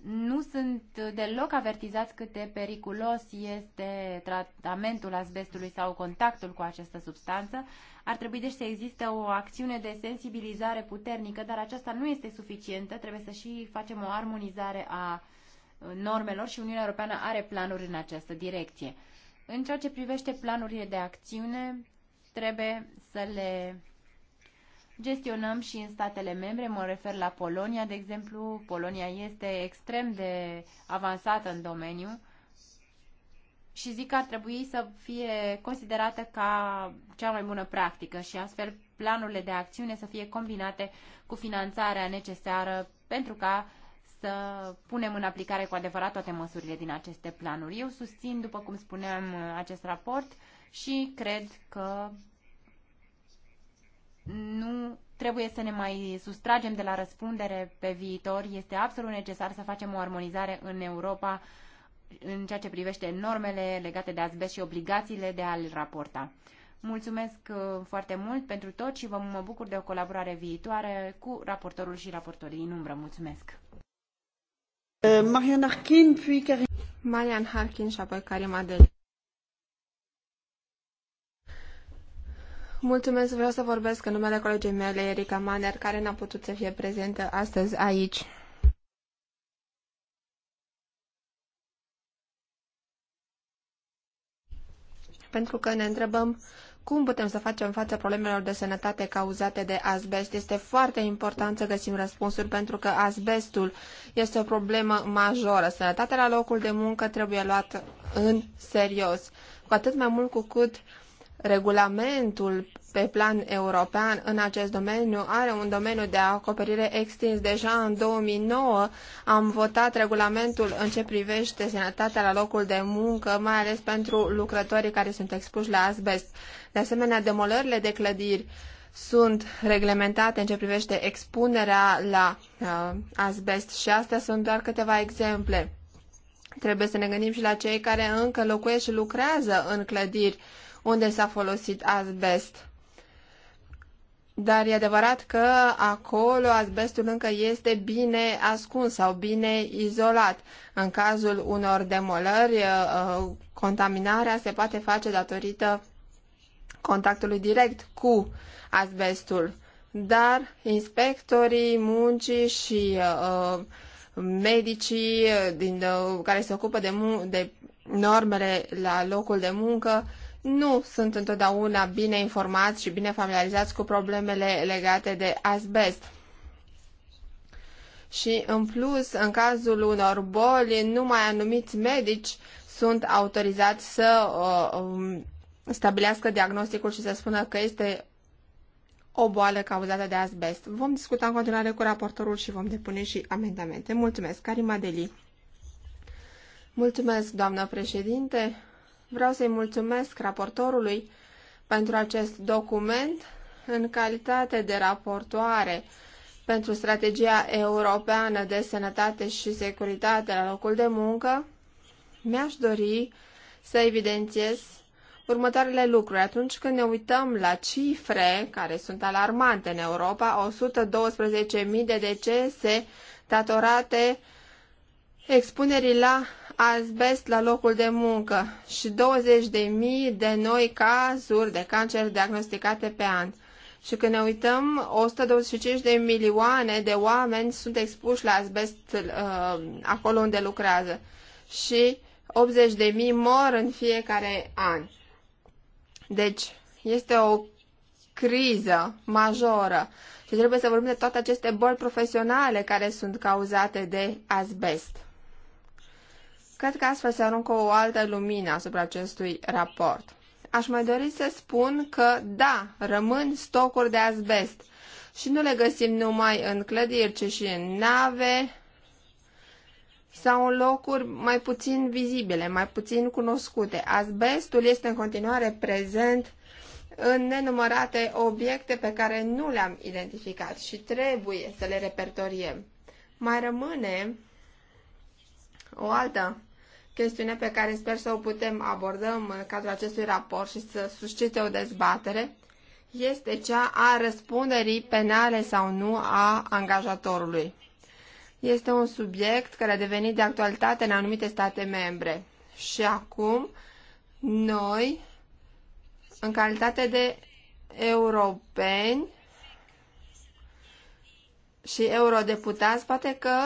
nu sunt deloc avertizați cât de periculos este tratamentul asbestului sau contactul cu această substanță ar trebui deci să existe o acțiune de sensibilizare puternică, dar aceasta nu este suficientă, trebuie să și facem o armonizare a uh, normelor și Uniunea Europeană are planuri în această direcție. În ceea ce privește planurile de acțiune, trebuie să le gestionăm și în statele membre, mă refer la Polonia, de exemplu. Polonia este extrem de avansată în domeniu și zic că ar trebui să fie considerată ca cea mai bună practică și astfel planurile de acțiune să fie combinate cu finanțarea necesară pentru ca să punem în aplicare cu adevărat toate măsurile din aceste planuri. Eu susțin, după cum spuneam, acest raport și cred că nu trebuie să ne mai sustragem de la răspundere pe viitor. Este absolut necesar să facem o armonizare în Europa în ceea ce privește normele legate de azbest și obligațiile de a-l raporta. Mulțumesc uh, foarte mult pentru tot și vă mă bucur de o colaborare viitoare cu raportorul și raportorii în umbră. Mulțumesc! Uh, Marian Harkin, puis Karim. Marian Harkin și apoi Karim Adel. Mulțumesc, vreau să vorbesc în numele colegii mele, Erika Maner, care n-a putut să fie prezentă astăzi aici. pentru că ne întrebăm cum putem să facem față problemelor de sănătate cauzate de asbest. Este foarte important să găsim răspunsuri pentru că asbestul este o problemă majoră. Sănătatea la locul de muncă trebuie luată în serios. Cu atât mai mult cu cât regulamentul pe plan european în acest domeniu are un domeniu de acoperire extins. Deja în 2009 am votat regulamentul în ce privește sănătatea la locul de muncă, mai ales pentru lucrătorii care sunt expuși la asbest. De asemenea, demolările de clădiri sunt reglementate în ce privește expunerea la uh, asbest și astea sunt doar câteva exemple. Trebuie să ne gândim și la cei care încă locuiesc și lucrează în clădiri unde s-a folosit asbest. Dar e adevărat că acolo asbestul încă este bine ascuns sau bine izolat. În cazul unor demolări, uh, contaminarea se poate face datorită contactului direct cu asbestul. Dar inspectorii muncii și uh, medicii din, uh, care se ocupă de, de normele la locul de muncă nu sunt întotdeauna bine informați și bine familiarizați cu problemele legate de asbest. Și, în plus, în cazul unor boli, numai anumiți medici sunt autorizați să uh, um, stabilească diagnosticul și să spună că este o boală cauzată de asbest. Vom discuta în continuare cu raportorul și vom depune și amendamente. Mulțumesc, Karima Deli. Mulțumesc, doamnă președinte. Vreau să-i mulțumesc raportorului pentru acest document în calitate de raportoare pentru strategia europeană de sănătate și securitate la locul de muncă, mi-aș dori să evidențiez următoarele lucruri. Atunci când ne uităm la cifre care sunt alarmante în Europa, 112.000 de decese datorate expunerii la azbest la locul de muncă și 20.000 de noi cazuri de cancer diagnosticate pe an. Și când ne uităm, 125 de milioane de oameni sunt expuși la azbest uh, acolo unde lucrează și 80 de mii mor în fiecare an. Deci, este o criză majoră și trebuie să vorbim de toate aceste boli profesionale care sunt cauzate de azbest. Cred că astfel se aruncă o altă lumină asupra acestui raport. Aș mai dori să spun că, da, rămân stocuri de azbest și nu le găsim numai în clădiri, ci și în nave sau în locuri mai puțin vizibile, mai puțin cunoscute. Azbestul este în continuare prezent în nenumărate obiecte pe care nu le-am identificat și trebuie să le repertoriem. Mai rămâne o altă chestiune pe care sper să o putem abordăm în cadrul acestui raport și să suscite o dezbatere, este cea a răspunderii penale sau nu a angajatorului. Este un subiect care a devenit de actualitate în anumite state membre. Și acum, noi, în calitate de europeni și eurodeputați, poate că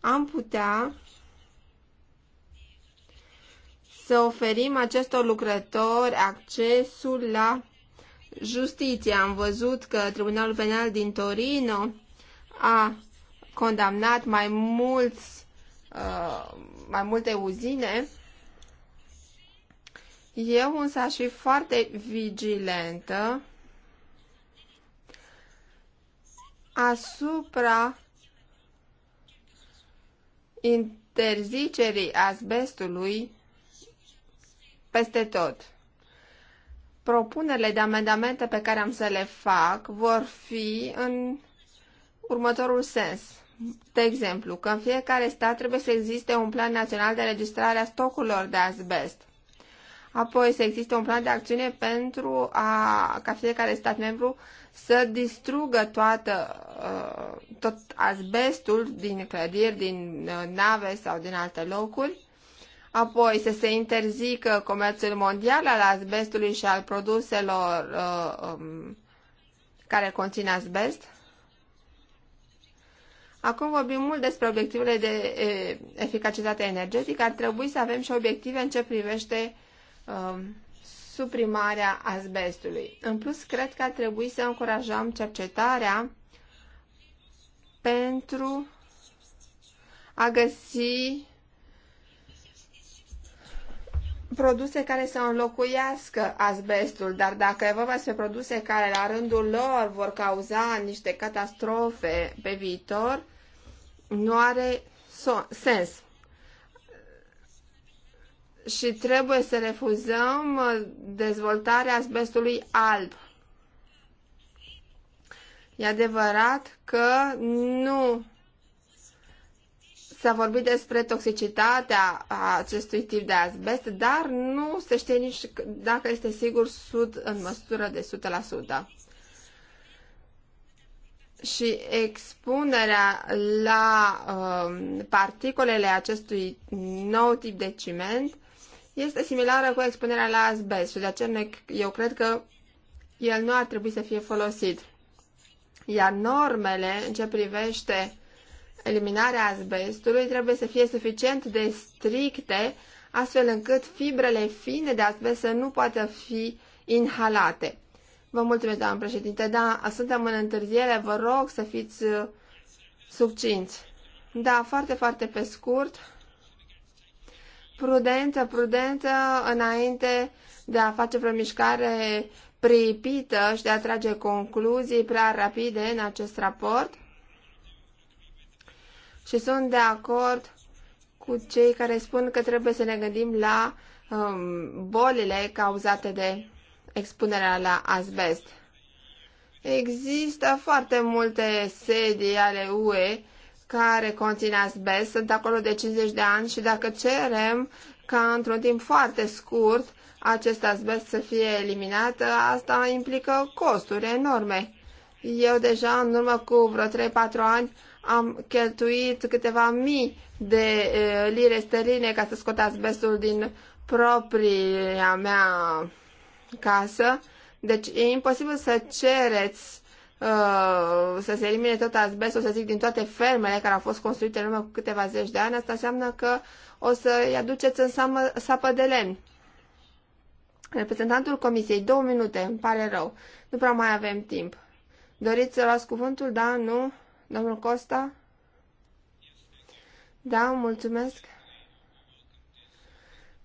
am putea să oferim acestor lucrători accesul la justiție. Am văzut că Tribunalul Penal din Torino a condamnat mai mulți uh, mai multe uzine. Eu însă aș fi foarte vigilentă asupra interzicerii asbestului peste tot. Propunerile de amendamente pe care am să le fac vor fi în următorul sens. De exemplu, că în fiecare stat trebuie să existe un plan național de registrare a stocurilor de asbest. Apoi să existe un plan de acțiune pentru a, ca fiecare stat membru să distrugă toată, uh, tot asbestul din clădiri, din uh, nave sau din alte locuri apoi să se interzică comerțul mondial al asbestului și al produselor uh, um, care conțin asbest. Acum vorbim mult despre obiectivele de e, eficacitate energetică. Ar trebui să avem și obiective în ce privește uh, suprimarea asbestului. În plus, cred că ar trebui să încurajăm cercetarea pentru a găsi produse care să înlocuiască asbestul, dar dacă e vorba despre produse care la rândul lor vor cauza niște catastrofe pe viitor, nu are sens. Și trebuie să refuzăm dezvoltarea asbestului alb. E adevărat că nu S-a vorbit despre toxicitatea acestui tip de azbest, dar nu se știe nici dacă este sigur sud, în măsură de 100%. Și expunerea la uh, particolele acestui nou tip de ciment este similară cu expunerea la azbest și de aceea eu cred că el nu ar trebui să fie folosit. Iar normele în ce privește eliminarea azbestului trebuie să fie suficient de stricte, astfel încât fibrele fine de azbest să nu poată fi inhalate. Vă mulțumesc, doamnă președinte. Da, suntem în întârziere, vă rog să fiți uh, succinți. Da, foarte, foarte pe scurt. Prudență, prudență înainte de a face vreo mișcare pripită și de a trage concluzii prea rapide în acest raport și sunt de acord cu cei care spun că trebuie să ne gândim la um, bolile cauzate de expunerea la asbest. Există foarte multe sedii ale UE care conțin asbest, sunt acolo de 50 de ani și dacă cerem ca într-un timp foarte scurt acest asbest să fie eliminat, asta implică costuri enorme. Eu deja în urmă cu vreo 3-4 ani am cheltuit câteva mii de lire sterline ca să scot asbestul din propria mea casă. Deci e imposibil să cereți uh, să se elimine tot asbestul, să zic, din toate fermele care au fost construite în urmă cu câteva zeci de ani. Asta înseamnă că o să-i aduceți în samă, sapă de lemn. Reprezentantul comisiei, două minute, îmi pare rău. Nu prea mai avem timp. Doriți să luați cuvântul? Da? Nu? Domnul Costa? Da, mulțumesc.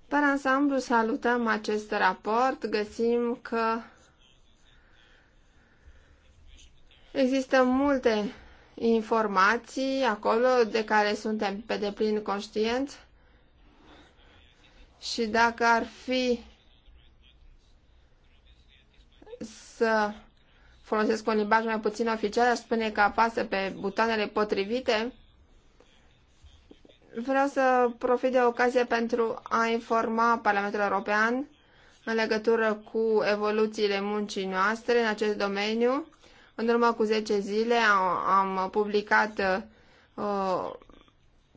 Pe ansamblu salutăm acest raport, găsim că există multe informații acolo de care suntem pe deplin conștienți și dacă ar fi să folosesc un limbaj mai puțin oficial, aș spune că apasă pe butoanele potrivite. Vreau să profit de ocazie pentru a informa Parlamentul European în legătură cu evoluțiile muncii noastre în acest domeniu. În urmă cu 10 zile am, am publicat uh,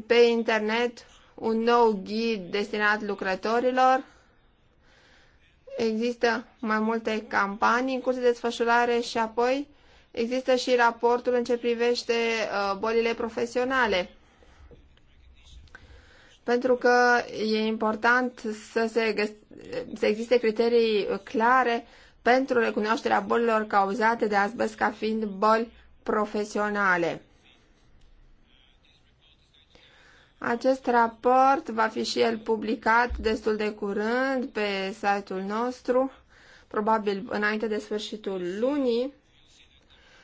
pe internet un nou ghid destinat lucrătorilor există mai multe campanii în curs de desfășurare și apoi există și raportul în ce privește uh, bolile profesionale. Pentru că e important să, se să existe criterii clare pentru recunoașterea bolilor cauzate de asbest ca fiind boli profesionale. Acest raport va fi și el publicat destul de curând pe site-ul nostru, probabil înainte de sfârșitul lunii.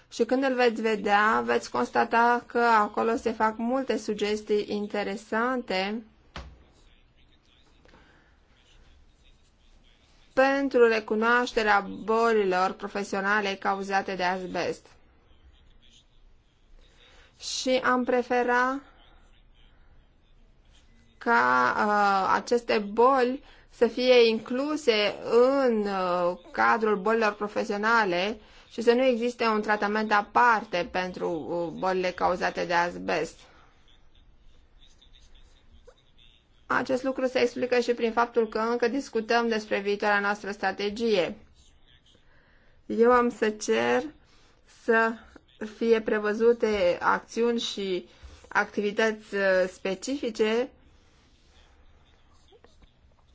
Și când îl veți vedea, veți constata că acolo se fac multe sugestii interesante pentru recunoașterea bolilor profesionale cauzate de asbest. Și am preferat ca uh, aceste boli să fie incluse în uh, cadrul bolilor profesionale și să nu existe un tratament aparte pentru uh, bolile cauzate de asbest. Acest lucru se explică și prin faptul că încă discutăm despre viitoarea noastră strategie. Eu am să cer să fie prevăzute acțiuni și activități uh, specifice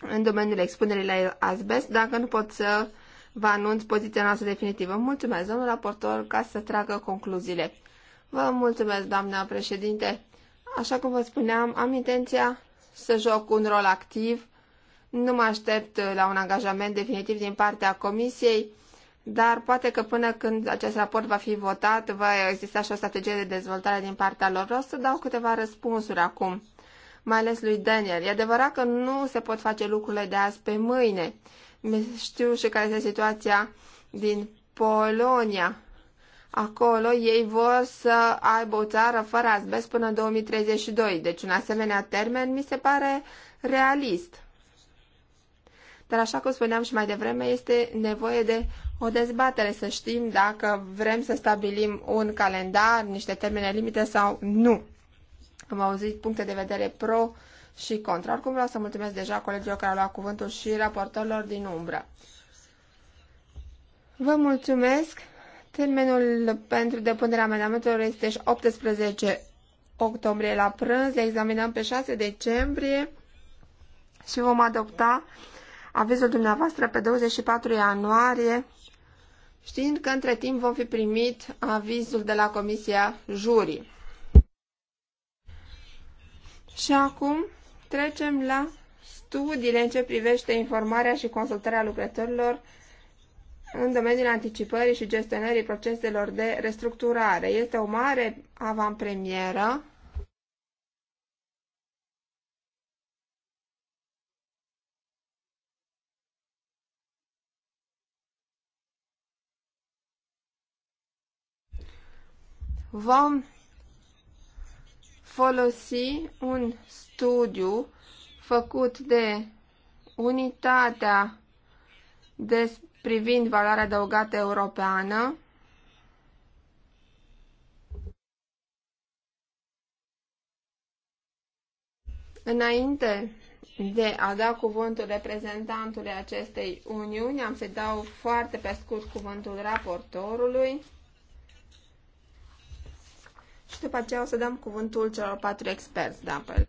în domeniul expunerii la asbest, dacă nu pot să vă anunț poziția noastră definitivă. Mulțumesc, domnul raportor, ca să tragă concluziile. Vă mulțumesc, doamna președinte. Așa cum vă spuneam, am intenția să joc un rol activ. Nu mă aștept la un angajament definitiv din partea comisiei, dar poate că până când acest raport va fi votat, va exista și o strategie de dezvoltare din partea lor. O să dau câteva răspunsuri acum mai ales lui Daniel. E adevărat că nu se pot face lucrurile de azi pe mâine. Știu și care este situația din Polonia. Acolo ei vor să aibă o țară fără azbest până în 2032, deci un asemenea termen mi se pare realist. Dar așa cum spuneam și mai devreme, este nevoie de o dezbatere să știm dacă vrem să stabilim un calendar, niște termene limite sau nu. Am auzit puncte de vedere pro și contra. Oricum vreau să mulțumesc deja colegilor care au luat cuvântul și raportorilor din umbră. Vă mulțumesc. Termenul pentru depunerea amendamentelor este 18 octombrie la prânz. Le examinăm pe 6 decembrie și vom adopta avizul dumneavoastră pe 24 ianuarie, știind că între timp vom fi primit avizul de la Comisia Jurii. Și acum trecem la studiile în ce privește informarea și consultarea lucrătorilor în domeniul anticipării și gestionării proceselor de restructurare. Este o mare avantpremieră. Vom folosi un studiu făcut de unitatea de, privind valoarea adăugată europeană Înainte de a da cuvântul reprezentantului acestei uniuni, am să dau foarte pe scurt cuvântul raportorului și după aceea o să dăm cuvântul celor patru experți de apel.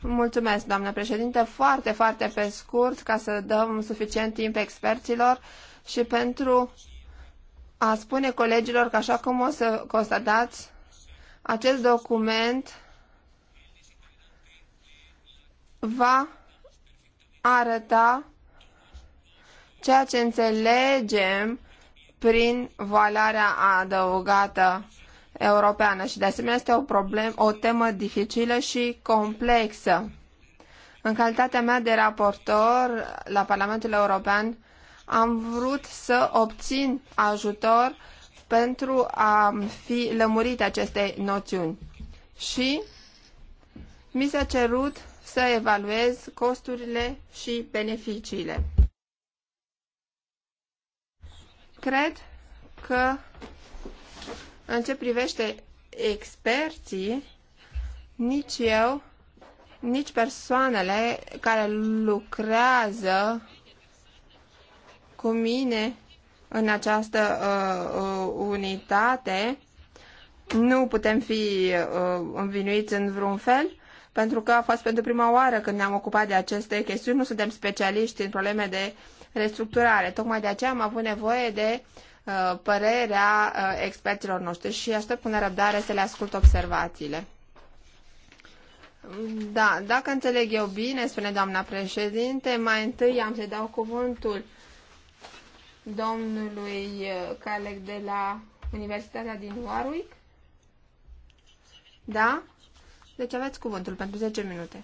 Mulțumesc, doamnă președinte. Foarte, foarte pe scurt, ca să dăm suficient timp experților și pentru a spune colegilor că, așa cum o să constatați, acest document va arăta ceea ce înțelegem prin valoarea adăugată europeană și de asemenea este o, problem, o temă dificilă și complexă. În calitatea mea de raportor la Parlamentul European am vrut să obțin ajutor pentru a fi lămurite aceste noțiuni și mi s-a cerut să evaluez costurile și beneficiile. Cred că în ce privește experții, nici eu, nici persoanele care lucrează cu mine în această uh, uh, unitate, nu putem fi uh, învinuiți în vreun fel, pentru că a fost pentru prima oară când ne-am ocupat de aceste chestiuni, nu suntem specialiști în probleme de restructurare. Tocmai de aceea am avut nevoie de uh, Uh, părerea uh, experților noștri și aștept cu nerăbdare să le ascult observațiile. Da, dacă înțeleg eu bine, spune doamna președinte, mai întâi am să dau cuvântul domnului uh, Caleg de la Universitatea din Warwick. Da? Deci aveți cuvântul pentru 10 minute.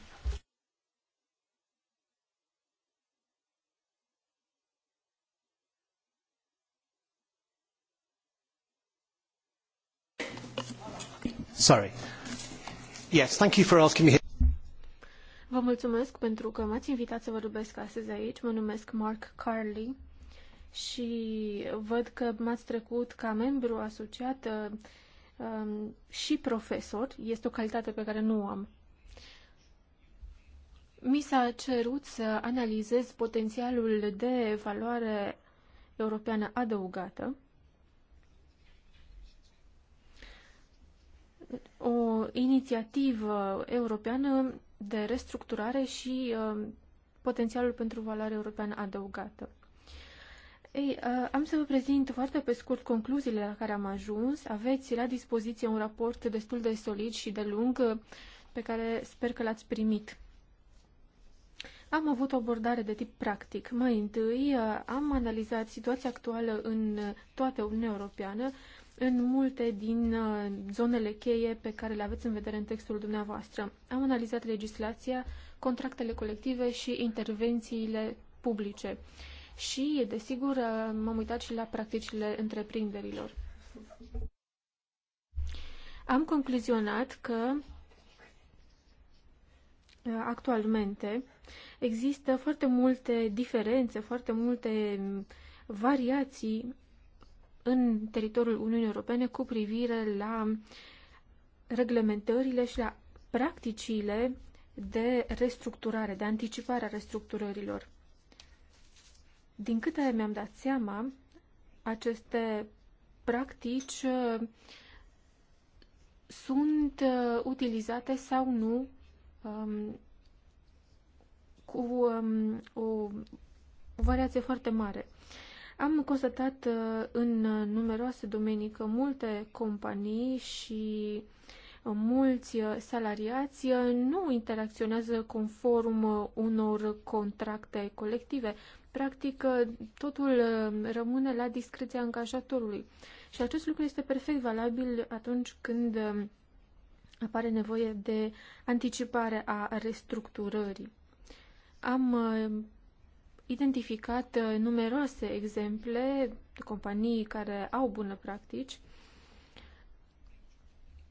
Vă mulțumesc pentru că m-ați invitat să vorbesc astăzi aici. Mă numesc Mark Carley și văd că m-ați trecut ca membru asociat uh, um, și profesor. Este o calitate pe care nu o am. Mi s-a cerut să analizez potențialul de valoare europeană adăugată o inițiativă europeană de restructurare și uh, potențialul pentru valoare europeană adăugată. Ei, uh, am să vă prezint foarte pe scurt concluziile la care am ajuns. Aveți la dispoziție un raport destul de solid și de lung uh, pe care sper că l-ați primit. Am avut o abordare de tip practic. Mai întâi am analizat situația actuală în toată Uniunea Europeană, în multe din uh, zonele cheie pe care le aveți în vedere în textul dumneavoastră. Am analizat legislația, contractele colective și intervențiile publice. Și, desigur, uh, m-am uitat și la practicile întreprinderilor. Am concluzionat că uh, actualmente există foarte multe diferențe, foarte multe variații în teritoriul Uniunii Europene cu privire la reglementările și la practicile de restructurare, de anticipare a restructurărilor. Din câte mi-am dat seama, aceste practici uh, sunt uh, utilizate sau nu um, cu um, o variație foarte mare. Uh, am constatat uh, în numeroase domenii că multe companii și uh, mulți uh, salariați nu interacționează conform unor contracte colective. Practic, totul rămâne la discreția angajatorului. Și acest lucru este perfect valabil atunci când apare nevoie de anticipare a restructurării. Am identificat uh, numeroase exemple de companii care au bună practici.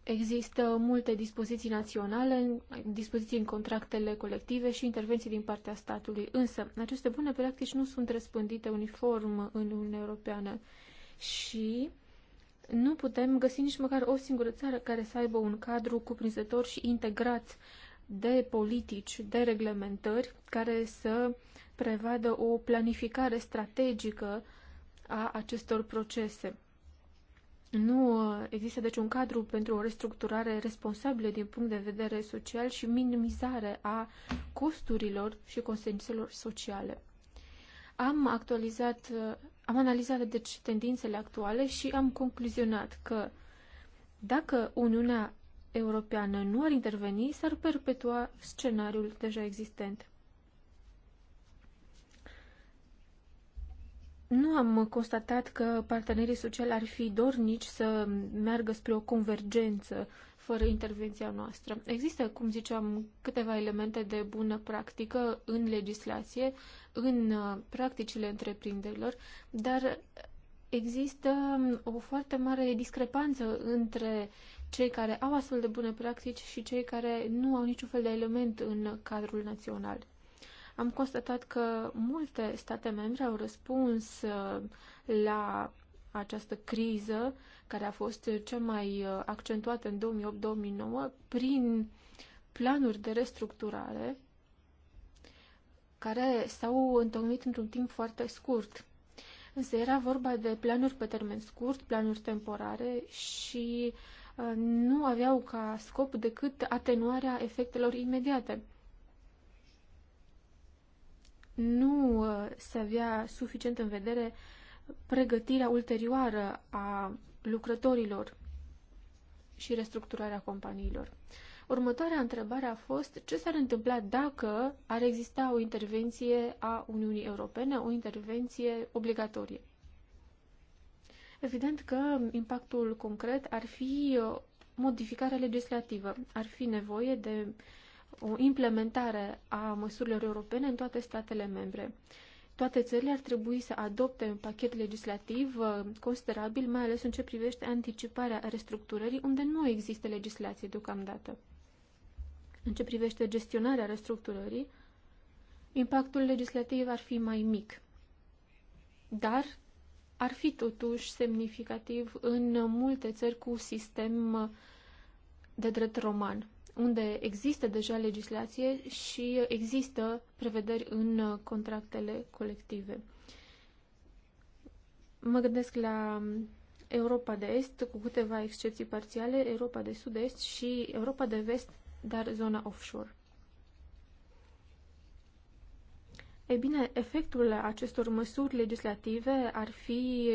Există multe dispoziții naționale, dispoziții în contractele colective și intervenții din partea statului, însă aceste bune practici nu sunt răspândite uniform în Uniunea Europeană și nu putem găsi nici măcar o singură țară care să aibă un cadru cuprinzător și integrat de politici, de reglementări care să uh, prevadă o planificare strategică a acestor procese. Nu uh, există deci un cadru pentru o restructurare responsabilă din punct de vedere social și minimizare a costurilor și consecințelor sociale. Am actualizat, uh, am analizat deci tendințele actuale și am concluzionat că dacă Uniunea Europeană nu ar interveni, s-ar perpetua scenariul deja existent. nu am constatat că partenerii sociali ar fi dornici să meargă spre o convergență fără intervenția noastră. Există, cum ziceam, câteva elemente de bună practică în legislație, în uh, practicile întreprinderilor, dar există um, o foarte mare discrepanță între cei care au astfel de bune practici și cei care nu au niciun fel de element în cadrul național am constatat că multe state membre au răspuns uh, la această criză, care a fost cea mai uh, accentuată în 2008-2009, prin planuri de restructurare care s-au întocmit într-un timp foarte scurt. Însă era vorba de planuri pe termen scurt, planuri temporare și uh, nu aveau ca scop decât atenuarea efectelor imediate nu uh, se avea suficient în vedere pregătirea ulterioară a lucrătorilor și restructurarea companiilor. Următoarea întrebare a fost ce s-ar întâmpla dacă ar exista o intervenție a Uniunii Europene, o intervenție obligatorie. Evident că impactul concret ar fi uh, modificarea legislativă. Ar fi nevoie de uh, o implementare a măsurilor europene în toate statele membre. Toate țările ar trebui să adopte un pachet legislativ uh, considerabil, mai ales în ce privește anticiparea restructurării, unde nu există legislație deocamdată. În ce privește gestionarea restructurării, impactul legislativ ar fi mai mic, dar ar fi totuși semnificativ în multe țări cu sistem uh, de drept roman unde există deja legislație și există prevederi în contractele colective. Mă gândesc la Europa de Est, cu câteva excepții parțiale, Europa de Sud-Est și Europa de Vest, dar zona offshore. Ei bine, efectul acestor măsuri legislative ar fi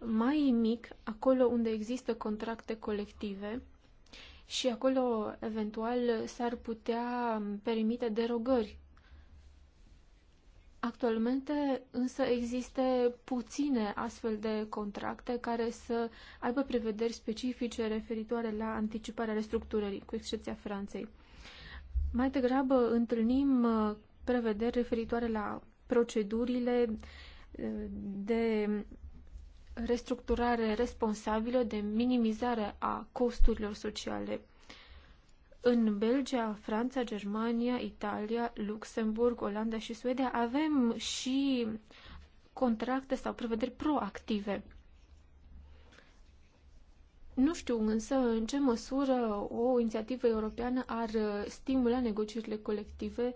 mai mic acolo unde există contracte colective și acolo eventual s-ar putea permite derogări. Actualmente însă există puține astfel de contracte care să aibă prevederi specifice referitoare la anticiparea restructurării, cu excepția Franței. Mai degrabă întâlnim uh, prevederi referitoare la procedurile uh, de restructurare responsabilă de minimizare a costurilor sociale. În Belgia, Franța, Germania, Italia, Luxemburg, Olanda și Suedia avem și contracte sau prevederi proactive. Nu știu însă în ce măsură o inițiativă europeană ar stimula negocierile colective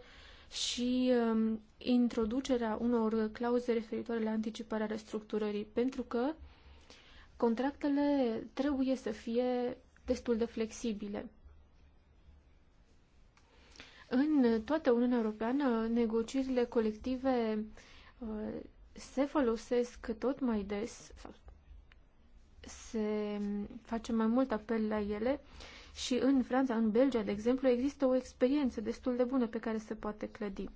și um, introducerea unor clauze referitoare la anticiparea restructurării, pentru că contractele trebuie să fie destul de flexibile. În toată Uniunea Europeană, negocierile colective uh, se folosesc tot mai des, se face mai mult apel la ele, și în Franța, în Belgia, de exemplu, există o experiență destul de bună pe care se poate clădi.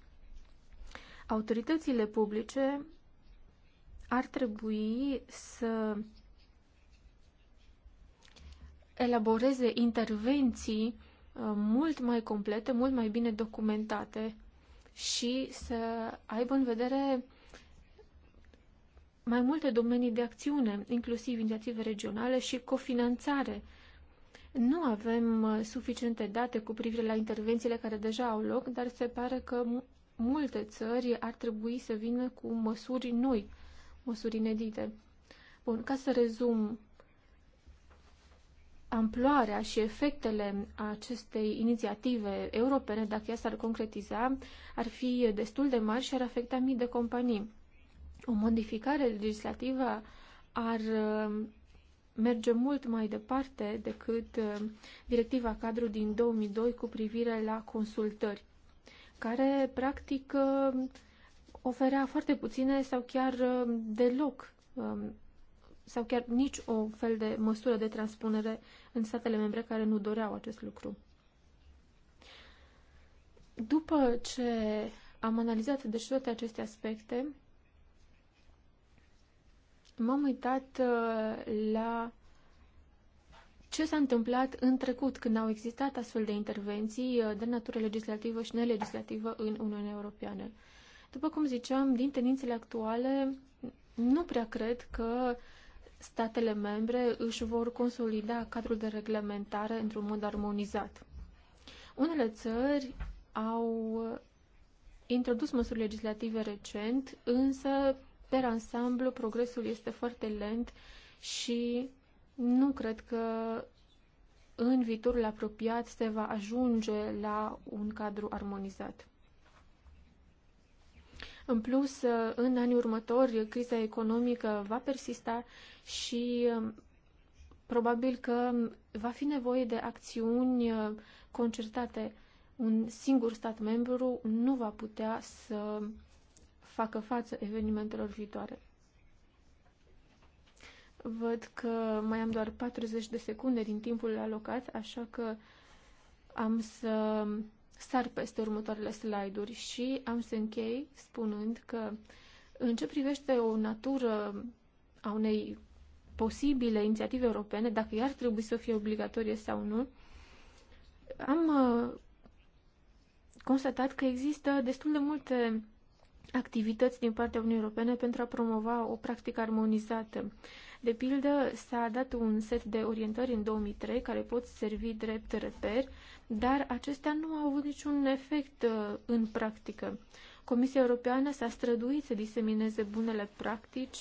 Autoritățile publice ar trebui să elaboreze intervenții uh, mult mai complete, mult mai bine documentate și să aibă în vedere mai multe domenii de acțiune, inclusiv inițiative regionale și cofinanțare nu avem uh, suficiente date cu privire la intervențiile care deja au loc, dar se pare că multe țări ar trebui să vină cu măsuri noi, măsuri inedite. Bun, ca să rezum amploarea și efectele acestei inițiative europene, dacă ea s-ar concretiza, ar fi destul de mari și ar afecta mii de companii. O modificare legislativă ar uh, merge mult mai departe decât uh, directiva cadru din 2002 cu privire la consultări, care practic uh, oferea foarte puține sau chiar uh, deloc um, sau chiar nici o fel de măsură de transpunere în statele membre care nu doreau acest lucru. După ce am analizat deci toate aceste aspecte, m-am uitat uh, la ce s-a întâmplat în trecut când au existat astfel de intervenții uh, de natură legislativă și nelegislativă în Uniunea Europeană. După cum ziceam, din tendințele actuale, nu prea cred că statele membre își vor consolida cadrul de reglementare într-un mod armonizat. Unele țări au uh, introdus măsuri legislative recent, însă per ansamblu, progresul este foarte lent și nu cred că în viitorul apropiat se va ajunge la un cadru armonizat. În plus, în anii următori, criza economică va persista și um, probabil că va fi nevoie de acțiuni uh, concertate. Un singur stat membru nu va putea să facă față evenimentelor viitoare. Văd că mai am doar 40 de secunde din timpul alocat, așa că am să sar peste următoarele slide-uri și am să închei spunând că în ce privește o natură a unei posibile inițiative europene, dacă ea ar trebui să fie obligatorie sau nu, am uh, constatat că există destul de multe activități din partea Uniunii Europene pentru a promova o practică armonizată. De pildă, s-a dat un set de orientări în 2003 care pot servi drept reper, dar acestea nu au avut niciun efect uh, în practică. Comisia Europeană s-a străduit să disemineze bunele practici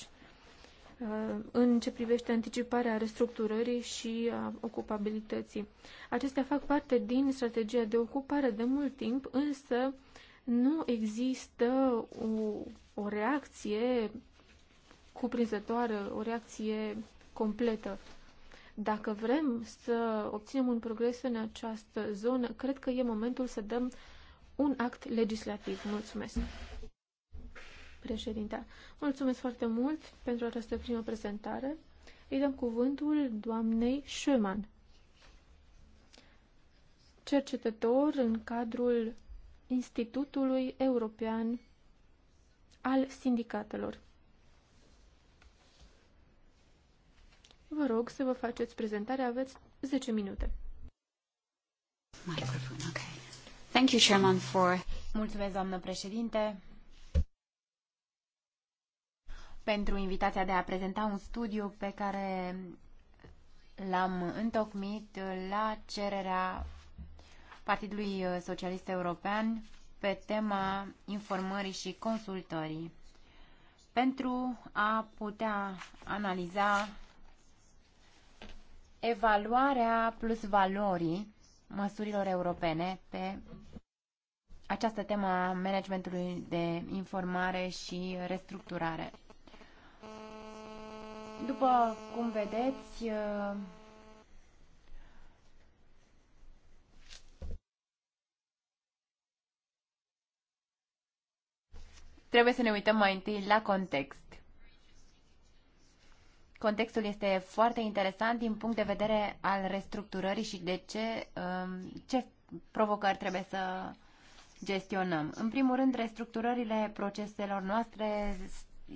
uh, în ce privește anticiparea restructurării și a ocupabilității. Acestea fac parte din strategia de ocupare de mult timp, însă nu există o, o reacție cuprinzătoare, o reacție completă. Dacă vrem să obținem un progres în această zonă, cred că e momentul să dăm un act legislativ. Mulțumesc! Președinte, mulțumesc foarte mult pentru această primă prezentare. Îi dăm cuvântul doamnei Schumann, cercetător în cadrul Institutului European al Sindicatelor. Vă rog să vă faceți prezentarea, aveți 10 minute. Microfon, okay. Thank you, Chairman, for... Mulțumesc, doamnă președinte, pentru invitația de a prezenta un studiu pe care l-am întocmit la cererea Partidului uh, Socialist European pe tema informării și consultării pentru a putea analiza evaluarea plus valorii măsurilor europene pe această temă a managementului de informare și restructurare. După cum vedeți, uh, trebuie să ne uităm mai întâi la context. Contextul este foarte interesant din punct de vedere al restructurării și de ce, um, ce provocări trebuie să gestionăm. În primul rând, restructurările proceselor noastre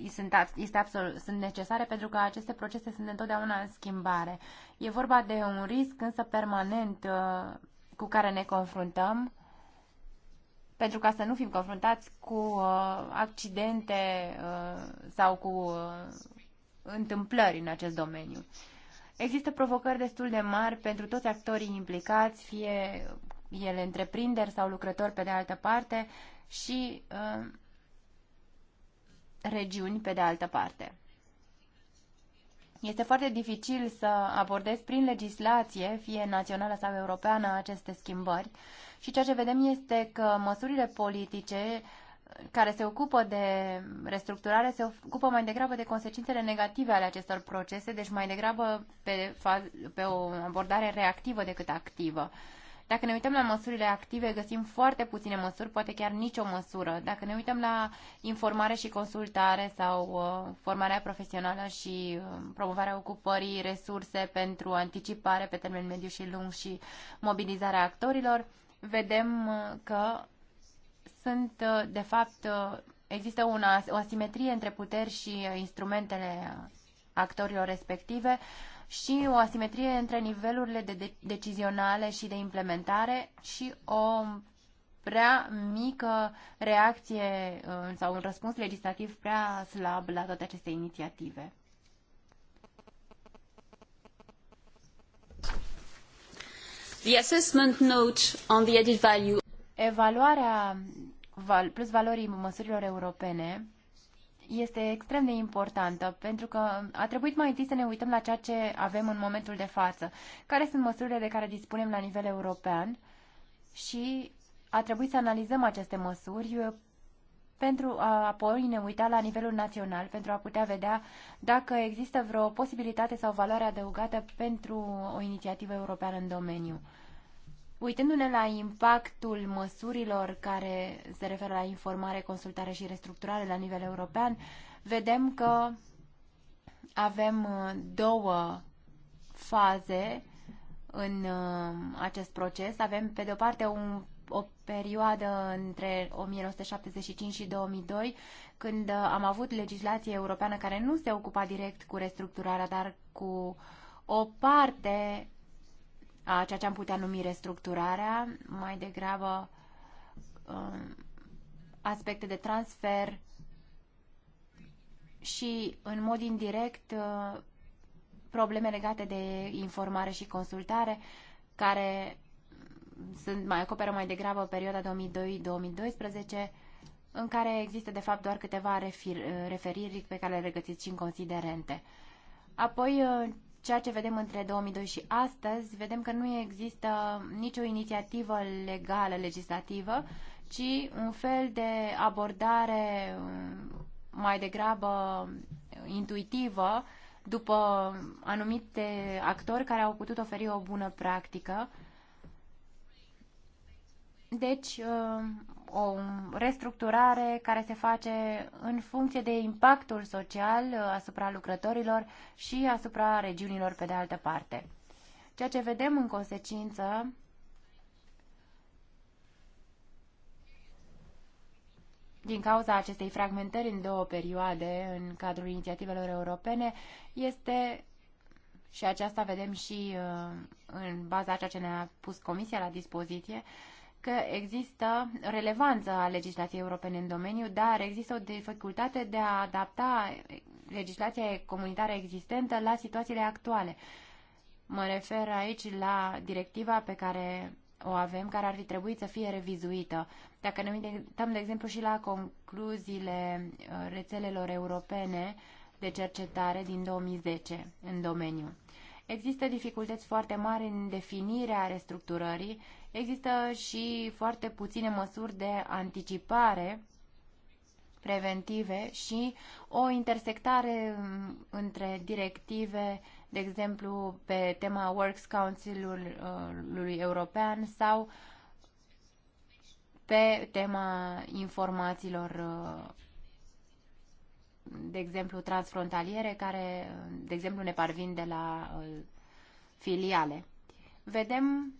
sunt, este absolut, sunt necesare pentru că aceste procese sunt întotdeauna în schimbare. E vorba de un risc însă permanent uh, cu care ne confruntăm pentru ca să nu fim confruntați cu uh, accidente uh, sau cu uh, întâmplări în acest domeniu. Există provocări destul de mari pentru toți actorii implicați, fie ele întreprinderi sau lucrători pe de altă parte și uh, regiuni pe de altă parte. Este foarte dificil să abordezi prin legislație, fie națională sau europeană, aceste schimbări. Și ceea ce vedem este că măsurile politice uh, care se ocupă de restructurare se ocupă mai degrabă de consecințele negative ale acestor procese, deci mai degrabă pe, pe o abordare reactivă decât activă. Uh, dacă ne uităm la măsurile active, găsim foarte puține măsuri, poate chiar nicio măsură. Dacă ne uităm la informare și consultare sau uh, formarea profesională și uh, promovarea ocupării, resurse pentru anticipare pe termen mediu și lung și mobilizarea actorilor, vedem uh, că sunt, uh, de fapt, uh, există una, o asimetrie între puteri și uh, instrumentele actorilor respective. Uh, și o asimetrie între nivelurile de, de decizionale și de implementare și o prea mică reacție uh, sau un răspuns legislativ prea slab la toate aceste inițiative. The assessment note on the added value. Evaluarea plus valorii măsurilor europene este extrem de importantă, pentru că a trebuit mai întâi să ne uităm la ceea ce avem în momentul de față, care sunt măsurile de care dispunem la nivel european și a trebuit să analizăm aceste măsuri uh, pentru a apoi ne uita la nivelul național, pentru a putea vedea dacă există vreo posibilitate sau valoare adăugată pentru o inițiativă europeană în domeniu. Uitându-ne la impactul măsurilor care se referă la informare, consultare și restructurare la nivel european, vedem că avem uh, două faze în uh, acest proces. Avem, pe de o parte, un, o perioadă între 1975 și 2002, când uh, am avut legislație europeană care nu se ocupa direct cu restructurarea, dar cu o parte a ceea ce am putea numi restructurarea, mai degrabă um, aspecte de transfer și, în mod indirect, uh, probleme legate de informare și consultare, care sunt, mai acoperă mai degrabă perioada 2002-2012, în care există, de fapt, doar câteva uh, referiri pe care le regăsiți și în considerente. Apoi, uh, ceea ce vedem între 2002 și astăzi, vedem că nu există nicio inițiativă legală, legislativă, ci un fel de abordare um, mai degrabă intuitivă după anumite actori care au putut oferi o bună practică. Deci, um, o restructurare care se face în funcție de impactul social asupra lucrătorilor și asupra regiunilor pe de altă parte. Ceea ce vedem în consecință din cauza acestei fragmentări în două perioade în cadrul inițiativelor europene este și aceasta vedem și uh, în baza a ceea ce ne-a pus Comisia la dispoziție, uh, că există relevanță a legislației europene în domeniu, dar există o dificultate de a adapta legislația comunitară existentă la situațiile actuale. Mă refer aici la directiva pe care o avem, care ar fi trebuit să fie revizuită. Dacă ne uităm, de exemplu, și la concluziile uh, rețelelor europene de cercetare din 2010 în domeniu. Există dificultăți foarte mari în definirea restructurării Există și foarte puține măsuri de anticipare preventive și o intersectare mm, între directive, de exemplu, pe tema Works Council-ului european sau pe tema informațiilor, mm, de exemplu, transfrontaliere, care, mm, de exemplu, ne parvin de la filiale. Vedem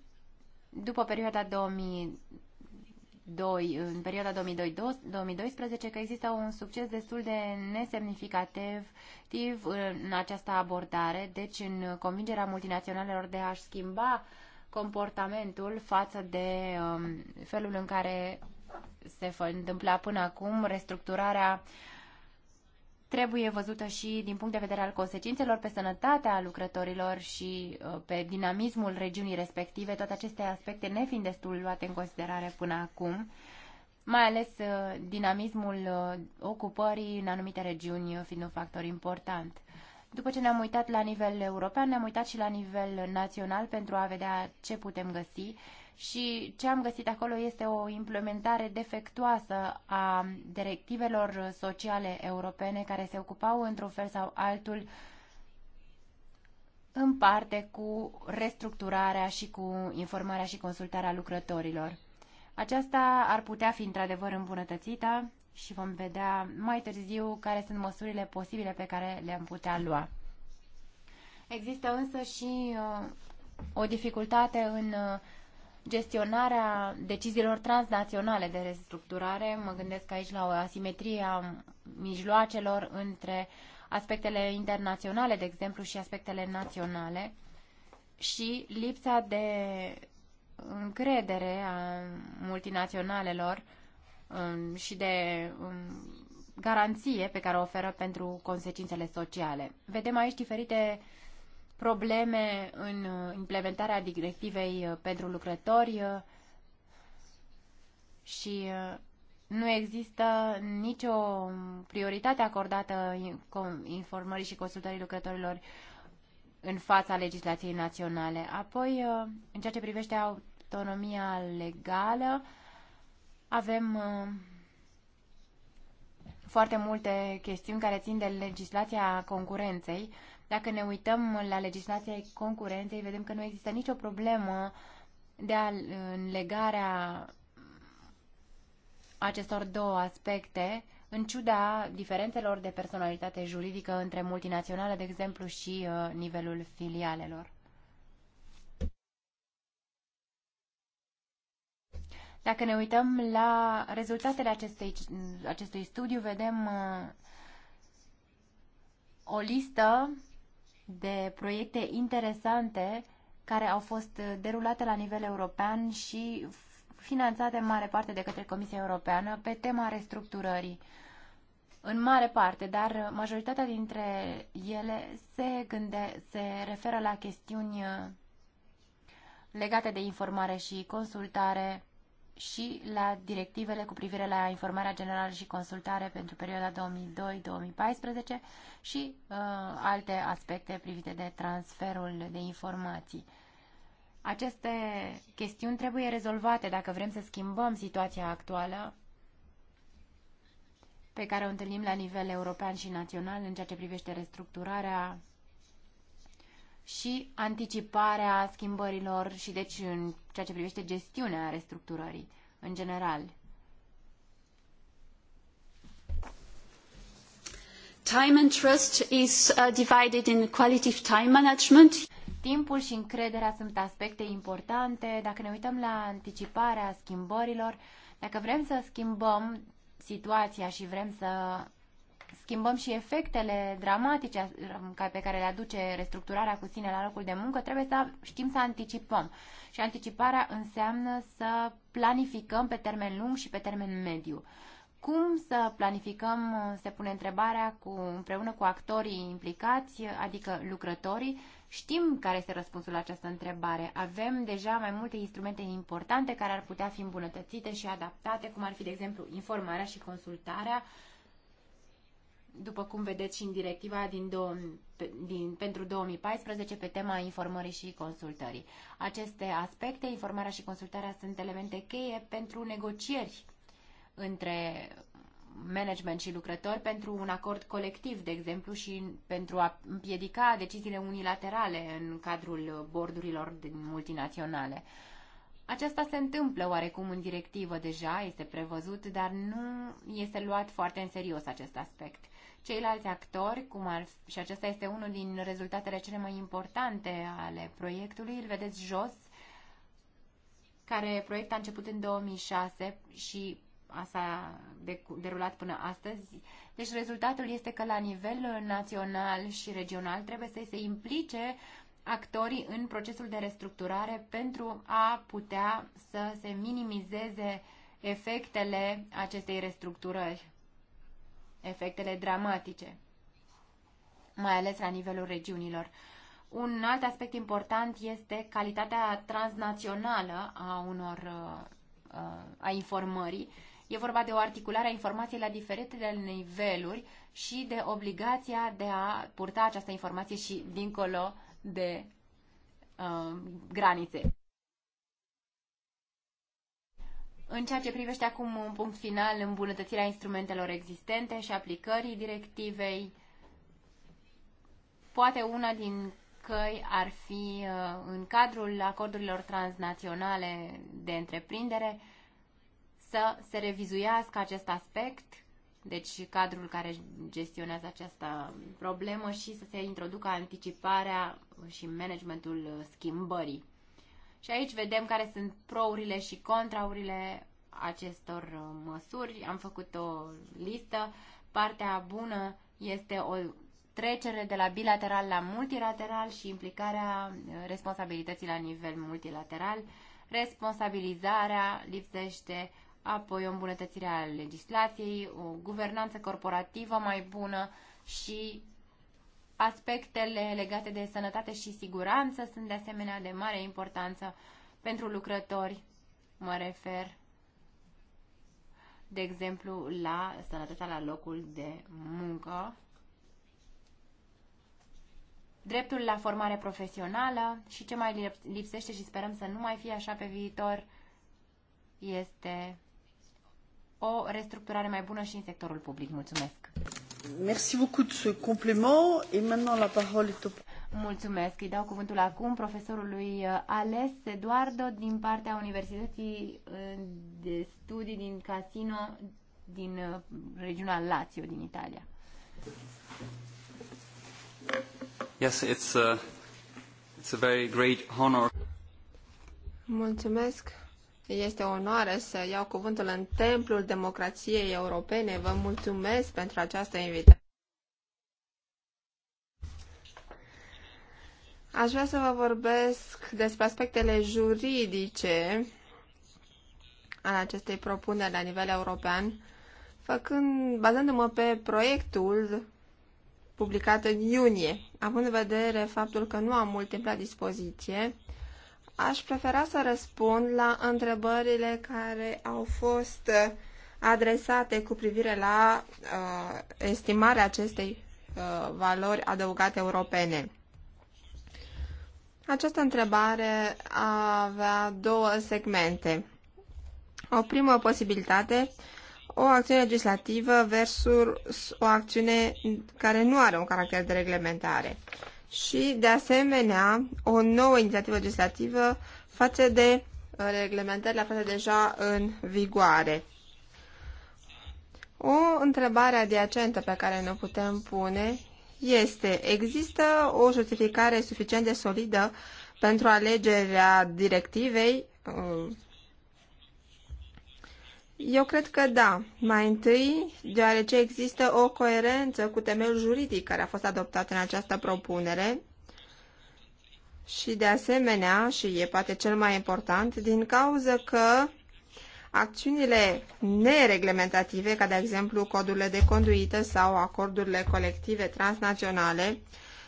după perioada 2002, în perioada 2012 că există un succes destul de nesemnificativ în această abordare, deci în convingerea multinaționalelor de a-și schimba comportamentul față de um, felul în care se întâmpla până acum restructurarea uh, trebuie văzută și din punct de vedere al consecințelor pe sănătatea lucrătorilor și uh, pe dinamismul regiunii respective, toate aceste aspecte nefiind destul luate în considerare până acum, mai ales uh, dinamismul uh, ocupării în anumite regiuni fiind un factor important. După ce ne-am uitat la nivel european, ne-am uitat și la nivel național pentru a vedea ce putem găsi și ce am găsit acolo este o implementare defectuoasă a directivelor sociale europene care se ocupau într-un fel sau altul în parte cu restructurarea și cu informarea și consultarea lucrătorilor. Aceasta ar putea fi într-adevăr îmbunătățită și vom vedea mai târziu care sunt măsurile posibile pe care le-am putea lua. Există însă și uh, o dificultate în uh, gestionarea deciziilor transnaționale de restructurare. Mă gândesc aici la o asimetrie a mijloacelor între aspectele internaționale, de exemplu, și aspectele naționale și lipsa de încredere a multinaționalelor um, și de um, garanție pe care o oferă pentru consecințele sociale. Vedem aici diferite uh, probleme în uh, implementarea directivei uh, pentru lucrători uh, și nu există nicio prioritate acordată informării și consultării lucrătorilor în fața legislației naționale. Apoi, în ceea ce privește autonomia legală, avem foarte multe chestiuni care țin de legislația concurenței, dacă ne uităm la legislația concurenței, vedem că nu există nicio problemă de a, în legarea acestor două aspecte, în ciuda diferențelor de personalitate juridică între multinaționale, de exemplu, și uh, nivelul filialelor. Dacă ne uităm la rezultatele acestei, acestui studiu, vedem uh, o listă de proiecte interesante care au fost derulate la nivel european și finanțate în mare parte de către Comisia Europeană pe tema restructurării. În mare parte, dar majoritatea dintre ele se, gânde, se referă la chestiuni legate de informare și consultare și la directivele cu privire la informarea generală și consultare pentru perioada 2002-2014 și uh, alte aspecte privite de transferul de informații. Aceste chestiuni trebuie rezolvate dacă vrem să schimbăm situația actuală pe care o întâlnim la nivel european și național în ceea ce privește restructurarea și anticiparea schimbărilor și deci în ceea ce privește gestiunea restructurării în general. Time and trust is uh, divided in qualitative time management. Timpul și încrederea sunt aspecte importante. Dacă ne uităm la anticiparea schimbărilor, dacă vrem să schimbăm situația și vrem să schimbăm și efectele dramatice um, pe care le aduce restructurarea cu sine la locul de muncă, trebuie să știm să anticipăm. Și anticiparea înseamnă să planificăm pe termen lung și pe termen mediu. Cum să planificăm, uh, se pune întrebarea, cu, împreună cu actorii implicați, adică lucrătorii, Știm care este răspunsul la această întrebare. Avem deja mai multe instrumente importante care ar putea fi îmbunătățite și adaptate, cum ar fi, de exemplu, informarea și consultarea, după cum vedeți și în directiva din, două, din pentru 2014 pe tema informării și consultării. Aceste aspecte, informarea și consultarea, sunt elemente cheie pentru negocieri între management și lucrători pentru un acord colectiv, de exemplu, și pentru a împiedica deciziile unilaterale în cadrul bordurilor multinaționale. Aceasta se întâmplă oarecum în directivă deja, este prevăzut, dar nu este luat foarte în serios acest aspect. Ceilalți actori, cum ar, și acesta este unul din rezultatele cele mai importante ale proiectului, îl vedeți jos, care proiect a început în 2006 și s-a derulat până astăzi. Deci rezultatul este că la nivel național și regional trebuie să se implice actorii în procesul de restructurare pentru a putea să se minimizeze efectele acestei restructurări efectele dramatice, mai ales la nivelul regiunilor. Un alt aspect important este calitatea transnațională a unor uh, a informării. E vorba de o articulare a informației la diferite niveluri și de obligația de a purta această informație și dincolo de uh, granițe. În ceea ce privește acum un punct final, îmbunătățirea instrumentelor existente și aplicării directivei, poate una din căi ar fi uh, în cadrul acordurilor transnaționale de întreprindere să se revizuiască acest aspect, deci cadrul care gestionează această problemă și să se introducă anticiparea și managementul schimbării. Și aici vedem care sunt prourile și contraurile acestor uh, măsuri. Am făcut o listă. Partea bună este o trecere de la bilateral la multilateral și implicarea uh, responsabilității la nivel multilateral. Responsabilizarea lipsește, apoi o îmbunătățire a legislației, o guvernanță corporativă mai bună și Aspectele legate de sănătate și siguranță sunt de asemenea de mare importanță pentru lucrători. Mă refer, de exemplu, la sănătatea la locul de muncă, dreptul la formare profesională și ce mai lipsește și sperăm să nu mai fie așa pe viitor este o restructurare mai bună și în sectorul public. Mulțumesc! Merci beaucoup de ce complément. Et maintenant Mulțumesc. Îi dau cuvântul acum profesorului uh, Ales Eduardo din partea Universității uh, de Studii din Casino din uh, regiunea Lazio din Italia. Yes, it's a, it's a very great honor. Mulțumesc. Este o onoare să iau cuvântul în Templul Democrației Europene. Vă mulțumesc pentru această invitație. Aș vrea să vă vorbesc despre aspectele juridice al acestei propuneri la nivel european, făcând, bazându-mă pe proiectul publicat în iunie, având în vedere faptul că nu am mult timp la dispoziție, Aș prefera să răspund la întrebările care au fost adresate cu privire la uh, estimarea acestei uh, valori adăugate europene. Această întrebare avea două segmente. O primă posibilitate, o acțiune legislativă versus o acțiune care nu are un caracter de reglementare și, de asemenea, o nouă inițiativă legislativă față de uh, reglementările aflate deja în vigoare. O întrebare adiacentă pe care ne putem pune este, există o justificare suficient de solidă pentru alegerea directivei uh, eu cred că da. Mai întâi, deoarece există o coerență cu temeiul juridic care a fost adoptat în această propunere și de asemenea, și e poate cel mai important, din cauza că acțiunile nereglementative, ca de exemplu codurile de conduită sau acordurile colective transnaționale,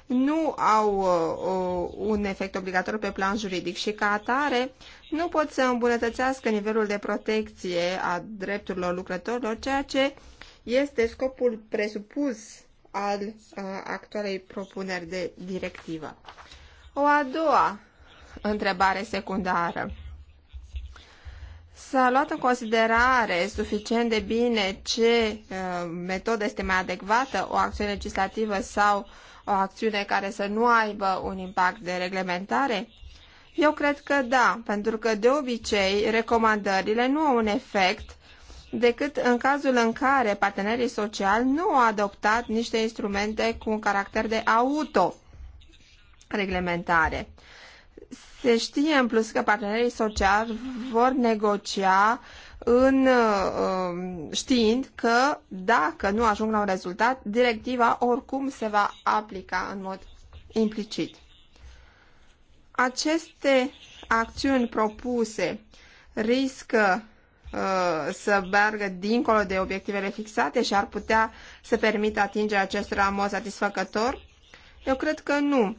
nu au uh, uh, un efect obligatoriu pe plan juridic și ca atare nu pot să îmbunătățească nivelul de protecție a drepturilor lucrătorilor, ceea ce este scopul presupus al uh, actualei propuneri de directivă. O a doua întrebare secundară. S-a luat în considerare suficient de bine ce uh, metodă este mai adecvată, o acțiune legislativă sau o acțiune care să nu aibă un impact de reglementare? Eu cred că da, pentru că de obicei recomandările nu au un efect decât în cazul în care partenerii sociali nu au adoptat niște instrumente cu un caracter de auto-reglementare. Se știe în plus că partenerii sociali vor negocia uh, în, uh, știind că dacă nu ajung la un rezultat, directiva oricum se va aplica în mod implicit. Aceste acțiuni propuse riscă uh, să meargă dincolo de obiectivele fixate și ar putea să permită atingerea acestora în mod satisfăcător? Eu cred că nu,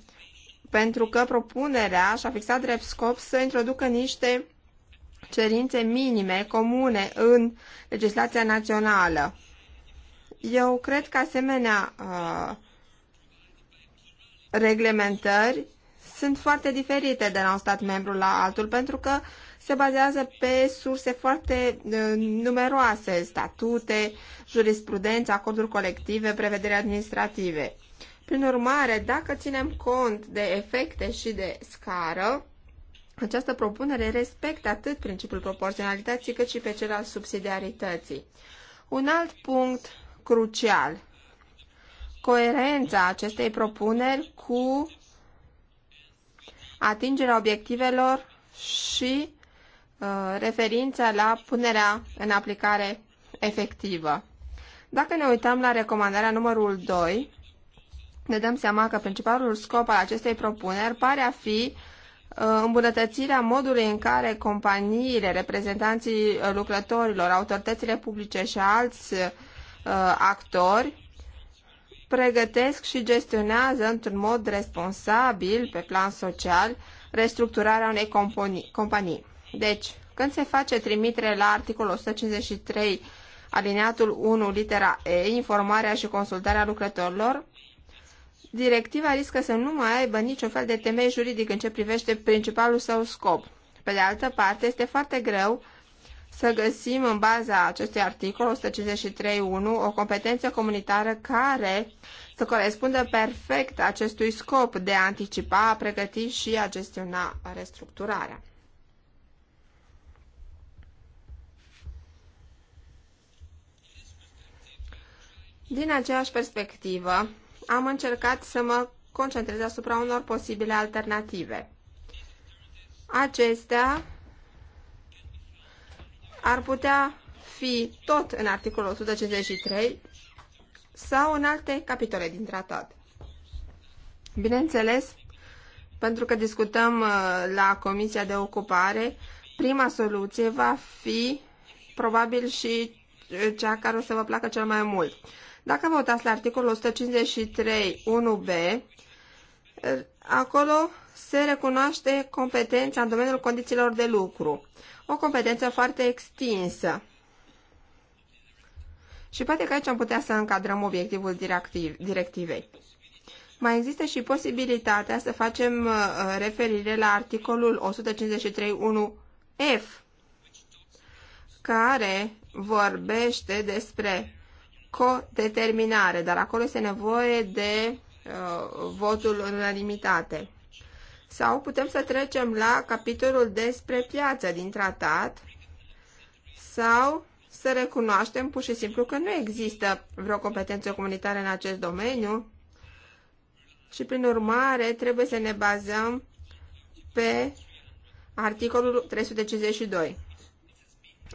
pentru că propunerea și-a fixat drept scop să introducă niște cerințe minime comune în legislația națională. Eu cred că asemenea uh, reglementări sunt foarte diferite de la un stat membru la altul, pentru că se bazează pe surse foarte uh, numeroase, statute, jurisprudență, acorduri colective, prevederi administrative. Prin urmare, dacă ținem cont de efecte și de scară, această propunere respectă atât principiul proporționalității cât și pe cel al subsidiarității. Un alt punct crucial, coerența acestei propuneri cu atingerea obiectivelor și uh, referința la punerea în aplicare efectivă. Dacă ne uităm la recomandarea numărul 2, ne dăm seama că principalul scop al acestei propuneri pare a fi Uh, îmbunătățirea modului în care companiile, reprezentanții uh, lucrătorilor, autoritățile publice și alți uh, actori pregătesc și gestionează într-un mod responsabil pe plan social restructurarea unei companii. Deci, când se face trimitere la articolul 153 alineatul 1 litera E, informarea și consultarea lucrătorilor, directiva riscă să nu mai aibă niciun fel de temei juridic în ce privește principalul său scop. Pe de altă parte, este foarte greu să găsim în baza acestui articol 153.1 o competență comunitară care să corespundă perfect acestui scop de a anticipa, a pregăti și a gestiona restructurarea. Din aceeași perspectivă, am încercat să mă concentrez asupra unor posibile alternative. Acestea ar putea fi tot în articolul 153 sau în alte capitole din tratat. Bineînțeles, pentru că discutăm uh, la Comisia de Ocupare, prima soluție va fi probabil și uh, cea care o să vă placă cel mai mult. Dacă votați la articolul 1531 b acolo se recunoaște competența în domeniul condițiilor de lucru. O competență foarte extinsă. Și poate că aici am putea să încadrăm obiectivul directiv, directivei. Mai există și posibilitatea să facem uh, referire la articolul 153.1f, care vorbește despre codeterminare, dar acolo este nevoie de uh, votul în unanimitate. Sau putem să trecem la capitolul despre piață din tratat sau să recunoaștem pur și simplu că nu există vreo competență comunitară în acest domeniu și prin urmare trebuie să ne bazăm pe articolul 352,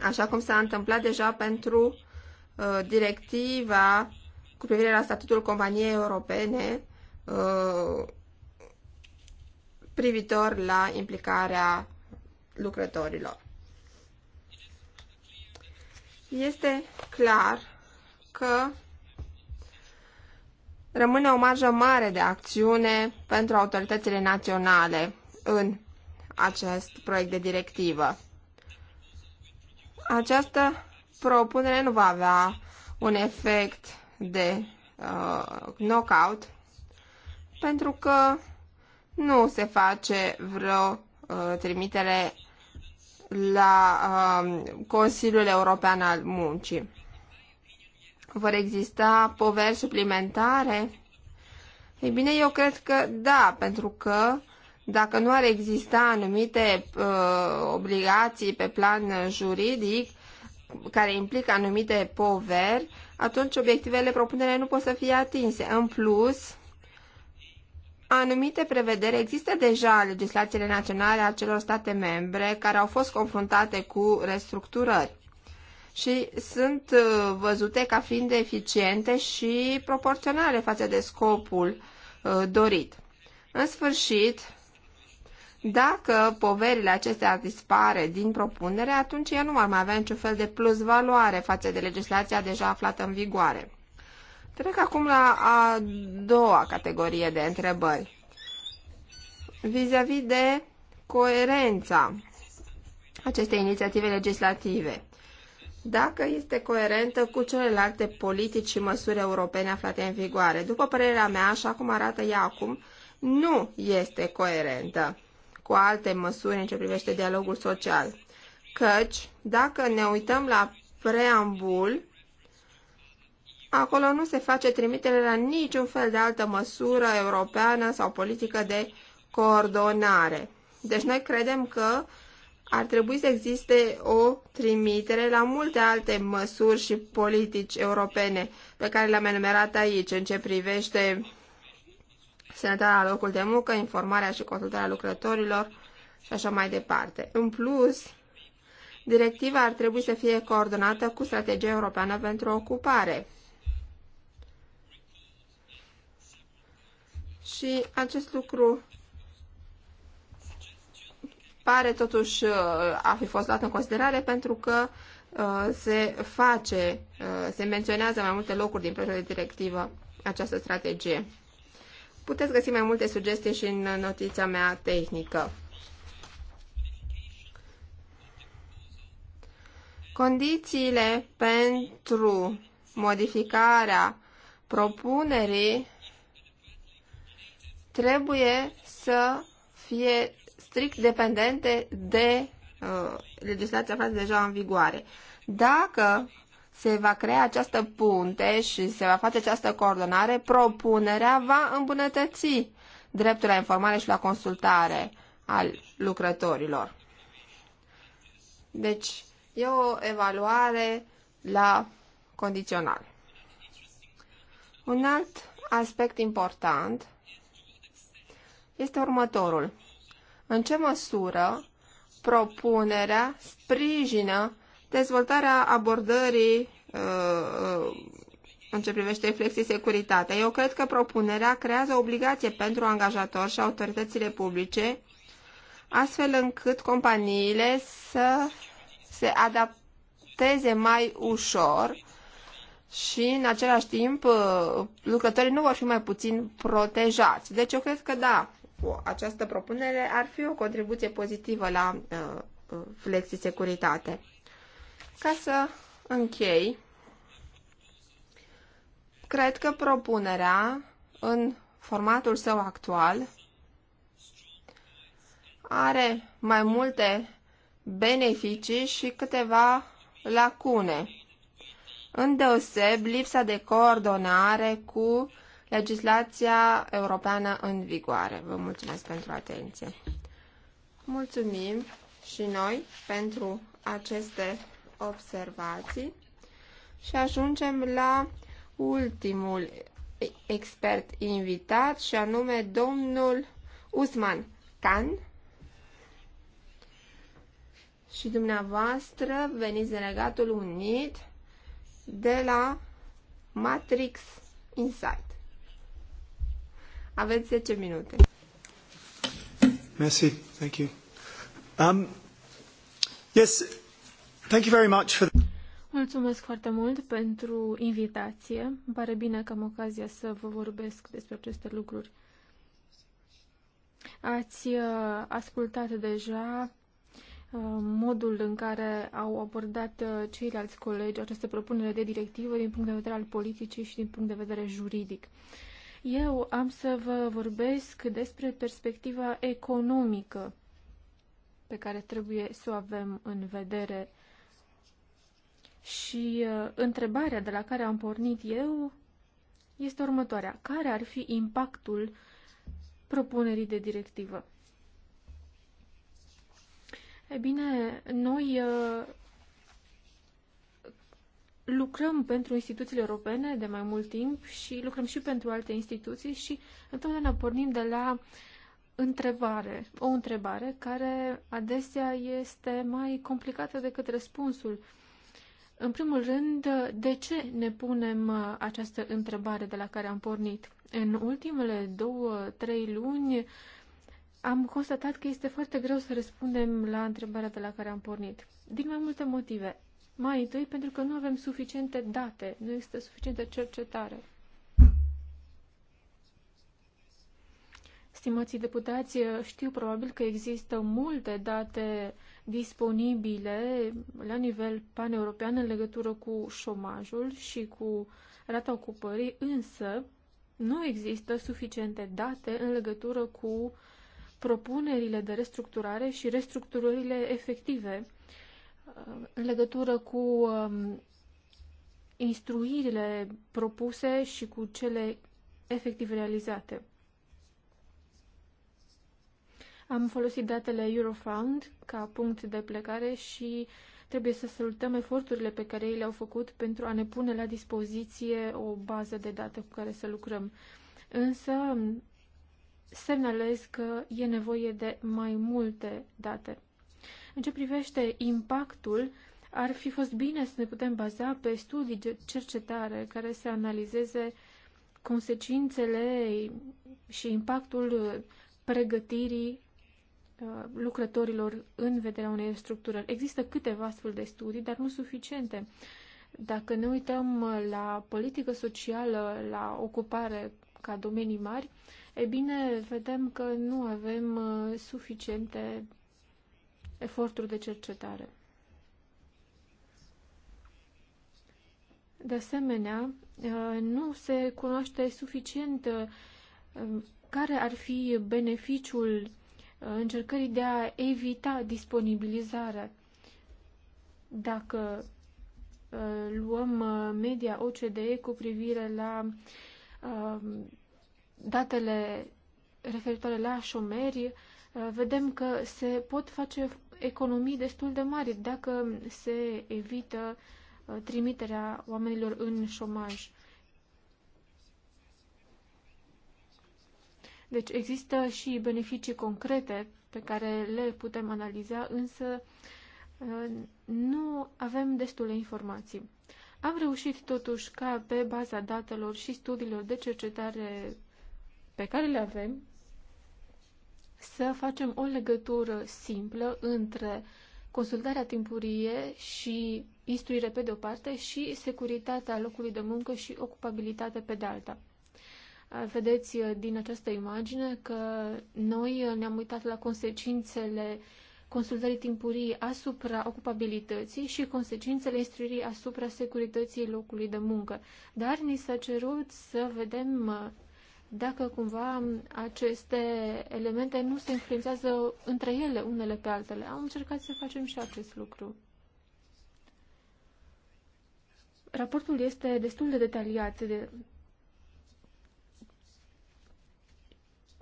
așa cum s-a întâmplat deja pentru Uh, directiva cu privire la statutul companiei europene uh, privitor la implicarea lucrătorilor. Este clar că rămâne o marjă mare de acțiune pentru autoritățile naționale în acest proiect de directivă. Această propunere nu va avea un efect de uh, knockout, pentru că nu se face vreo uh, trimitere la uh, Consiliul European al Muncii. Vor exista poveri suplimentare? Ei bine, eu cred că da, pentru că dacă nu ar exista anumite uh, obligații pe plan juridic, care implică anumite poveri, atunci obiectivele propunere nu pot să fie atinse. În plus, anumite prevederi există deja în legislațiile naționale a celor state membre care au fost confruntate cu restructurări și sunt uh, văzute ca fiind eficiente și proporționale față de scopul uh, dorit. În sfârșit, dacă poverile acestea dispare din propunere, atunci ea nu ar mai avea niciun fel de plus valoare față de legislația deja aflată în vigoare. Trec acum la a doua categorie de întrebări. Vis-a-vis -vis de coerența acestei inițiative legislative. Dacă este coerentă cu celelalte politici și măsuri europene aflate în vigoare. După părerea mea, așa cum arată ea acum, nu este coerentă cu alte măsuri în ce privește dialogul social. Căci, dacă ne uităm la preambul, acolo nu se face trimitere la niciun fel de altă măsură europeană sau politică de coordonare. Deci noi credem că ar trebui să existe o trimitere la multe alte măsuri și politici europene pe care le-am enumerat aici în ce privește sănătatea la locul de muncă, informarea și consultarea lucrătorilor și așa mai departe. În plus, directiva ar trebui să fie coordonată cu strategia europeană pentru ocupare. Și acest lucru pare totuși uh, a fi fost luat în considerare pentru că uh, se face, uh, se menționează mai multe locuri din proiectul de directivă această strategie. Puteți găsi mai multe sugestii și în notița mea tehnică. Condițiile pentru modificarea propunerii trebuie să fie strict dependente de uh, legislația aflată deja în vigoare. Dacă se va crea această punte și se va face această coordonare, propunerea va îmbunătăți dreptul la informare și la consultare al lucrătorilor. Deci, e o evaluare la condițional. Un alt aspect important este următorul. În ce măsură propunerea sprijină dezvoltarea abordării uh, uh, în ce privește flexi-securitatea. Eu cred că propunerea creează obligație pentru angajatori și autoritățile publice, astfel încât companiile să se adapteze mai ușor și, în același timp, uh, lucrătorii nu vor fi mai puțin protejați. Deci eu cred că, da, această propunere ar fi o contribuție pozitivă la flexi-securitate. Ca să închei, cred că propunerea în formatul său actual are mai multe beneficii și câteva lacune. Îndeoseb lipsa de coordonare cu legislația europeană în vigoare. Vă mulțumesc pentru atenție. Mulțumim și noi pentru aceste observații și ajungem la ultimul expert invitat și anume domnul Usman Khan. Și dumneavoastră veniți din Unit de la Matrix Insight. Aveți 10 minute. Merci, thank you. Um, yes, Mulțumesc foarte mult pentru invitație. Îmi pare bine că am ocazia să vă vorbesc despre aceste lucruri. Ați uh, ascultat deja uh, modul în care au abordat uh, ceilalți colegi această propunere de directivă din punct de vedere al politicii și din punct de vedere juridic. Eu am să vă vorbesc despre perspectiva economică pe care trebuie să o avem în vedere și uh, întrebarea de la care am pornit eu este următoarea. Care ar fi impactul propunerii de directivă? E bine, noi uh, lucrăm pentru instituțiile europene de mai mult timp și lucrăm și pentru alte instituții și întotdeauna pornim de la întrebare, o întrebare care adesea este mai complicată decât răspunsul. Uh, în primul rând, de ce ne punem uh, această întrebare de la care am pornit? În ultimele două, trei luni am constatat că este foarte greu să răspundem la întrebarea de la care am pornit. Din mai multe motive. Mai întâi, pentru că nu avem suficiente date, nu există suficientă cercetare. Stimații deputați, știu probabil că există multe date uh, disponibile la nivel paneuropean în legătură cu șomajul și cu rata ocupării, însă nu există suficiente date în legătură cu propunerile de restructurare și restructurările efective uh, în legătură cu um, instruirile propuse și cu cele efectiv realizate. Am folosit datele Eurofound ca punct de plecare și trebuie să salutăm eforturile pe care ei le-au făcut pentru a ne pune la dispoziție o bază de date cu care să lucrăm. Însă semnalez că e nevoie de mai multe date. În ce privește impactul, ar fi fost bine să ne putem baza pe studii de cercetare care să analizeze consecințele și impactul pregătirii Uh, lucrătorilor în vederea unei restructurări. Există câteva astfel de studii, dar nu suficiente. Dacă ne uităm uh, la politică socială, la ocupare ca domenii mari, e bine, vedem că nu avem uh, suficiente eforturi de cercetare. De asemenea, nu se cunoaște suficient care ar fi beneficiul încercării de a evita disponibilizarea. Dacă uh, luăm uh, media OCDE cu privire la uh, datele referitoare la șomeri, vedem că se pot face economii destul de mari dacă se evită trimiterea oamenilor în șomaj. Deci există și beneficii concrete pe care le putem analiza, însă uh, nu avem destule informații. Am reușit totuși ca pe baza datelor și studiilor de cercetare pe care le avem să facem o legătură simplă între consultarea timpurie și instruire pe de o parte și securitatea locului de muncă și ocupabilitatea pe de alta. Vedeți uh, din această imagine că noi uh, ne-am uitat la consecințele consultării timpurii asupra ocupabilității și consecințele instruirii asupra securității locului de muncă. Dar ni s-a cerut să vedem uh, dacă cumva um, aceste elemente nu se influențează între ele, unele pe altele. Am încercat să facem și acest lucru. Raportul este destul de detaliat,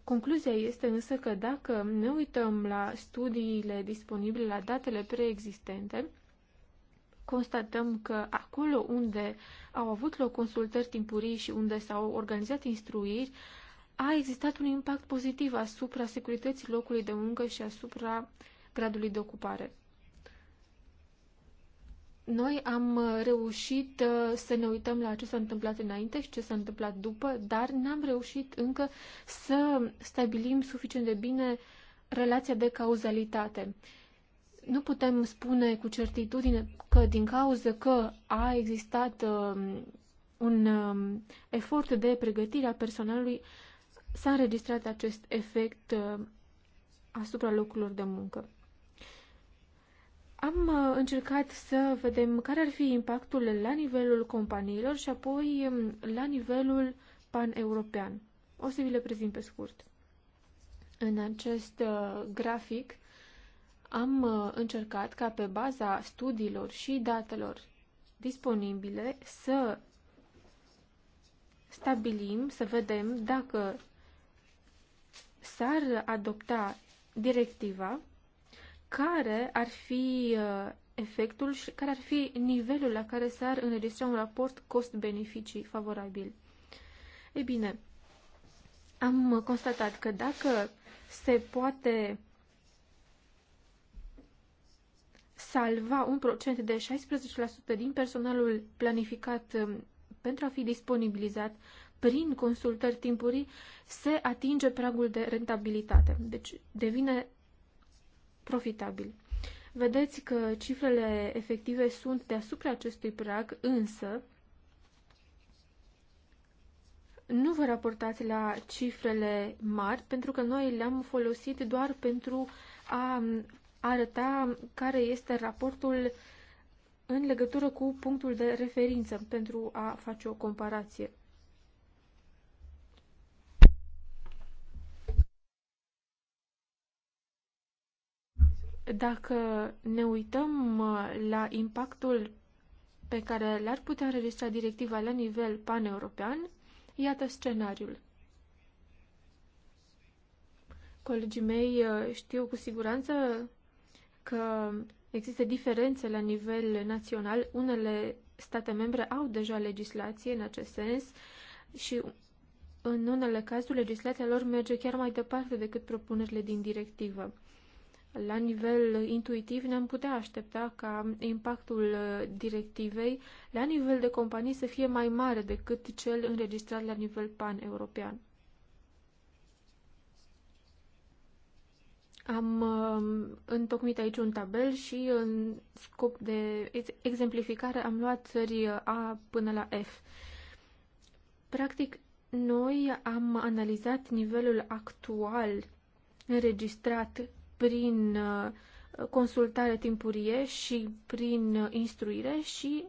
Concluzia este însă că dacă ne uităm la studiile disponibile, la datele preexistente, constatăm că acolo unde au avut loc consultări timpurii și unde s-au organizat instruiri, a existat un impact pozitiv asupra securității locului de muncă și asupra gradului de ocupare. Noi am uh, reușit uh, să ne uităm la ce s-a întâmplat înainte și ce s-a întâmplat după, dar n-am reușit încă să stabilim suficient de bine relația de cauzalitate. Nu putem spune cu certitudine că din cauza că a existat um, un um, efort de pregătire a personalului, s-a înregistrat acest efect uh, asupra locurilor de muncă. Am uh, încercat să vedem care ar fi impactul la nivelul companiilor și apoi um, la nivelul pan-european. O să vi le prezint pe scurt. În acest uh, grafic am uh, încercat ca pe baza studiilor și datelor disponibile să stabilim, să vedem dacă s-ar adopta directiva care ar fi uh, efectul și care ar fi nivelul la care s-ar înregistra un raport cost-beneficii favorabil. Ei bine, am constatat că dacă se poate salva un procent de 16% din personalul planificat um, pentru a fi disponibilizat prin consultări timpurii, se atinge pragul de rentabilitate. Deci devine profitabil. Vedeți că cifrele efective sunt deasupra acestui prag, însă nu vă raportați la cifrele mari, pentru că noi le-am folosit doar pentru a arăta care este raportul în legătură cu punctul de referință, pentru a face o comparație. Dacă ne uităm la impactul pe care l-ar putea înregistra directiva la nivel paneuropean, iată scenariul. Colegii mei uh, știu cu siguranță că există diferențe la nivel național. Unele state membre au deja legislație în acest sens și în unele cazuri legislația lor merge chiar mai departe decât propunerile din directivă. La nivel intuitiv ne-am putea aștepta ca impactul uh, directivei la nivel de companii să fie mai mare decât cel înregistrat la nivel pan-european. Am uh, întocmit aici un tabel și în scop de exemplificare am luat țări uh, A până la F. Practic, noi am analizat nivelul actual înregistrat prin uh, consultare timpurie și prin uh, instruire și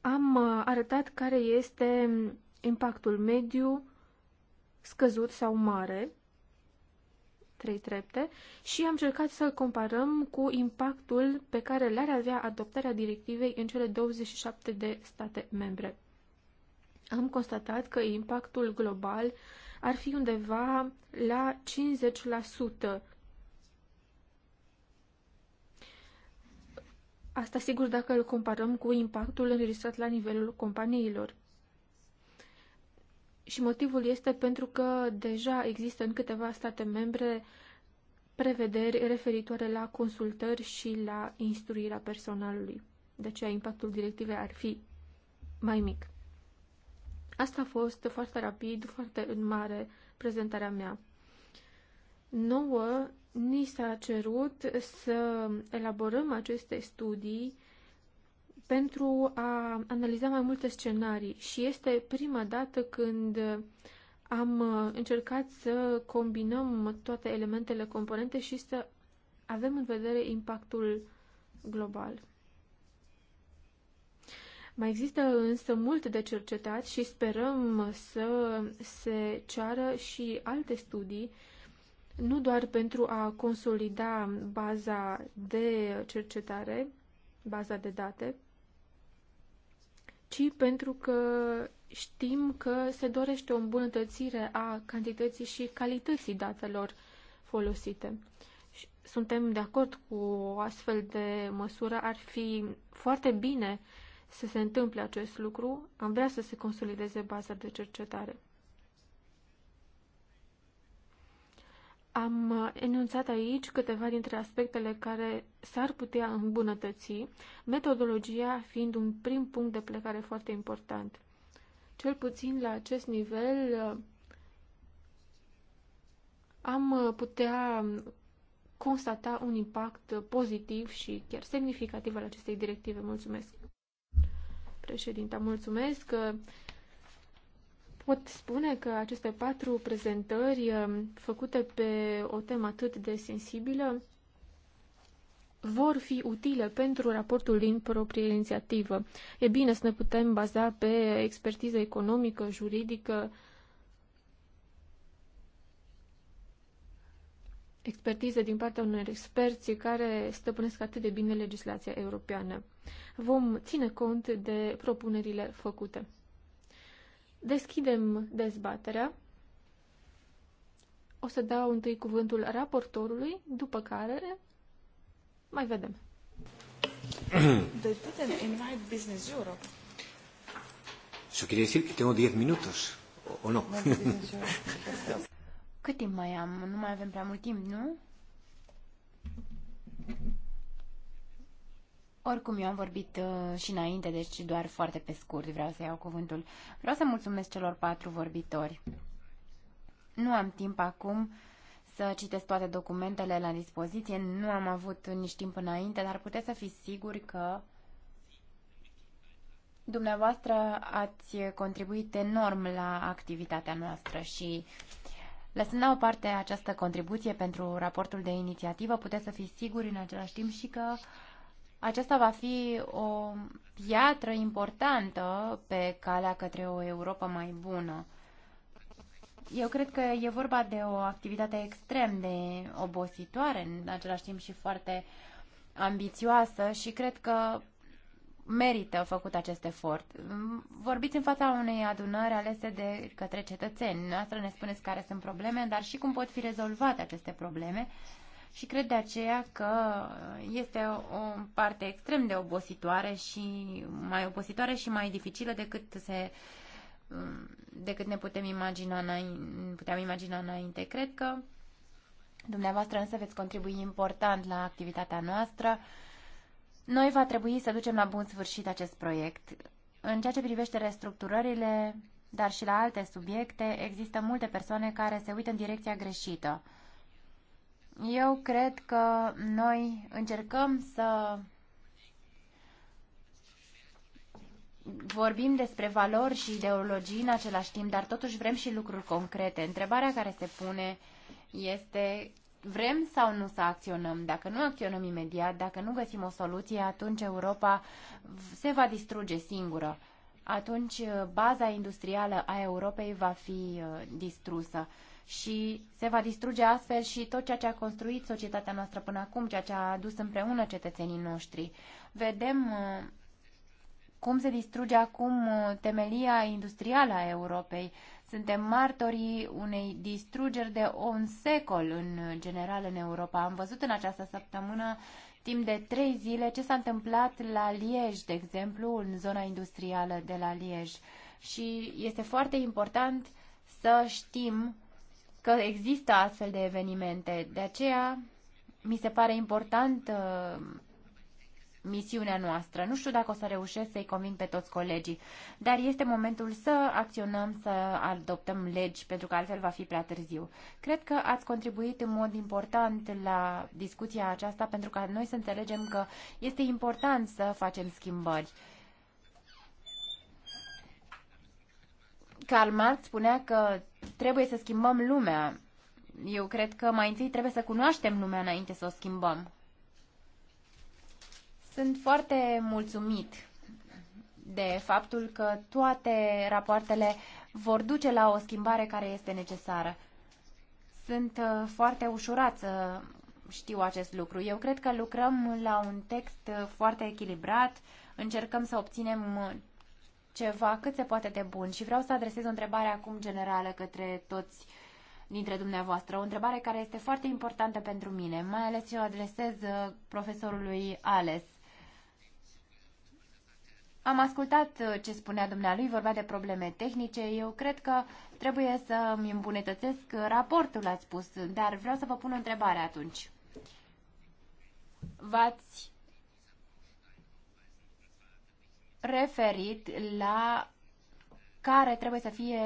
am uh, arătat care este impactul mediu scăzut sau mare, trei trepte, și am încercat să-l comparăm cu impactul pe care l-ar avea adoptarea directivei în cele 27 de state membre. Am constatat că impactul global ar fi undeva la 50%. Asta sigur dacă îl comparăm cu impactul înregistrat la nivelul companiilor. Și motivul este pentru că deja există în câteva state membre prevederi referitoare la consultări și la instruirea personalului. De aceea impactul directivei ar fi mai mic. Asta a fost foarte rapid, foarte în mare prezentarea mea. Nouă, ni s-a cerut să elaborăm aceste studii pentru a analiza mai multe scenarii și este prima dată când am încercat să combinăm toate elementele componente și să avem în vedere impactul global. Mai există însă mult de cercetat și sperăm să se ceară și alte studii, nu doar pentru a consolida baza de cercetare, baza de date, ci pentru că știm că se dorește o îmbunătățire a cantității și calității datelor folosite. Suntem de acord cu o astfel de măsură, ar fi foarte bine să se întâmple acest lucru, am vrea să se consolideze baza de cercetare. Am uh, enunțat aici câteva dintre aspectele care s-ar putea îmbunătăți, metodologia fiind un prim punct de plecare foarte important. Cel puțin la acest nivel uh, am uh, putea constata un impact pozitiv și chiar semnificativ al acestei directive. Mulțumesc! Președinta, mulțumesc că uh, pot spune că aceste patru prezentări uh, făcute pe o temă atât de sensibilă vor fi utile pentru raportul din proprie inițiativă. E bine să ne putem baza pe expertiză economică, juridică, expertiză din partea unor experți care stăpânesc atât de bine legislația europeană vom ține cont de propunerile făcute. Deschidem dezbaterea. O să dau întâi cuvântul raportorului, după care mai vedem. They deci, didn't Business Europe. Eso quiere decir que tengo 10 minutos, ¿o no? Cât timp mai am? Nu mai avem prea mult timp, nu? Oricum, eu am vorbit uh, și înainte, deci doar foarte pe scurt vreau să iau cuvântul. Vreau să mulțumesc celor patru vorbitori. Nu am timp acum să citesc toate documentele la dispoziție, nu am avut nici timp înainte, dar puteți să fiți siguri că dumneavoastră ați contribuit enorm la activitatea noastră și lăsând la o parte această contribuție pentru raportul de inițiativă, puteți să fiți siguri în același timp și că uh, aceasta va fi o piatră importantă pe calea către o Europa mai bună. Eu cred că e vorba de o activitate extrem de obositoare, în același timp și foarte ambițioasă și cred că merită făcut acest efort. Vorbiți în fața unei adunări alese de către cetățeni. Noastră ne spuneți care sunt probleme, dar și cum pot fi rezolvate aceste probleme și cred de aceea că este o parte extrem de obositoare și mai obositoare și mai dificilă decât se um, decât ne putem imagina înainte, puteam imagina înainte. Cred că dumneavoastră însă veți contribui important la activitatea noastră. Noi va trebui să ducem la bun sfârșit acest proiect. În ceea ce privește restructurările, dar și la alte subiecte, există multe persoane care se uită în direcția greșită. Eu cred că noi încercăm să vorbim despre valori și ideologii în același timp, dar totuși vrem și lucruri concrete. Întrebarea care se pune este vrem sau nu să acționăm. Dacă nu acționăm imediat, dacă nu găsim o soluție, atunci Europa se va distruge singură. Atunci baza industrială a Europei va fi uh, distrusă și se va distruge astfel și tot ceea ce a construit societatea noastră până acum, ceea ce a adus împreună cetățenii noștri. Vedem uh, cum se distruge acum uh, temelia industrială a Europei. Suntem martorii unei distrugeri de un secol în general în Europa. Am văzut în această săptămână timp de trei zile ce s-a întâmplat la Liej, de exemplu, în zona industrială de la Liej. Și este foarte important să știm că există astfel de evenimente. De aceea mi se pare important uh, misiunea noastră. Nu știu dacă o să reușesc să-i convin pe toți colegii, dar este momentul să acționăm, să adoptăm legi, pentru că altfel va fi prea târziu. Cred că ați contribuit în mod important la discuția aceasta, pentru că noi să înțelegem că este important să facem schimbări. Karl Marx spunea că trebuie să schimbăm lumea. Eu cred că mai întâi trebuie să cunoaștem lumea înainte să o schimbăm. Sunt foarte mulțumit de faptul că toate rapoartele vor duce la o schimbare care este necesară. Sunt uh, foarte ușurat să știu acest lucru. Eu cred că lucrăm la un text uh, foarte echilibrat, încercăm să obținem uh, ceva cât se poate de bun și vreau să adresez o întrebare acum generală către toți dintre dumneavoastră, o întrebare care este foarte importantă pentru mine, mai ales eu adresez uh, profesorului Ales. Am ascultat uh, ce spunea dumnealui, vorbea de probleme tehnice. Eu cred că trebuie să îmi îmbunătățesc uh, raportul, ați spus, dar vreau să vă pun o întrebare atunci. V-ați referit la care trebuie să fie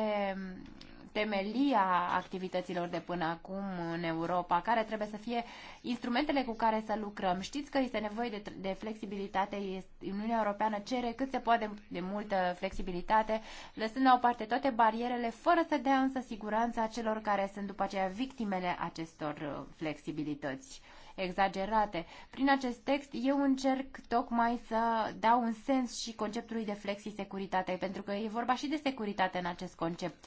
temelia activităților de până acum în Europa, care trebuie să fie instrumentele cu care să lucrăm. Știți că este nevoie de, de flexibilitate, Uniunea Europeană cere cât se poate de multă flexibilitate, lăsând la o parte toate barierele, fără să dea însă siguranța celor care sunt după aceea victimele acestor uh, flexibilități exagerate. Prin acest text eu încerc tocmai să dau un sens și conceptului de flexi-securitate, pentru că e vorba și de securitate în acest concept.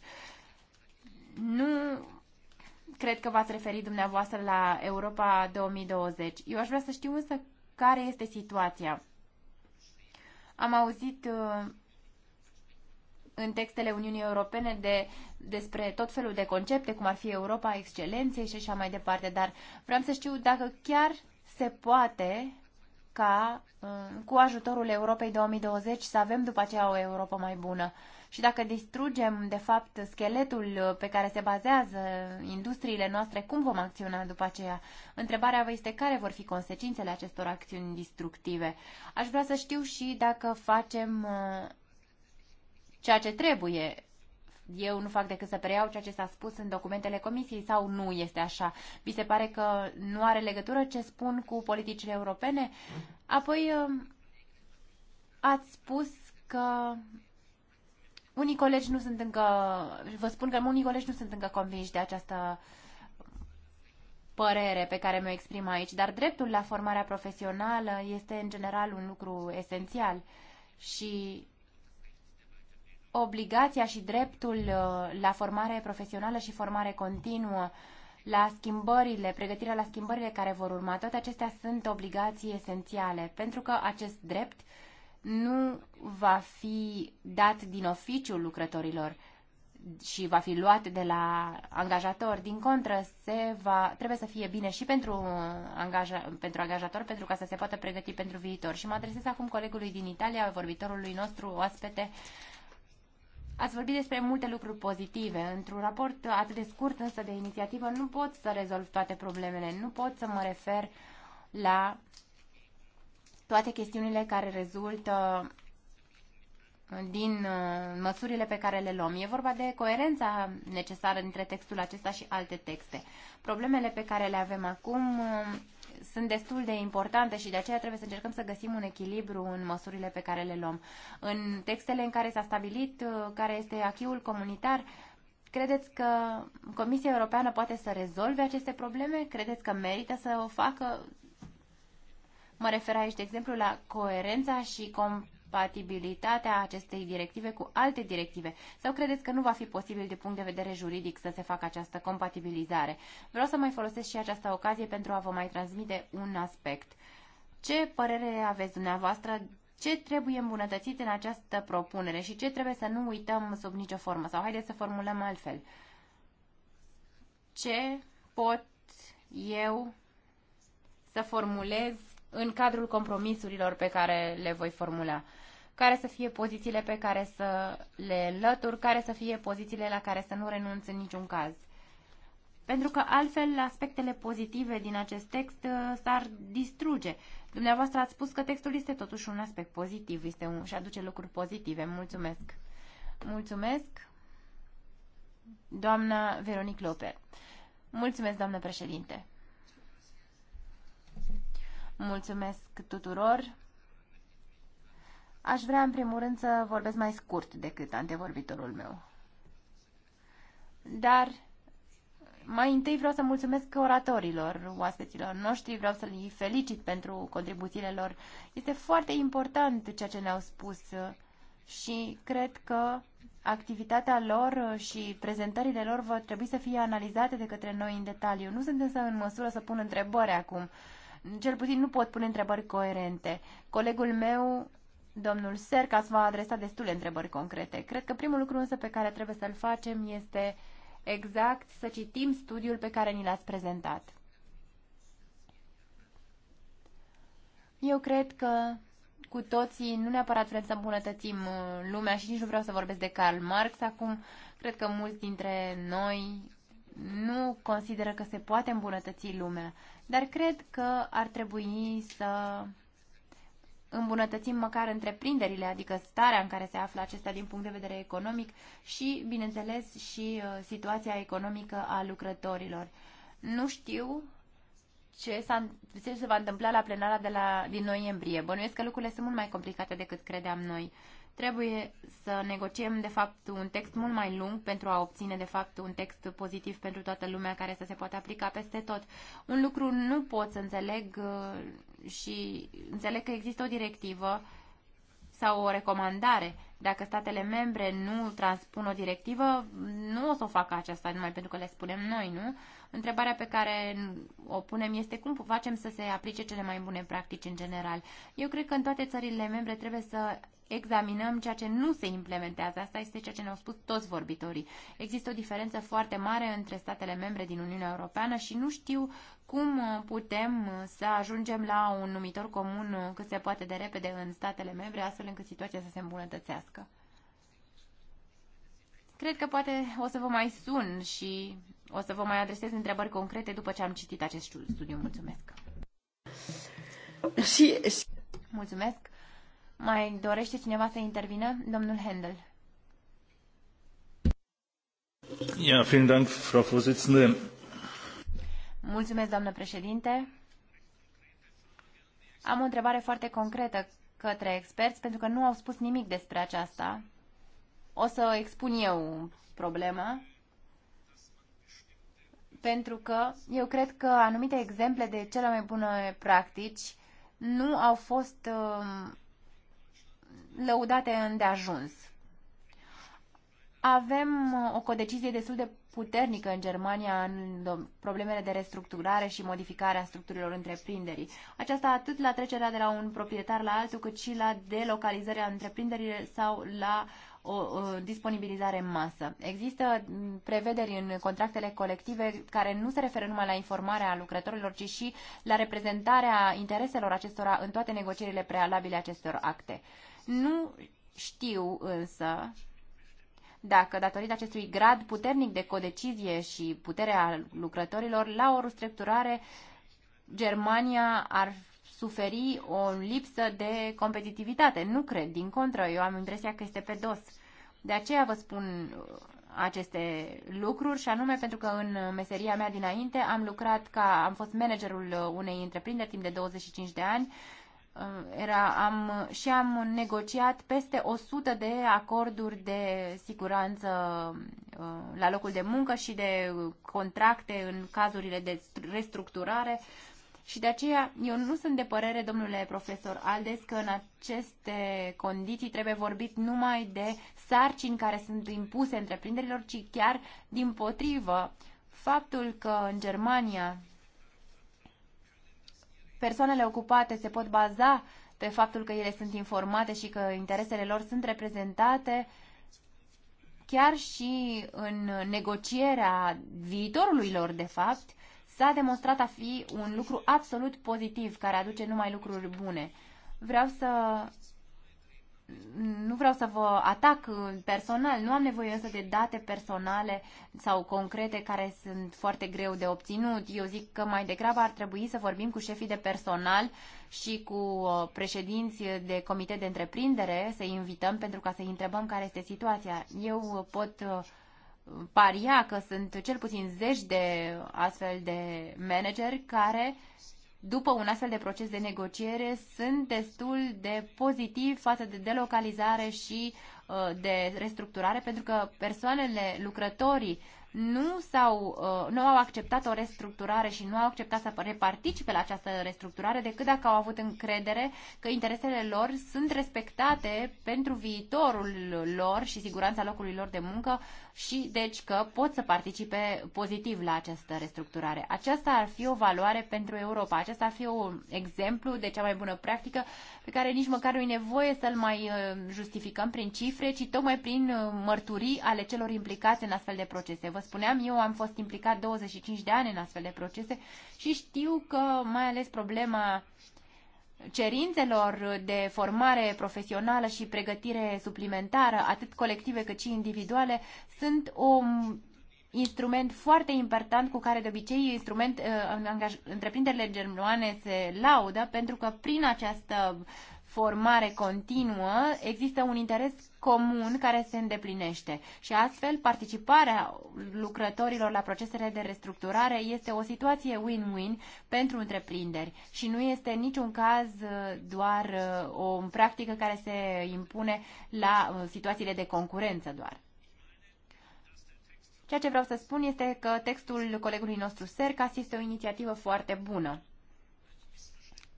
Nu cred că v-ați referit dumneavoastră la Europa 2020. Eu aș vrea să știu însă care este situația. Am auzit uh, în textele Uniunii Europene de, despre tot felul de concepte, cum ar fi Europa Excelenței și așa mai departe, dar vreau să știu dacă chiar se poate ca uh, cu ajutorul Europei 2020 să avem după aceea o Europa mai bună. Și dacă distrugem, de fapt, scheletul pe care se bazează industriile noastre, cum vom acționa după aceea? Întrebarea vă este care vor fi consecințele acestor acțiuni distructive. Aș vrea să știu și dacă facem uh, ceea ce trebuie. Eu nu fac decât să preiau ceea ce s-a spus în documentele comisiei sau nu este așa. Vi se pare că nu are legătură ce spun cu politicile europene? Apoi um, ați spus că unii colegi nu sunt încă, vă spun că unii colegi nu sunt încă convinși de această părere pe care mi-o exprim aici, dar dreptul la formarea profesională este în general un lucru esențial și obligația și dreptul uh, la formare profesională și formare continuă, la schimbările, pregătirea la schimbările care vor urma, toate acestea sunt obligații esențiale, pentru că acest drept nu va fi dat din oficiul lucrătorilor și va fi luat de la angajator. Din contră, se va, trebuie să fie bine și pentru, uh, angaja, pentru angajator, pentru ca să se poată pregăti pentru viitor. Și mă adresez acum colegului din Italia, vorbitorului nostru, oaspete, Ați vorbit despre multe lucruri pozitive. Într-un raport atât de scurt, însă de inițiativă, nu pot să rezolv toate problemele. Nu pot să mă refer la toate chestiunile care rezultă din uh, măsurile pe care le luăm. E vorba de coerența necesară între textul acesta și alte texte. Problemele pe care le avem acum uh, sunt destul de importante și de aceea trebuie să încercăm să găsim un echilibru în măsurile pe care le luăm. În textele în care s-a stabilit uh, care este achiul comunitar, Credeți că Comisia Europeană poate să rezolve aceste probleme? Credeți că merită să o facă? Mă refer aici, de exemplu, la coerența și com- compatibilitatea acestei directive cu alte directive? Sau credeți că nu va fi posibil de punct de vedere juridic să se facă această compatibilizare? Vreau să mai folosesc și această ocazie pentru a vă mai transmite un aspect. Ce părere aveți dumneavoastră ce trebuie îmbunătățit în această propunere și ce trebuie să nu uităm sub nicio formă? Sau haideți să formulăm altfel. Ce pot eu să formulez în cadrul compromisurilor pe care le voi formula? care să fie pozițiile pe care să le înlătur, care să fie pozițiile la care să nu renunț în niciun caz. Pentru că altfel aspectele pozitive din acest text uh, s-ar distruge. Dumneavoastră ați spus că textul este totuși un aspect pozitiv este un, și aduce lucruri pozitive. Mulțumesc! Mulțumesc, doamna Veronic Loper. Mulțumesc, doamnă președinte. Mulțumesc tuturor. Aș vrea, în primul rând, să vorbesc mai scurt decât antevorbitorul meu. Dar mai întâi vreau să mulțumesc oratorilor, oaspeților noștri, vreau să li felicit pentru contribuțiile lor. Este foarte important ceea ce ne-au spus și cred că activitatea lor și prezentările lor vor trebui să fie analizate de către noi în detaliu. Nu sunt însă în măsură să pun întrebări acum. Cel puțin nu pot pune întrebări coerente. Colegul meu Domnul Sercas va adresa destule întrebări concrete. Cred că primul lucru însă pe care trebuie să-l facem este exact să citim studiul pe care ni l-ați prezentat. Eu cred că cu toții nu neapărat vrem să îmbunătățim uh, lumea și nici nu vreau să vorbesc de Karl Marx acum. Cred că mulți dintre noi nu consideră că se poate îmbunătăți lumea, dar cred că ar trebui să îmbunătățim măcar întreprinderile, adică starea în care se află acestea din punct de vedere economic și, bineînțeles, și uh, situația economică a lucrătorilor. Nu știu ce, ce se va întâmpla la plenara de la, din noiembrie. Bănuiesc că lucrurile sunt mult mai complicate decât credeam noi. Trebuie să negociem, de fapt, un text mult mai lung pentru a obține, de fapt, un text pozitiv pentru toată lumea care să se poată aplica peste tot. Un lucru nu pot să înțeleg uh, și înțeleg că există o directivă sau o recomandare. Dacă statele membre nu transpun o directivă, nu o să o facă aceasta numai pentru că le spunem noi, nu? Întrebarea pe care o punem este cum facem să se aplice cele mai bune practici în general. Eu cred că în toate țările membre trebuie să examinăm ceea ce nu se implementează. Asta este ceea ce ne-au spus toți vorbitorii. Există o diferență foarte mare între statele membre din Uniunea Europeană și nu știu cum uh, putem uh, să ajungem la un numitor comun uh, cât se poate de repede în statele membre, astfel încât situația să se îmbunătățească. Cred că poate o să vă mai sun și o să vă mai adresez întrebări concrete după ce am citit acest studiu. Mulțumesc! Mulțumesc! Mai dorește cineva să intervină? Domnul Händel. Ja, vielen Dank, Frau Vorsitzende. Mulțumesc, doamnă președinte. Am o întrebare foarte concretă către experți, pentru că nu au spus nimic despre aceasta. O să expun eu problema, pentru că eu cred că anumite exemple de cele mai bune practici nu au fost uh, lăudate îndeajuns. Avem uh, o codecizie destul de puternică în Germania în problemele de restructurare și modificare a structurilor întreprinderii. Aceasta atât la trecerea de la un proprietar la altul, cât și la delocalizarea întreprinderii sau la o, o disponibilizare în masă. Există mm, prevederi în contractele colective care nu se referă numai la informarea lucrătorilor, ci și la reprezentarea intereselor acestora în toate negocierile prealabile acestor acte. Nu știu însă dacă, datorită acestui grad puternic de codecizie și puterea lucrătorilor, la o restructurare, Germania ar suferi o lipsă de competitivitate. Nu cred, din contră, eu am impresia că este pe dos. De aceea vă spun uh, aceste lucruri și anume pentru că în meseria mea dinainte am lucrat ca, am fost managerul uh, unei întreprinderi timp de 25 de ani Uh, era, am, uh, și am negociat peste 100 de acorduri de siguranță uh, la locul de muncă și de contracte în cazurile de restructurare și de aceea eu nu sunt de părere, domnule profesor Aldes, că în aceste condiții trebuie vorbit numai de sarcini care sunt impuse întreprinderilor, ci chiar din potrivă faptul că în Germania persoanele ocupate se pot baza pe faptul că ele sunt informate și că interesele lor sunt reprezentate chiar și în negocierea viitorului lor, de fapt, s-a demonstrat a fi un lucru absolut pozitiv, care aduce numai lucruri bune. Vreau să nu vreau să vă atac uh, personal, nu am nevoie însă de date personale sau concrete care sunt foarte greu de obținut. Eu zic că mai degrabă ar trebui să vorbim cu șefii de personal și cu uh, președinți de comitet de întreprindere, să-i invităm pentru ca să-i întrebăm care este situația. Eu uh, pot paria că sunt cel puțin zeci de astfel de manageri care după un astfel de proces de negociere sunt destul de pozitiv față de delocalizare și uh, de restructurare, pentru că persoanele, lucrătorii nu, au uh, nu au acceptat o restructurare și nu au acceptat să reparticipe la această restructurare decât dacă au avut încredere că interesele lor sunt respectate pentru viitorul lor și siguranța locului lor de muncă și deci că pot să participe pozitiv la această restructurare. Aceasta ar fi o valoare pentru Europa, aceasta ar fi un exemplu de cea mai bună practică pe care nici măcar nu e nevoie să-l mai uh, justificăm prin cifre, ci tocmai prin uh, mărturii ale celor implicați în astfel de procese. Vă spuneam, eu am fost implicat 25 de ani în astfel de procese și știu că mai ales problema cerințelor de formare profesională și pregătire suplimentară, atât colective cât și individuale, sunt un instrument foarte important cu care de obicei instrument, uh, angaj, întreprinderile germane se laudă pentru că prin această formare continuă, există un interes comun care se îndeplinește și astfel participarea lucrătorilor la procesele de restructurare este o situație win-win pentru întreprinderi și nu este niciun caz uh, doar uh, o practică care se impune la uh, situațiile de concurență doar. Ceea ce vreau să spun este că textul colegului nostru Sercas este o inițiativă foarte bună.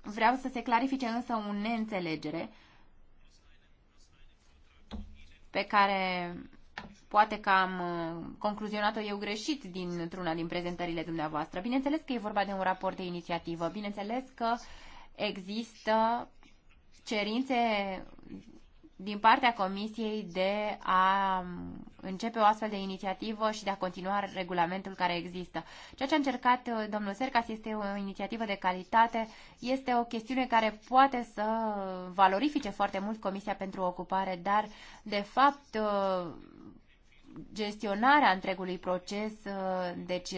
Vreau să se clarifice însă o neînțelegere pe care poate că am uh, concluzionat-o eu greșit dintr-una din prezentările dumneavoastră. Bineînțeles că e vorba de un raport de inițiativă, bineînțeles că există cerințe din partea Comisiei de a începe o astfel de inițiativă și de a continua regulamentul care există. Ceea ce a încercat uh, domnul Sercas este o inițiativă de calitate, este o chestiune care poate să valorifice foarte mult Comisia pentru Ocupare, dar, de fapt, uh, gestionarea întregului proces, uh, deci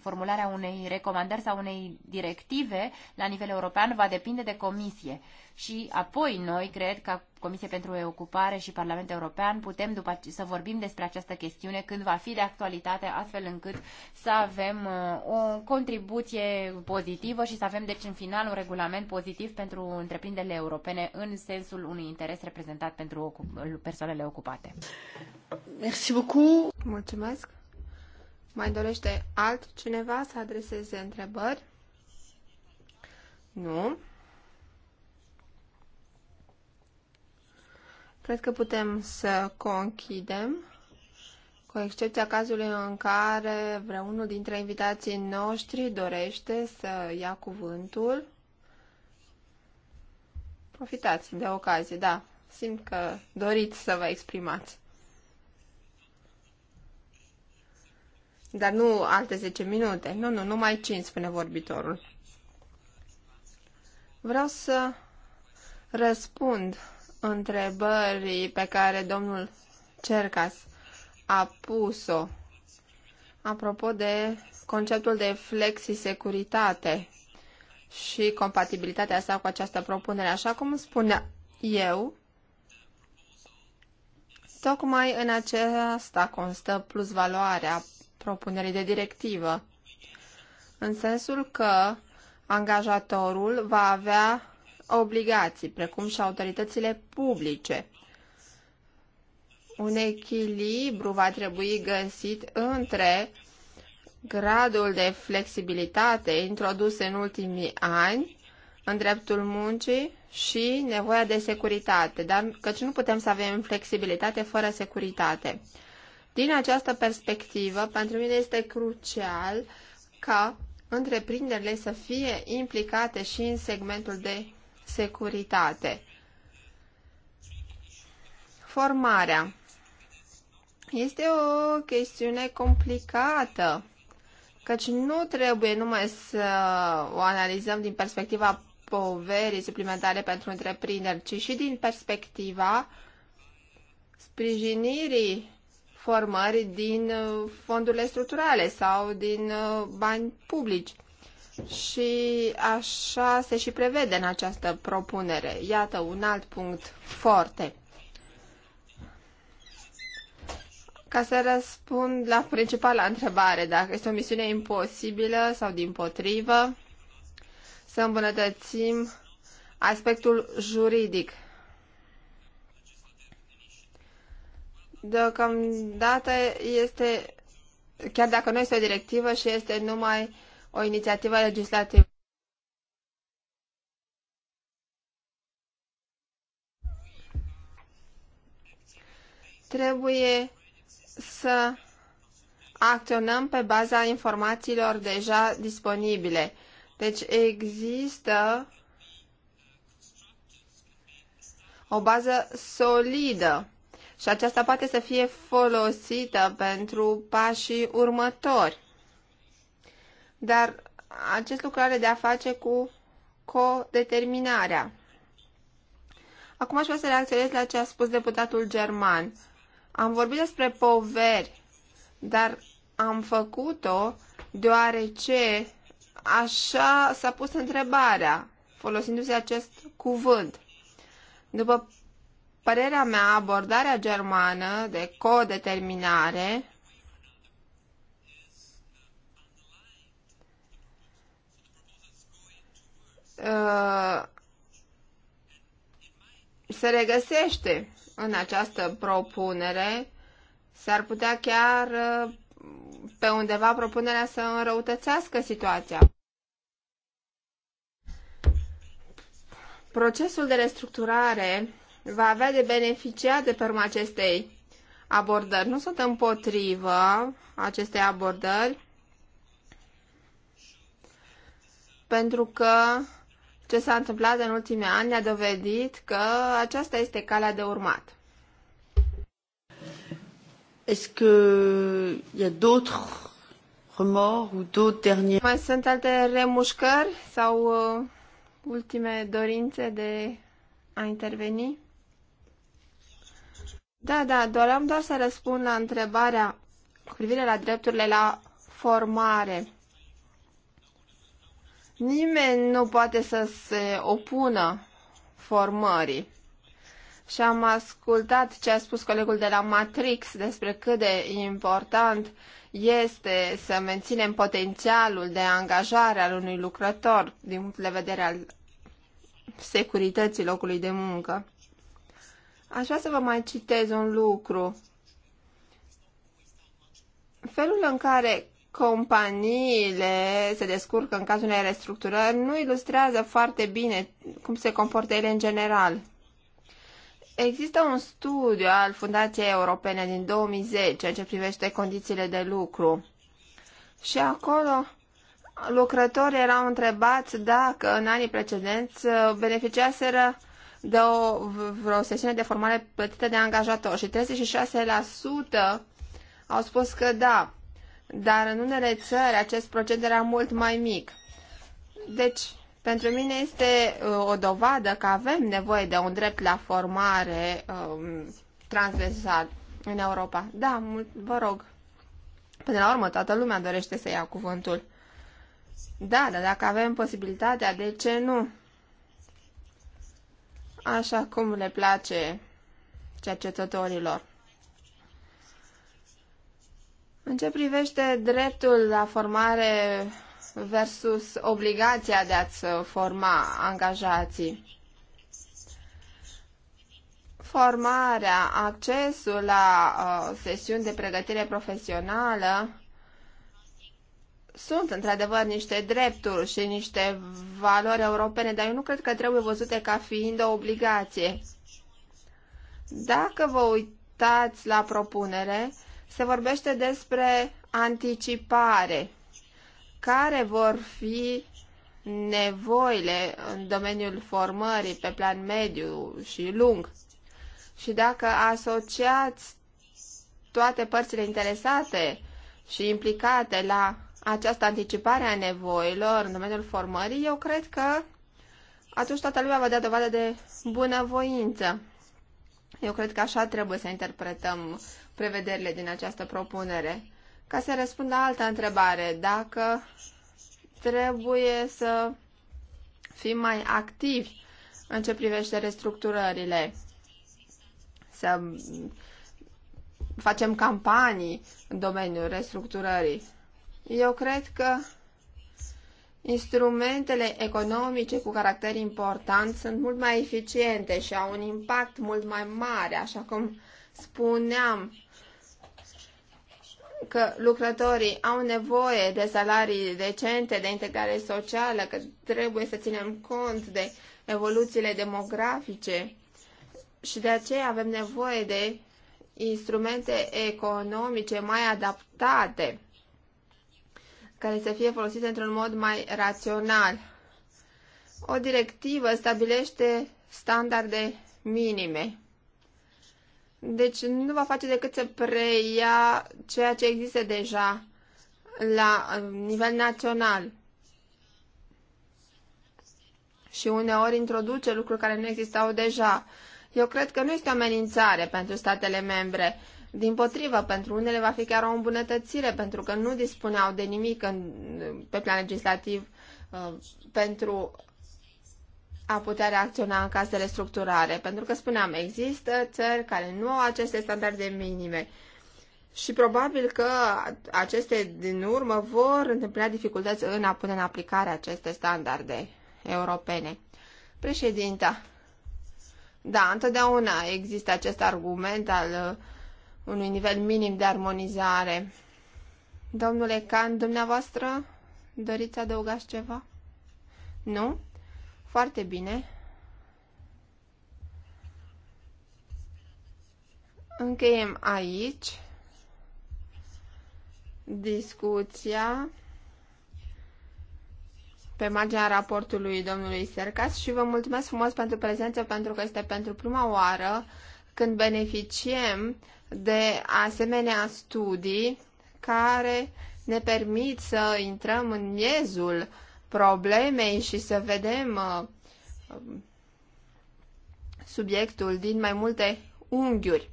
formularea unei recomandări sau unei directive la nivel european va depinde de comisie și apoi noi, cred, ca Comisie pentru Ocupare și Parlamentul European, putem după să vorbim despre această chestiune când va fi de actualitate, astfel încât să avem uh, o contribuție pozitivă și să avem, deci, în final, un regulament pozitiv pentru întreprinderile europene în sensul unui interes reprezentat pentru persoanele ocupate. Merci beaucoup. Mulțumesc. Mai dorește altcineva să adreseze întrebări? Nu. Cred că putem să conchidem, cu excepția cazului în care vreunul dintre invitații noștri dorește să ia cuvântul. Profitați de ocazie, da. Simt că doriți să vă exprimați. Dar nu alte 10 minute. Nu, nu, numai 5, spune vorbitorul. Vreau să răspund întrebării pe care domnul Cercas a pus-o apropo de conceptul de flexisecuritate și compatibilitatea sa cu această propunere. Așa cum spunea eu, tocmai în aceasta constă plus valoarea propunerii de directivă, în sensul că angajatorul va avea obligații, precum și autoritățile publice. Un echilibru va trebui găsit între gradul de flexibilitate introdus în ultimii ani în dreptul muncii și nevoia de securitate, dar căci nu putem să avem flexibilitate fără securitate. Din această perspectivă, pentru mine este crucial ca întreprinderile să fie implicate și în segmentul de securitate. Formarea este o chestiune complicată, căci nu trebuie numai să o analizăm din perspectiva poverii suplimentare pentru întreprinderi, ci și din perspectiva sprijinirii formării din uh, fondurile structurale sau din uh, bani publici. Și așa se și prevede în această propunere. Iată un alt punct foarte. Ca să răspund la principala întrebare, dacă este o misiune imposibilă sau din potrivă, să îmbunătățim aspectul juridic. Deocamdată este, chiar dacă nu este o directivă și este numai o inițiativă legislativă. Trebuie să acționăm pe baza informațiilor deja disponibile. Deci există o bază solidă și aceasta poate să fie folosită pentru pașii următori. Dar acest lucru are de-a face cu codeterminarea. Acum aș vrea să reacționez la ce a spus deputatul german. Am vorbit despre poveri, dar am făcut-o deoarece așa s-a pus întrebarea, folosindu-se acest cuvânt. După părerea mea, abordarea germană de codeterminare Uh, se regăsește în această propunere, s-ar putea chiar uh, pe undeva propunerea să înrăutățească situația. Procesul de restructurare va avea de beneficiat de pe urma acestei abordări. Nu sunt împotrivă acestei abordări, pentru că ce s-a întâmplat în ultimii ani ne-a dovedit că aceasta este calea de urmat. Est-ce que y a d'autres remords ou d'autres derniers Mai sunt alte remușcări sau uh, ultime dorințe de a interveni? Da, da, am doar să răspund la întrebarea cu privire la drepturile la formare. Nimeni nu poate să se opună formării. Și am ascultat ce a spus colegul de la Matrix despre cât de important este să menținem potențialul de angajare al unui lucrător din punct de vedere al securității locului de muncă. Aș vrea să vă mai citez un lucru. Felul în care companiile se descurcă în cazul unei restructurări nu ilustrează foarte bine cum se comportă ele în general. Există un studiu al Fundației Europene din 2010 în ce privește condițiile de lucru și acolo lucrătorii erau întrebați dacă în anii precedenți uh, beneficiaseră de o, vreo sesiune de formare plătită de angajator și 36% au spus că da, dar în unele țări acest procent era mult mai mic. Deci, pentru mine este uh, o dovadă că avem nevoie de un drept la formare um, transversal în Europa. Da, mult, vă rog. Până la urmă, toată lumea dorește să ia cuvântul. Da, dar dacă avem posibilitatea, de ce nu? Așa cum le place cercetătorilor. În ce privește dreptul la formare versus obligația de a-ți forma angajații? Formarea, accesul la uh, sesiuni de pregătire profesională sunt într-adevăr niște drepturi și niște valori europene, dar eu nu cred că trebuie văzute ca fiind o obligație. Dacă vă uitați la propunere, se vorbește despre anticipare. Care vor fi nevoile în domeniul formării pe plan mediu și lung? Și dacă asociați toate părțile interesate și implicate la această anticipare a nevoilor în domeniul formării, eu cred că atunci toată lumea va da dovadă de bunăvoință. Eu cred că așa trebuie să interpretăm prevederile din această propunere. Ca să răspund la altă întrebare, dacă trebuie să fim mai activi în ce privește restructurările, să facem campanii în domeniul restructurării. Eu cred că instrumentele economice cu caracter important sunt mult mai eficiente și au un impact mult mai mare, așa cum spuneam că lucrătorii au nevoie de salarii decente, de integrare socială, că trebuie să ținem cont de evoluțiile demografice și de aceea avem nevoie de instrumente economice mai adaptate, care să fie folosite într-un mod mai rațional. O directivă stabilește standarde minime deci nu va face decât să preia ceea ce există deja la uh, nivel național și uneori introduce lucruri care nu existau deja. Eu cred că nu este o amenințare pentru statele membre. Din potrivă, pentru unele va fi chiar o îmbunătățire, pentru că nu dispuneau de nimic în, pe plan legislativ uh, pentru a putea reacționa în caz de restructurare. Pentru că, spuneam, există țări care nu au aceste standarde minime și probabil că aceste din urmă vor întâmpla dificultăți în a pune în aplicare aceste standarde europene. Președinta, da, întotdeauna există acest argument al uh, unui nivel minim de armonizare. Domnule Can, dumneavoastră, doriți adăugați ceva? Nu? Foarte bine. Încheiem aici discuția pe marginea raportului domnului Sercas și vă mulțumesc frumos pentru prezență, pentru că este pentru prima oară când beneficiem de asemenea studii care ne permit să intrăm în miezul problemei și să vedem uh, um, subiectul din mai multe unghiuri.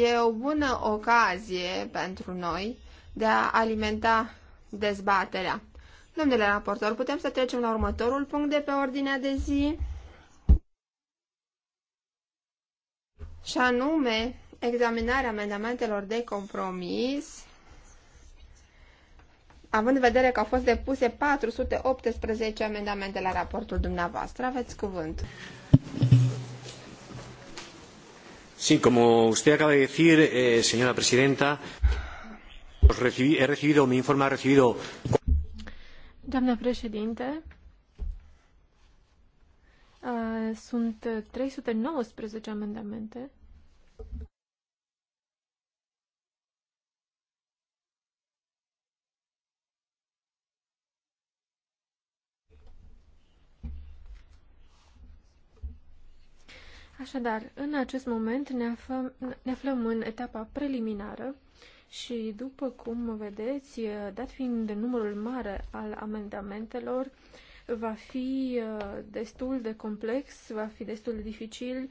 E o bună ocazie pentru noi de a alimenta dezbaterea. Domnule raportor, putem să trecem la următorul punct de pe ordinea de zi? Și anume, examinarea amendamentelor de compromis având în vedere că au fost depuse 418 amendamente la raportul dumneavoastră. Aveți cuvânt. Sí, como usted acaba de decir, eh, señora presidenta, os recibí, he recibido, mi informe ha recibido... Doamna președinte, uh, sunt 319 amendamente Așadar, în acest moment ne aflăm, ne aflăm în etapa preliminară și, după cum vedeți, dat fiind de numărul mare al amendamentelor, va fi uh, destul de complex, va fi destul de dificil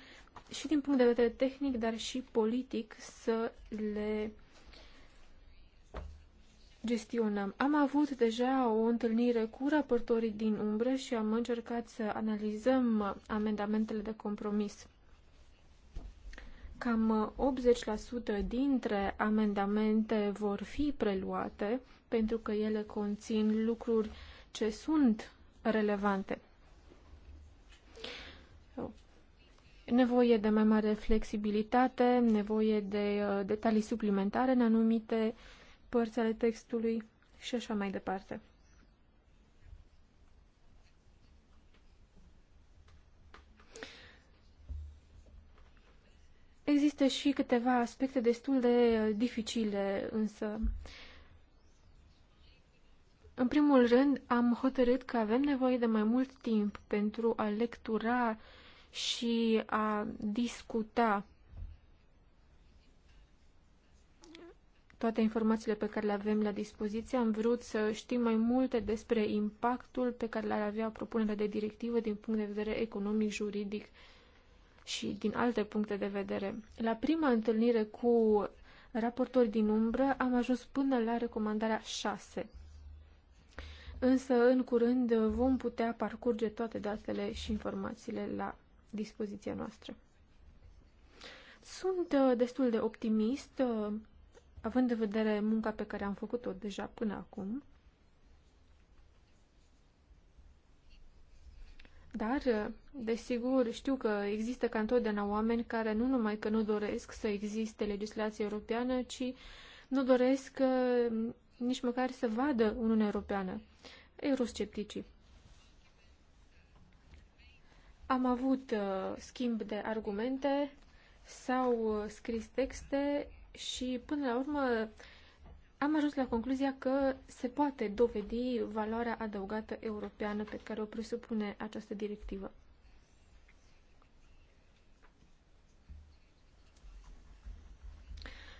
și din punct de vedere tehnic, dar și politic să le gestionăm. Am avut deja o întâlnire cu raportorii din umbră și am încercat să analizăm amendamentele de compromis. Cam 80% uh, dintre amendamente vor fi preluate pentru că ele conțin lucruri ce sunt relevante. Nevoie de mai mare flexibilitate, nevoie de uh, detalii suplimentare în anumite părți ale textului și așa mai departe. Există și câteva aspecte destul de uh, dificile, însă. În primul rând, am hotărât că avem nevoie de mai mult timp pentru a lectura și a discuta toate informațiile pe care le avem la dispoziție. Am vrut să știm mai multe despre impactul pe care l-ar avea propunerea de directivă din punct de vedere economic, juridic și din alte puncte de vedere. La prima întâlnire cu raportori din umbră am ajuns până la recomandarea 6. Însă, în curând, vom putea parcurge toate datele și informațiile la dispoziția noastră. Sunt uh, destul de optimist, uh, având în vedere munca pe care am făcut-o deja până acum, Dar, desigur, știu că există ca întotdeauna oameni care nu numai că nu doresc să existe legislație europeană, ci nu doresc uh, nici măcar să vadă Uniunea Europeană. Euroscepticii. Am avut uh, schimb de argumente, s-au uh, scris texte și, până la urmă, am ajuns la concluzia că se poate dovedi valoarea adăugată europeană pe care o presupune această directivă.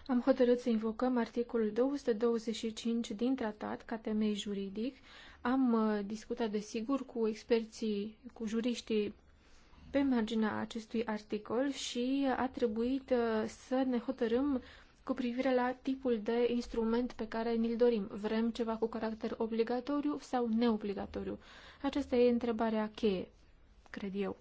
Am hotărât să invocăm articolul 225 din tratat ca temei juridic. Am uh, discutat, desigur, cu experții, cu juriștii pe marginea acestui articol și a trebuit uh, să ne hotărâm cu privire la tipul de instrument pe care ni-l dorim. Vrem ceva cu caracter obligatoriu sau neobligatoriu? Aceasta e întrebarea cheie, cred eu.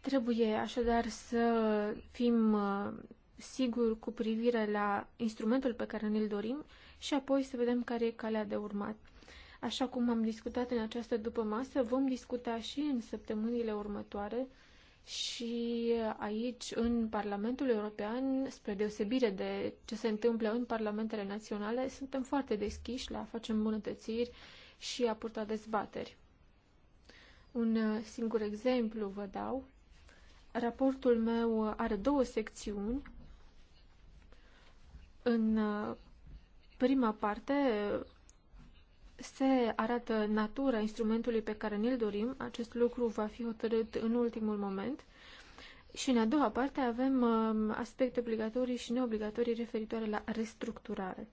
Trebuie așadar să fim uh, siguri cu privire la instrumentul pe care ne-l dorim și apoi să vedem care e calea de urmat. Așa cum am discutat în această dupămasă, vom discuta și în săptămânile următoare și aici, în Parlamentul European, spre deosebire de ce se întâmplă în parlamentele naționale, suntem foarte deschiși la a face îmbunătățiri și a purta dezbateri. Un singur exemplu vă dau. Raportul meu are două secțiuni. În prima parte se arată natura instrumentului pe care ne-l dorim, acest lucru va fi hotărât în ultimul moment. Și în a doua parte avem uh, aspecte obligatorii și neobligatorii referitoare la restructurare.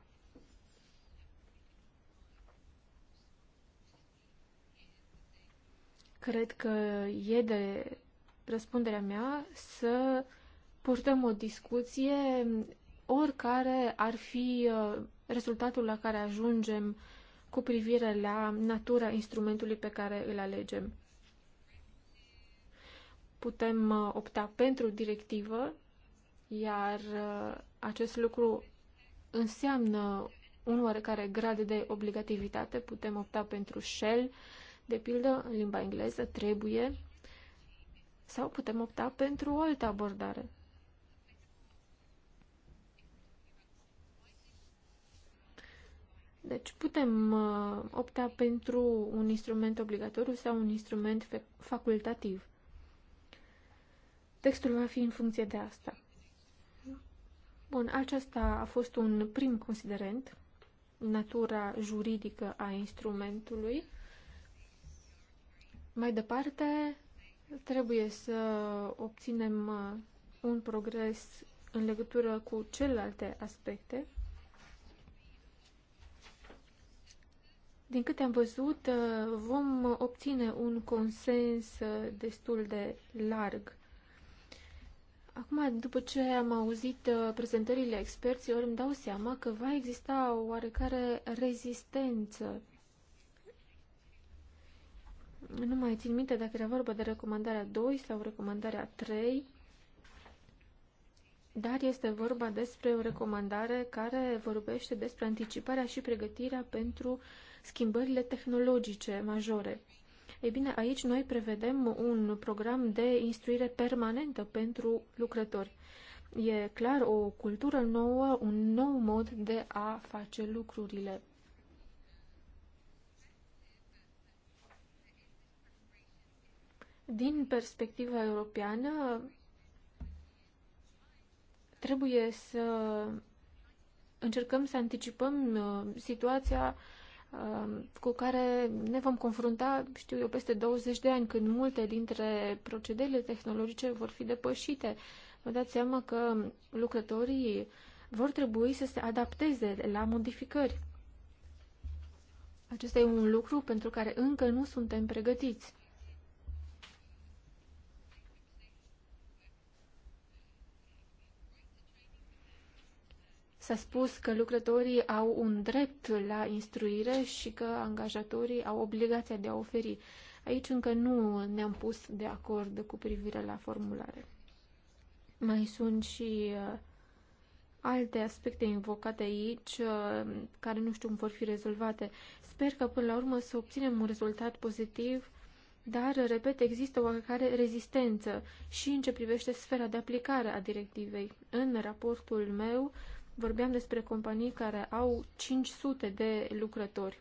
Cred că e de răspunderea mea să purtăm o discuție oricare ar fi uh, rezultatul la care ajungem uh, cu privire la natura instrumentului pe care îl alegem. Putem uh, opta pentru directivă, iar uh, acest lucru înseamnă un oarecare grad de obligativitate. Putem opta pentru shell, de pildă, în limba engleză, trebuie, sau putem opta pentru o altă abordare. Deci putem uh, opta pentru un instrument obligatoriu sau un instrument facultativ. Textul va fi în funcție de asta. Bun, aceasta a fost un prim considerent, natura juridică a instrumentului. Mai departe, trebuie să obținem uh, un progres în legătură cu celelalte aspecte Din câte am văzut, uh, vom obține un consens uh, destul de larg. Acum, după ce am auzit uh, prezentările experților, îmi dau seama că va exista o oarecare rezistență. Nu mai țin minte dacă era vorba de recomandarea 2 sau recomandarea 3, dar este vorba despre o recomandare care vorbește despre anticiparea și pregătirea pentru uh, schimbările tehnologice majore. Ei bine, aici noi prevedem un program de instruire permanentă pentru lucrători. E clar o cultură nouă, un nou mod de a face lucrurile. Din perspectiva europeană, trebuie să încercăm să anticipăm uh, situația uh, Um, cu care ne vom confrunta, știu eu, peste 20 de ani, când multe dintre procedele tehnologice vor fi depășite. Vă dați seama că lucrătorii vor trebui să se adapteze la modificări. Acesta e un lucru pentru care încă nu suntem pregătiți. S-a spus că lucrătorii au un drept la instruire și că angajatorii au obligația de a oferi. Aici încă nu ne-am pus de acord cu privire la formulare. Mai sunt și uh, alte aspecte invocate aici, uh, care nu știu cum vor fi rezolvate. Sper că până la urmă să obținem un rezultat pozitiv, dar, repet, există o oarecare rezistență și în ce privește sfera de aplicare a directivei. În raportul meu, Vorbeam despre companii care au 500 de lucrători.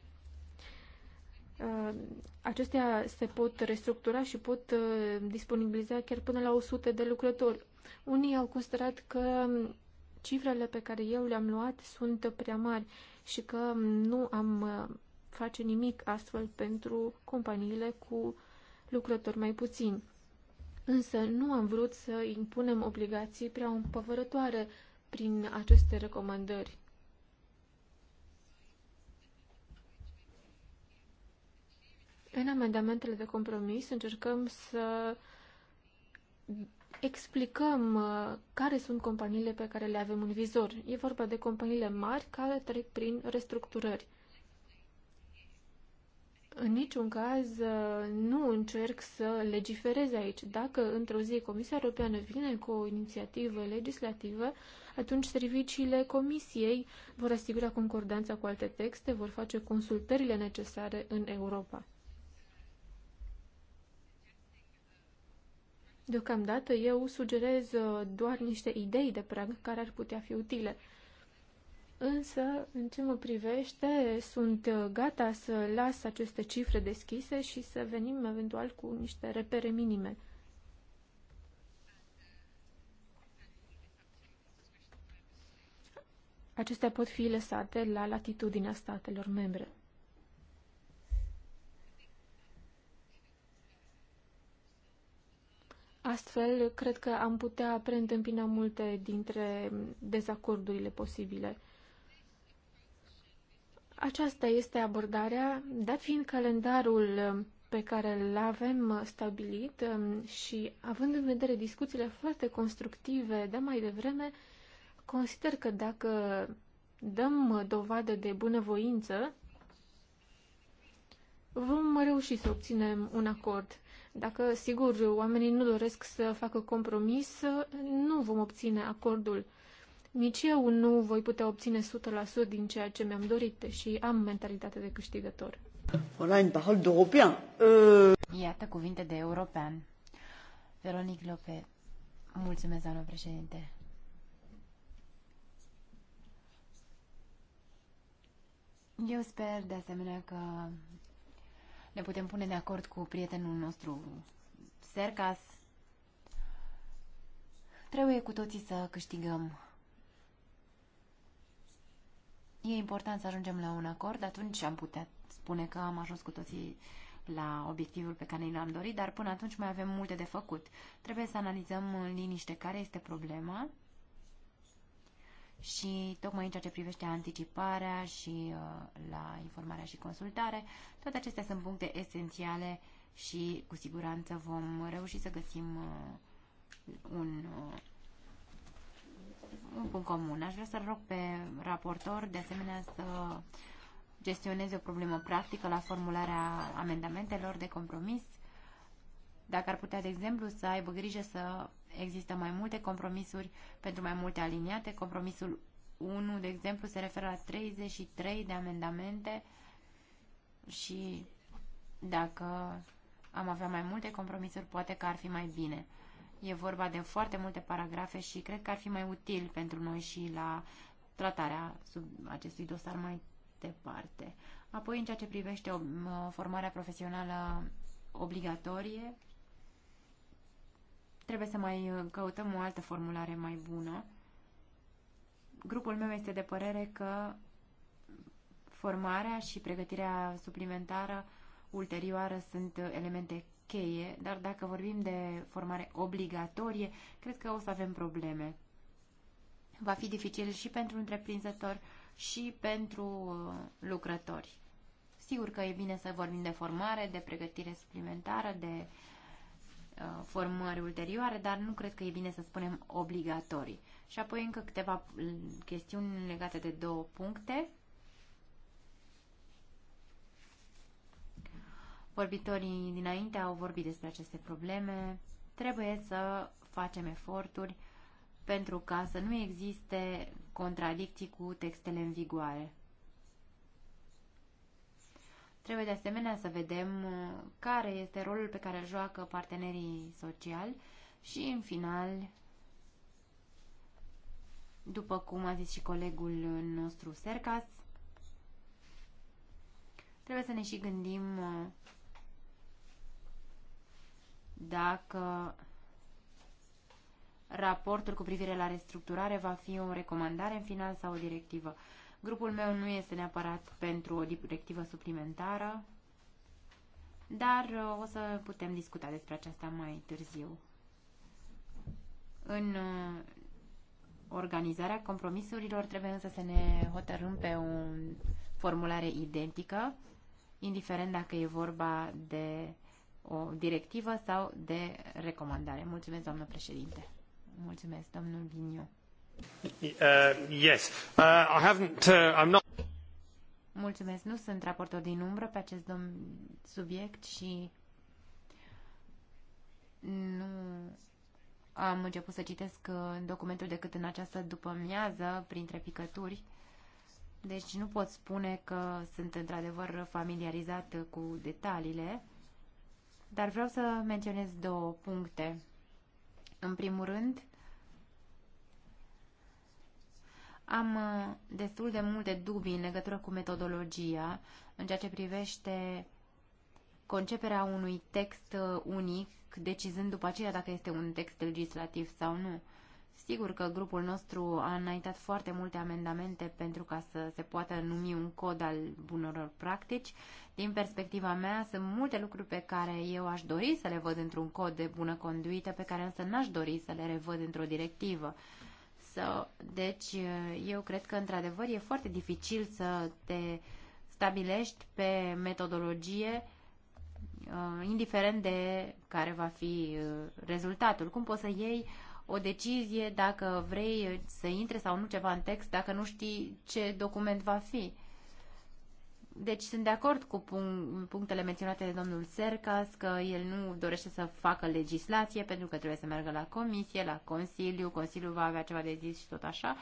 Uh, acestea se pot restructura și pot uh, disponibiliza chiar până la 100 de lucrători. Unii au considerat că cifrele pe care eu le-am luat sunt prea mari și că nu am uh, face nimic astfel pentru companiile cu lucrători mai puțini. Însă nu am vrut să impunem obligații prea împăvărătoare prin aceste recomandări. În amendamentele de compromis încercăm să explicăm uh, care sunt companiile pe care le avem în vizor. E vorba de companiile mari care trec prin restructurări. În niciun caz uh, nu încerc să legifereze aici. Dacă într-o zi Comisia Europeană vine cu o inițiativă legislativă, atunci serviciile Comisiei vor asigura concordanța cu alte texte, vor face consultările necesare în Europa. Deocamdată eu sugerez uh, doar niște idei de prag care ar putea fi utile. Însă, în ce mă privește, sunt uh, gata să las aceste cifre deschise și să venim eventual cu niște repere minime. Acestea pot fi lăsate la latitudinea statelor membre. Astfel, cred că am putea preîntâmpina multe dintre dezacordurile posibile. Aceasta este abordarea, dat fiind calendarul pe care îl avem stabilit um, și având în vedere discuțiile foarte constructive de mai devreme, Consider că dacă dăm dovadă de bunăvoință, vom reuși să obținem un acord. Dacă, sigur, oamenii nu doresc să facă compromis, nu vom obține acordul. Nici eu nu voi putea obține 100% din ceea ce mi-am dorit și am mentalitate de câștigător. Euh. Iată cuvinte de european. Veronic Lope. Mulțumesc, doamnă președinte. Eu sper, de asemenea, că ne putem pune de acord cu prietenul nostru Sercas. Trebuie cu toții să câștigăm. E important să ajungem la un acord, atunci am putea spune că am ajuns cu toții la obiectivul pe care l-am dorit, dar până atunci mai avem multe de făcut. Trebuie să analizăm în liniște care este problema și tocmai în ceea ce privește anticiparea și uh, la informarea și consultare, toate acestea sunt puncte esențiale și cu siguranță vom reuși să găsim uh, un, uh, un punct comun. Aș vrea să rog pe raportor de asemenea să gestioneze o problemă practică la formularea amendamentelor de compromis. Dacă ar putea, de exemplu, să aibă grijă să există mai multe compromisuri pentru mai multe aliniate. Compromisul 1, de exemplu, se referă la 33 de amendamente și dacă am avea mai multe compromisuri, poate că ar fi mai bine. E vorba de foarte multe paragrafe și cred că ar fi mai util pentru noi și la tratarea sub acestui dosar mai departe. Apoi, în ceea ce privește uh, formarea profesională obligatorie, Trebuie să mai uh, căutăm o altă formulare mai bună. Grupul meu este de părere că formarea și pregătirea suplimentară ulterioară sunt uh, elemente cheie, dar dacă vorbim de formare obligatorie, cred că o să avem probleme. Va fi dificil și pentru întreprinzător și pentru uh, lucrători. Sigur că e bine să vorbim de formare, de pregătire suplimentară, de uh, Uh, formări ulterioare, dar nu cred că e bine să spunem obligatorii. Și apoi încă câteva mm, chestiuni legate de două puncte. Vorbitorii dinainte au vorbit despre aceste probleme. Trebuie să facem eforturi pentru ca să nu existe contradicții cu textele în vigoare. Trebuie de asemenea să vedem uh, care este rolul pe care îl joacă partenerii sociali și, în final, după cum a zis și colegul nostru Sercas, trebuie să ne și gândim uh, dacă raportul cu privire la restructurare va fi o recomandare în final sau o directivă. Grupul meu nu este neapărat pentru o directivă suplimentară, dar uh, o să putem discuta despre aceasta mai târziu. În uh, organizarea compromisurilor trebuie însă să ne hotărâm pe o formulare identică, indiferent dacă e vorba de o directivă sau de recomandare. Mulțumesc, doamnă președinte. Mulțumesc, domnul Ghiniu. Uh, yes. Uh, I haven't, uh, I'm not... Mulțumesc. Nu sunt raportor din umbră pe acest subiect și nu am început să citesc uh, documentul decât în această după-miază, printre picături. Deci nu pot spune că sunt într-adevăr familiarizat cu detaliile, dar vreau să menționez două puncte. În primul rând, Am uh, destul de multe dubii în legătură cu metodologia în ceea ce privește conceperea unui text uh, unic, decizând după aceea dacă este un text legislativ sau nu. Sigur că grupul nostru a înaintat foarte multe amendamente pentru ca să se poată numi un cod al bunurilor practici. Din perspectiva mea, sunt multe lucruri pe care eu aș dori să le văd într-un cod de bună conduită, pe care însă n-aș dori să le revăd într-o directivă. So, deci, eu cred că, într-adevăr, e foarte dificil să te stabilești pe metodologie, uh, indiferent de care va fi uh, rezultatul. Cum poți să iei o decizie dacă vrei să intre sau nu ceva în text, dacă nu știi ce document va fi? Deci sunt de acord cu punctele menționate de domnul Sercas că el nu dorește să facă legislație pentru că trebuie să meargă la comisie, la Consiliu, Consiliul va avea ceva de zis și tot așa.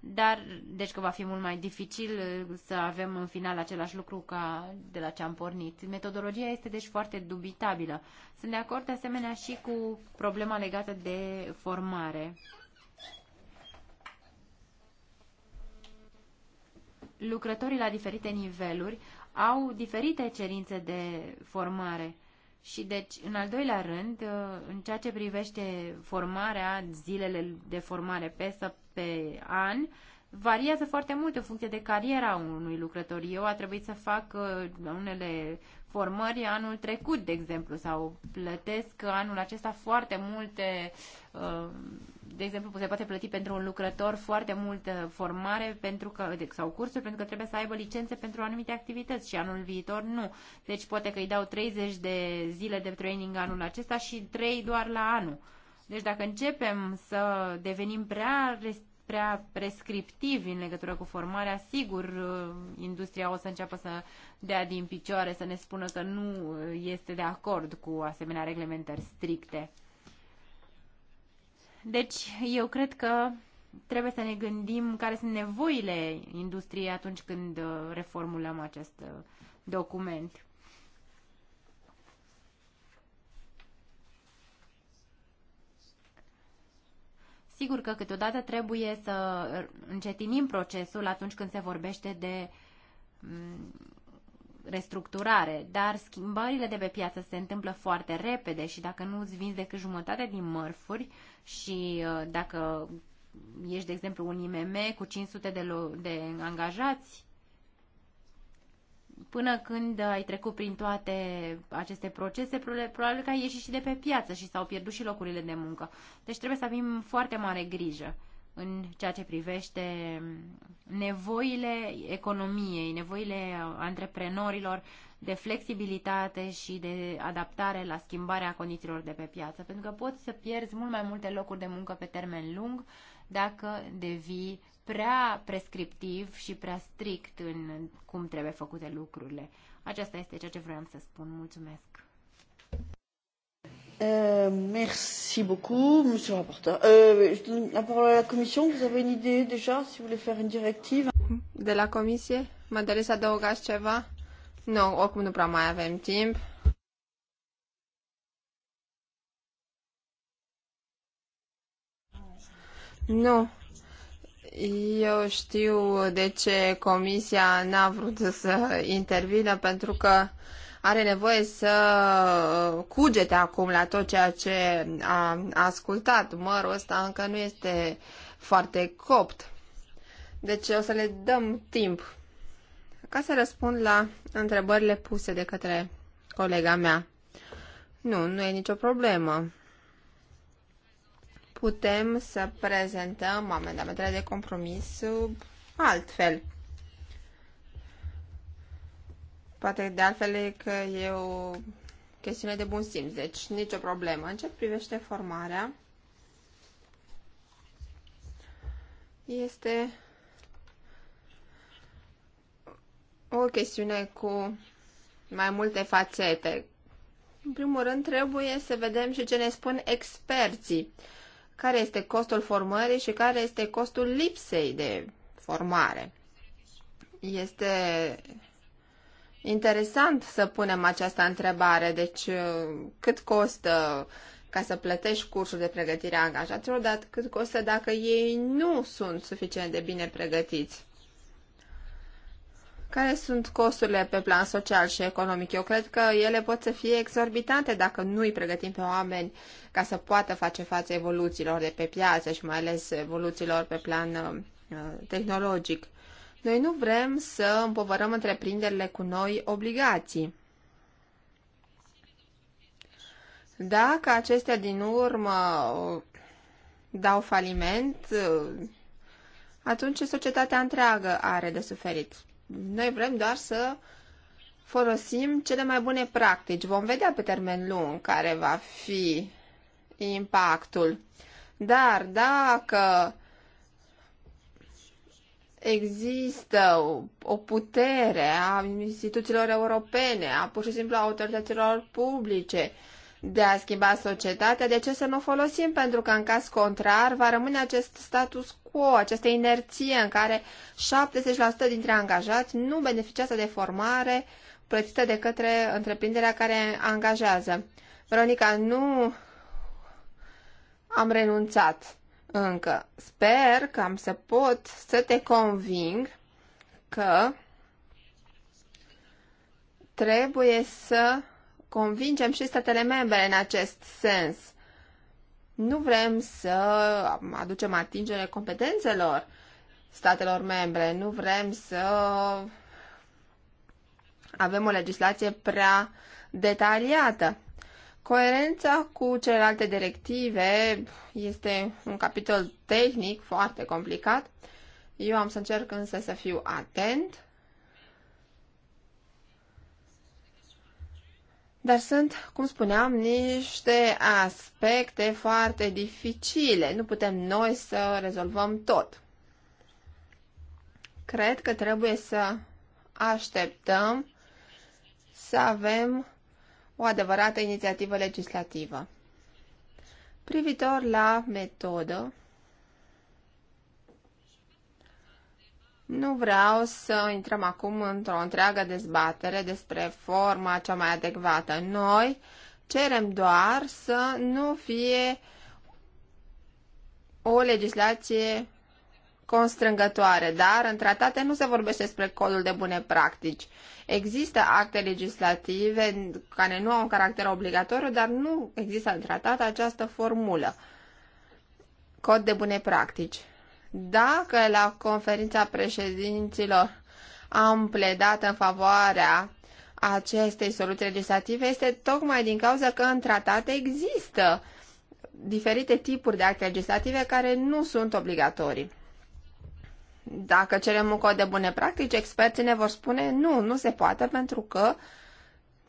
Dar, deci că va fi mult mai dificil uh, să avem în final același lucru ca de la ce am pornit. Metodologia este deci foarte dubitabilă. Sunt de acord de asemenea și cu problema legată de formare. lucrătorii la diferite niveluri au diferite cerințe de formare. Și deci, în al doilea rând, uh, în ceea ce privește formarea, zilele de formare pe, să pe an, variază foarte mult în funcție de cariera unui lucrător. Eu a trebuit să fac uh, unele formări anul trecut, de exemplu, sau plătesc anul acesta foarte multe, uh, de exemplu, se poate plăti pentru un lucrător foarte multă formare pentru că, sau cursuri pentru că trebuie să aibă licențe pentru anumite activități și anul viitor nu. Deci poate că îi dau 30 de zile de training anul acesta și 3 doar la anul. Deci dacă începem să devenim prea restrictivi, prea prescriptivi în legătură cu formarea, sigur, uh, industria o să înceapă să dea din picioare, să ne spună că nu uh, este de acord cu asemenea reglementări stricte. Deci, eu cred că trebuie să ne gândim care sunt nevoile industriei atunci când uh, reformulăm acest document. Sigur că câteodată trebuie să încetinim procesul atunci când se vorbește de mm, restructurare, dar schimbările de pe piață se întâmplă foarte repede și dacă nu îți vinzi decât jumătate din mărfuri și uh, dacă ești, de exemplu, un IMM cu 500 de, de angajați, până când ai trecut prin toate aceste procese, probabil că ai ieșit și de pe piață și s-au pierdut și locurile de muncă. Deci trebuie să avem foarte mare grijă în ceea ce privește nevoile economiei, nevoile antreprenorilor de flexibilitate și de adaptare la schimbarea condițiilor de pe piață, pentru că poți să pierzi mult mai multe locuri de muncă pe termen lung dacă devii prea prescriptiv și prea strict în cum trebuie făcute lucrurile. Aceasta este ceea ce vreau să spun. Mulțumesc. Euh, merci beaucoup, monsieur le rapporteur. Euh, je donne la parole à la commission. Vous avez une idée déjà si vous voulez faire une directive? De la comisie? Mă doriți să adăugați ceva? Nu, no, oricum nu prea mai avem timp. Nu, eu știu de ce comisia n-a vrut să intervină, pentru că are nevoie să uh, cugete acum la tot ceea ce a ascultat. Mărul ăsta încă nu este foarte copt. Deci o să le dăm timp ca să răspund la întrebările puse de către colega mea. Nu, nu e nicio problemă putem să prezentăm amendamentele de compromis altfel. Poate de altfel e că e o chestiune de bun simț, deci nicio problemă. În ce privește formarea, este o chestiune cu mai multe fațete. În primul rând, trebuie să vedem și ce ne spun experții care este costul formării și care este costul lipsei de formare. Este interesant să punem această întrebare, deci uh, cât costă ca să plătești cursul de pregătire a angajaților, dar cât costă dacă ei nu sunt suficient de bine pregătiți. Care sunt costurile pe plan social și economic? Eu cred că ele pot să fie exorbitante dacă nu îi pregătim pe oameni ca să poată face față evoluțiilor de pe piață și mai ales evoluțiilor pe plan uh, tehnologic. Noi nu vrem să împovărăm întreprinderile cu noi obligații. Dacă acestea din urmă uh, dau faliment, uh, atunci societatea întreagă are de suferit. Noi vrem doar să folosim cele mai bune practici. Vom vedea pe termen lung care va fi impactul. Dar dacă există o putere a instituțiilor europene, a pur și simplu a autorităților publice de a schimba societatea, de ce să nu folosim? Pentru că în caz contrar va rămâne acest status quo, această inerție în care 70% dintre angajați nu beneficiază de formare plătită de către întreprinderea care angajează. Veronica, nu am renunțat încă. Sper că am să pot să te conving că trebuie să convingem și statele membre în acest sens. Nu vrem să aducem atingere competențelor statelor membre, nu vrem să avem o legislație prea detaliată. Coerența cu celelalte directive este un capitol tehnic foarte complicat. Eu am să încerc însă să fiu atent Dar sunt, cum spuneam, niște aspecte foarte dificile. Nu putem noi să rezolvăm tot. Cred că trebuie să așteptăm să avem o adevărată inițiativă legislativă. Privitor la metodă, Nu vreau să intrăm acum într-o întreagă dezbatere despre forma cea mai adecvată. Noi cerem doar să nu fie o legislație constrângătoare, dar în tratate nu se vorbește despre codul de bune practici. Există acte legislative care nu au un caracter obligatoriu, dar nu există în tratat această formulă. Cod de bune practici. Dacă la conferința președinților am pledat în favoarea acestei soluții legislative, este tocmai din cauza că în tratate există diferite tipuri de acte legislative care nu sunt obligatorii. Dacă cerem un cod de bune practici, experții ne vor spune nu, nu se poate pentru că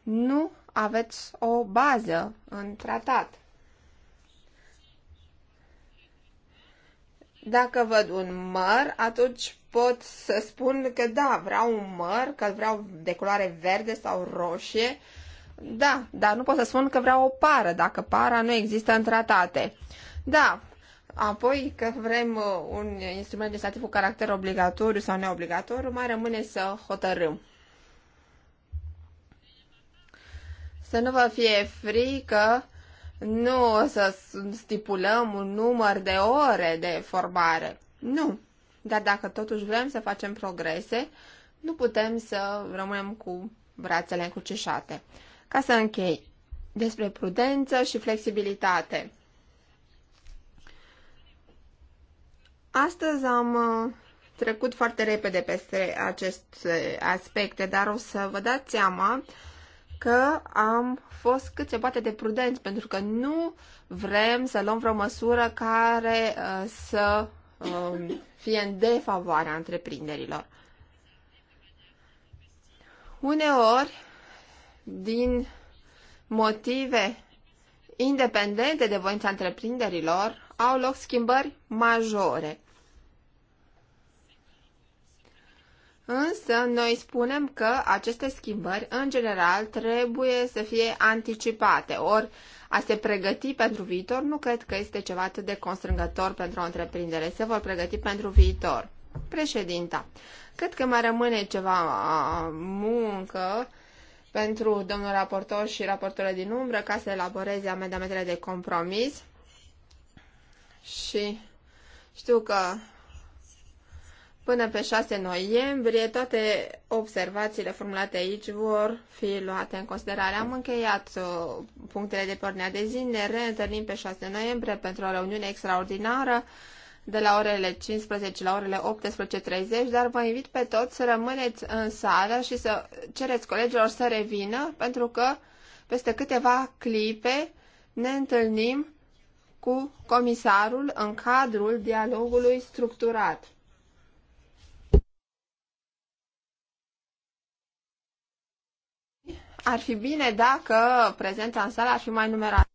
nu aveți o bază în tratat. Dacă văd un măr, atunci pot să spun că da, vreau un măr, că vreau de culoare verde sau roșie. Da, dar nu pot să spun că vreau o pară, dacă para nu există în tratate. Da, apoi că vrem uh, un instrument legislativ cu caracter obligatoriu sau neobligatoriu, mai rămâne să hotărâm. Să nu vă fie frică nu o să stipulăm un număr de ore de formare. Nu. Dar dacă totuși vrem să facem progrese, nu putem să rămânem cu brațele încrucișate. Ca să închei, despre prudență și flexibilitate. Astăzi am uh, trecut foarte repede peste aceste aspecte, dar o să vă dați seama că am fost cât se poate de prudenți, pentru că nu vrem să luăm vreo măsură care uh, să uh, fie în defavoarea întreprinderilor. Uneori, din motive independente de voința întreprinderilor, au loc schimbări majore. Însă, noi spunem că aceste schimbări, în general, trebuie să fie anticipate, ori a se pregăti pentru viitor nu cred că este ceva atât de constrângător pentru o întreprindere. Se vor pregăti pentru viitor. Președinta, cred că mai rămâne ceva muncă pentru domnul raportor și raportorul din umbră ca să elaboreze amendamentele de compromis și știu că Până pe 6 noiembrie, toate observațiile formulate aici vor fi luate în considerare. Am încheiat uh, punctele de pornea de zi. Ne reîntâlnim pe 6 noiembrie pentru o reuniune extraordinară de la orele 15 la orele 18.30, dar vă invit pe toți să rămâneți în sală și să cereți colegilor să revină, pentru că peste câteva clipe ne întâlnim cu comisarul în cadrul dialogului structurat. Ar fi bine dacă prezența în sală ar fi mai numeroasă.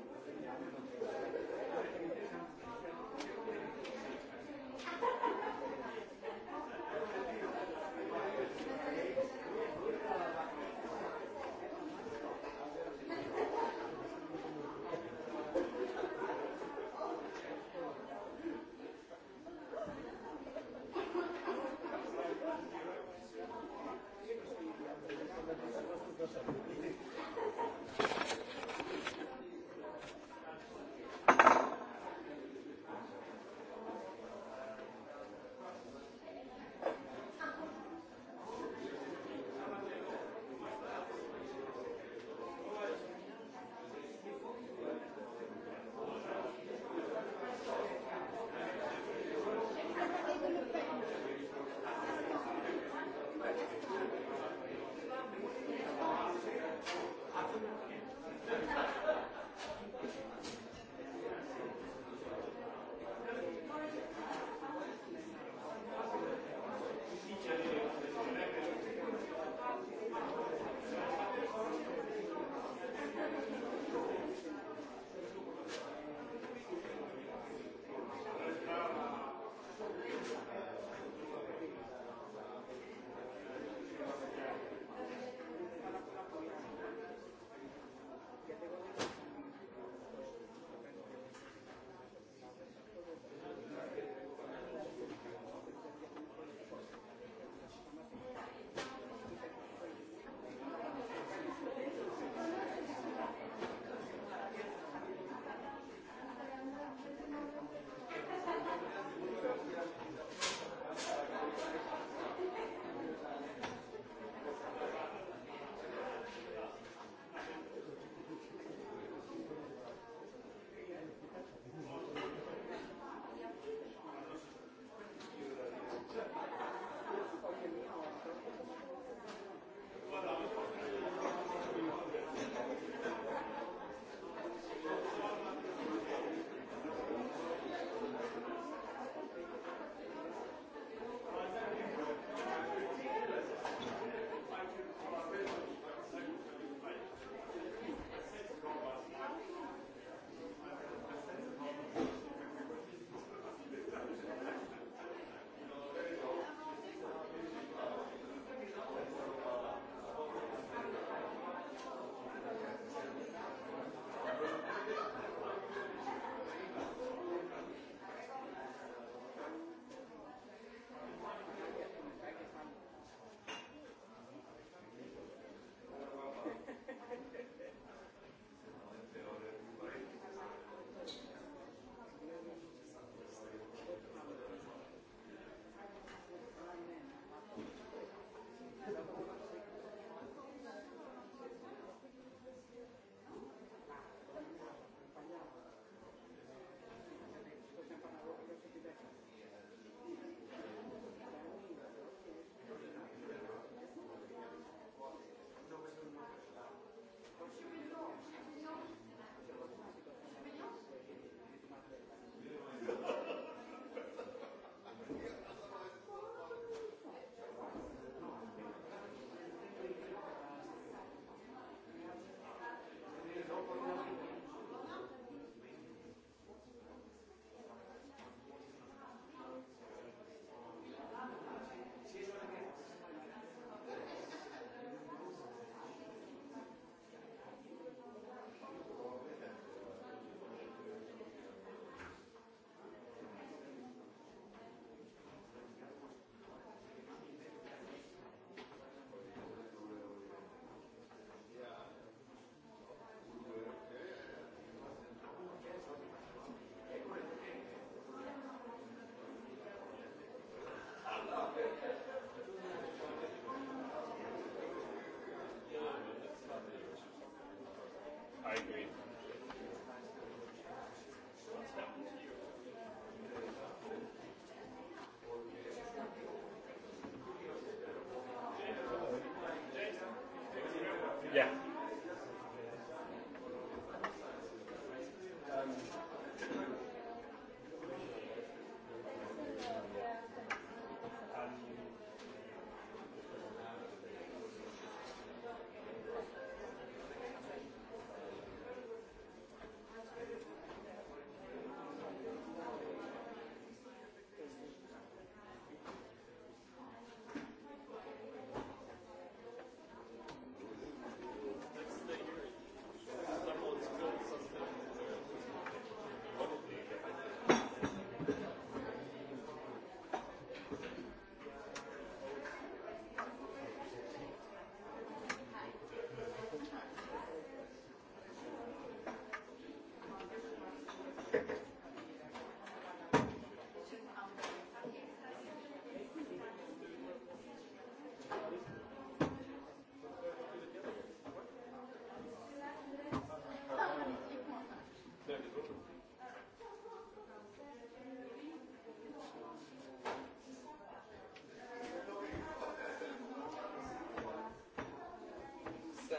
Yeah.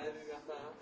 Aleluia ta.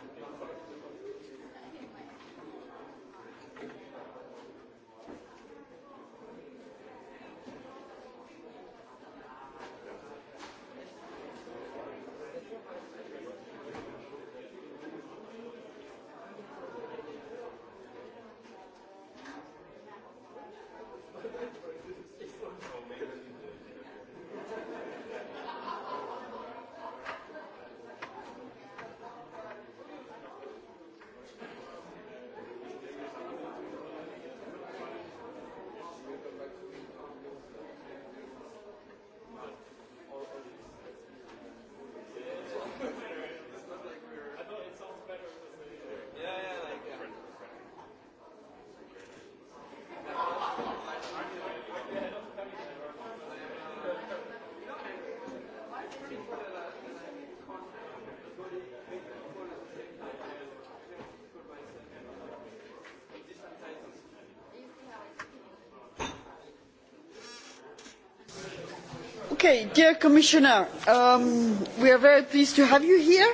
dear Commissioner, um, we are very pleased to have you here.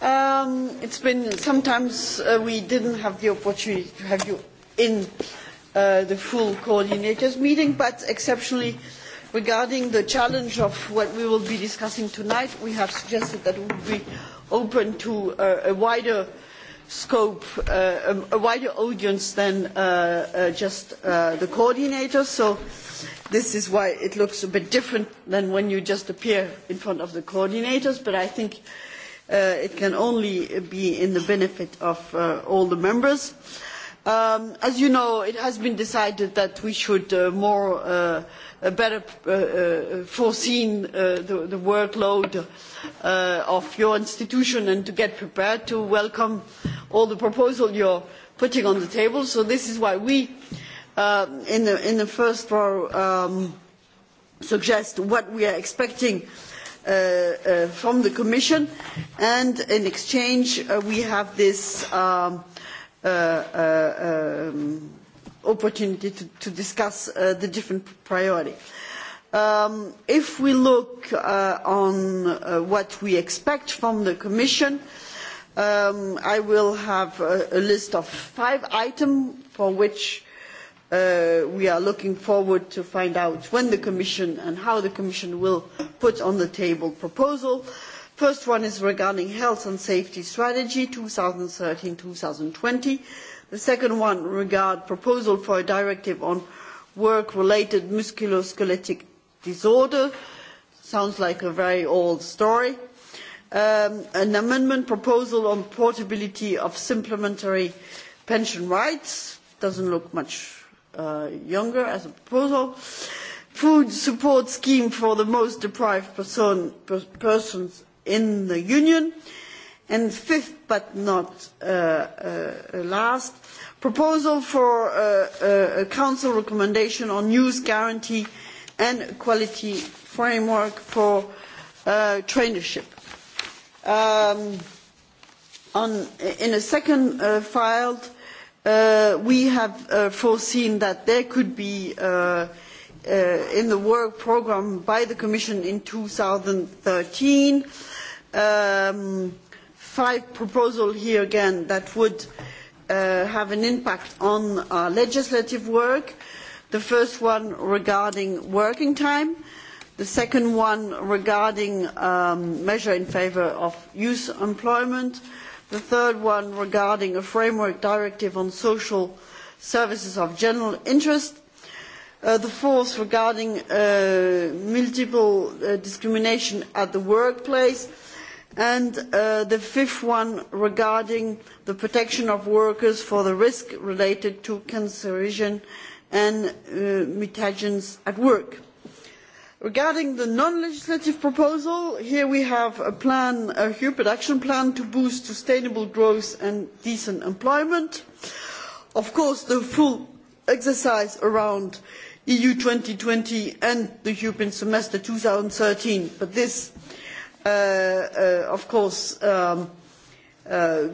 Um, it's been sometimes uh, we didn't have the opportunity to have you in uh, the full coordinators meeting, but exceptionally regarding the challenge of what we will be discussing tonight, we have suggested that we will be open to uh, a wider scope, uh, um, a wider audience than uh, uh, just uh, the coordinators. So this is why it looks a bit different than when you just appear in front of the coordinators, but I think uh, it can only be in the benefit of uh, all the members. Um, as you know, it has been decided that we should uh, more, uh, better uh, uh foreseen uh, the, the, workload uh, of your institution and to get prepared to welcome all the proposals you're putting on the table. So this is why we uh, Uh, in, the, first row um, suggest what we are expecting uh, uh, from the Commission, and in exchange we have this um, um, opportunity to, discuss the different priorities. if we look at on what we expect from the commission i will have a list of five items for which Uh, we are looking forward to find out when the commission and how the commission will put on the table proposal. first one is regarding health and safety strategy two thousand and thirteen two thousand and twenty the second one regards proposal for a directive on work related musculoskeletal disorder sounds like a very old story um, an amendment proposal on portability of supplementary pension rights doesn't look much uh, Younger as a proposal. Food support scheme for the most deprived person, per, persons in the Union. And fifth but not uh, uh, last, proposal for uh, uh, a council recommendation on youth guarantee and quality framework for uh, traineeship. Um, on, in a second filed Uh, we have uh, foreseen that there could be uh, in the work programme by the commission in two thousand and thirteen um, five proposals here again that would have an impact on our legislative work the first one regarding working time the second one regarding measures um, measure in favour of youth employment and the third one regarding a framework directive on social services of general interest uh, the fourth regarding uh, multiple uh, discrimination at the workplace and uh, the fifth one regarding the protection of workers for the risk related to cancerogen and uh, mutagens at work regarding the non legislative proposal here we have a, plan, a european action plan to boost sustainable growth and decent employment. of course the full exercise around eu two thousand and twenty and the european semester two thousand and thirteen but this uh, uh, of course um, uh,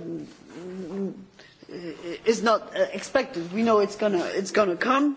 is not expected. we know it is going to come.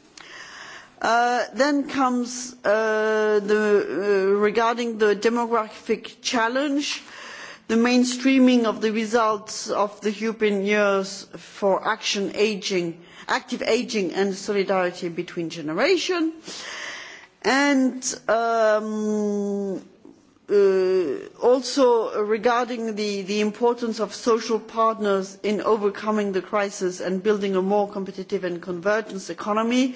Uh, then comes uh, the, uh, regarding the demographic challenge the mainstreaming of the results of the european years for action, aging, active ageing and solidarity between generations and um, also regarding the, the importance of social partners in overcoming the crisis and building a more competitive and convergent economy and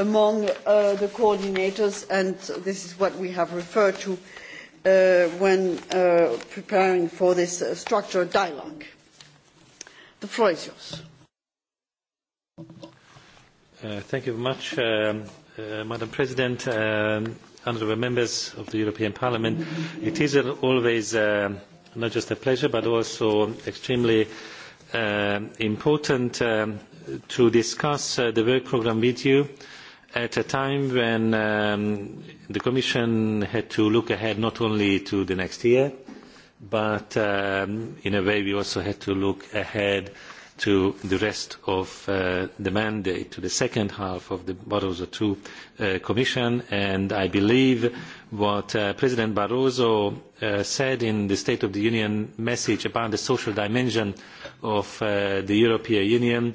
among uh, the coordinators, and this is what we have referred to uh, when uh, preparing for this structured dialogue. The floor is yours. thank you very much, um, Madam President, um, honourable members of the European Parliament. It is always not just a pleasure, but also extremely um, important um, to discuss the work programme with you. Uh, at a time when um, the Commission had to look ahead not only to the next year, but um, in a way we also had to look ahead to the rest of uh, the mandate, to the second half of the Barroso II uh, Commission. And I believe what uh, President Barroso said in the State of the Union message about the social dimension of the European Union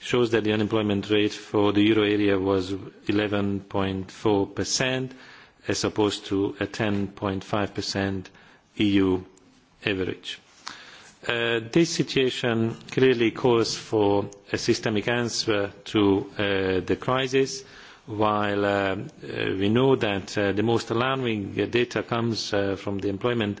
shows that the unemployment rate for the euro area was 11.4% as opposed to a 10.5% EU average. Uh, this situation clearly calls for a systemic answer to uh, the crisis while uh, uh we know that uh, the most alarming data comes from the employment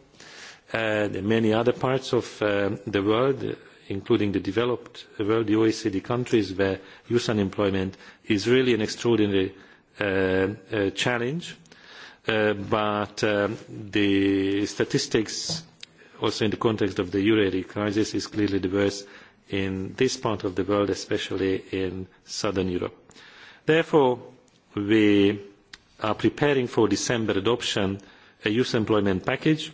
In uh, many other parts of uh, the world including the developed world the oecd countries where youth unemployment is really an extraordinary uh, challenge but the statistics also in the context of the euro area crisis is clearly the worst in this part of the world especially in southern europe. therefore we are preparing for december adoption a youth employment package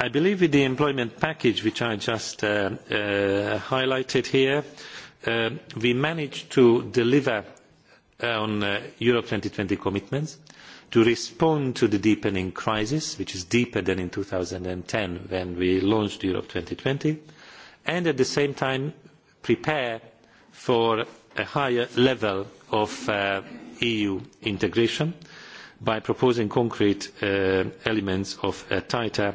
i believe with the employment package which i just uh, uh, highlighted here uh, we managed to deliver on europe two thousand and twenty commitments to respond to the deepening crisis which is deeper than in two thousand and ten when we launched europe two thousand and twenty and at the same time prepare for a higher level of eu integration by proposing concrete elements of a tighter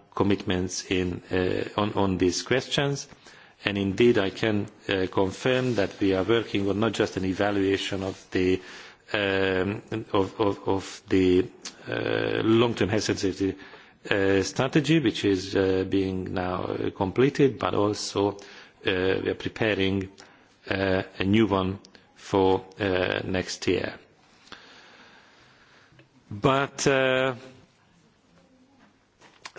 commitments uh, on, these questions and indeed i can uh, confirm that we are working on not just an evaluation of the, um, uh, long term health sensitivity strategy which is being now completed but also we are preparing a new one for next year. but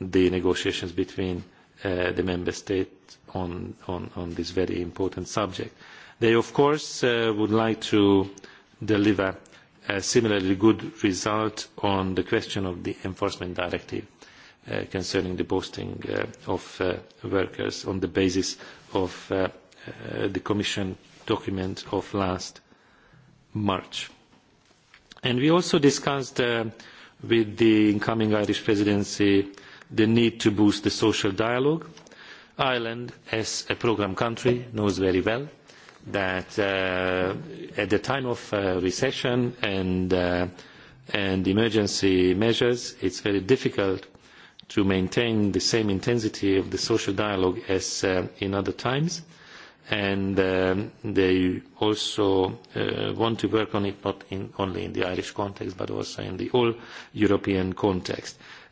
the negotiations between uh, the member states on, on, on this very important subject. They, of course, uh, would like to deliver a similarly good result on the question of the enforcement directive uh, concerning the posting uh, of uh, workers on the basis of uh, the Commission document of last March. And we also discussed with the incoming Irish presidency the need to boost the social dialogue. ireland as a programme country knows very well that uh, at the time of uh, recession and, uh, and emergency measures it is very difficult to maintain the same intensity of the social dialogue as in other times and um, they also want to work on it not only in the irish context but also in the whole european context.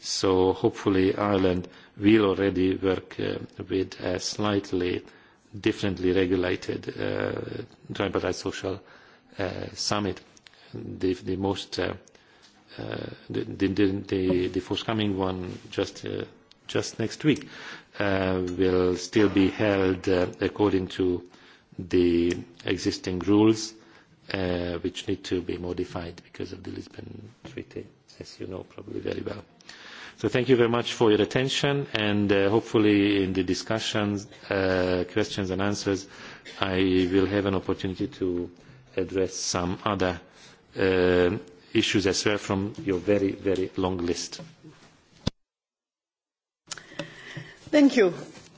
so hopefully ireland will already work uh, with a slightly differently regulated uh, tripartite social uh, summit. The, most the, forthcoming one just just next week will still be held according to the existing rules, which need to be modified because of the Lisbon Treaty, as you know probably very well. So thank you very much for your attention and uh, hopefully in the discussions, uh, questions and answers, I will have an opportunity to address some other uh, issues as well from your very, very long list. Thank you.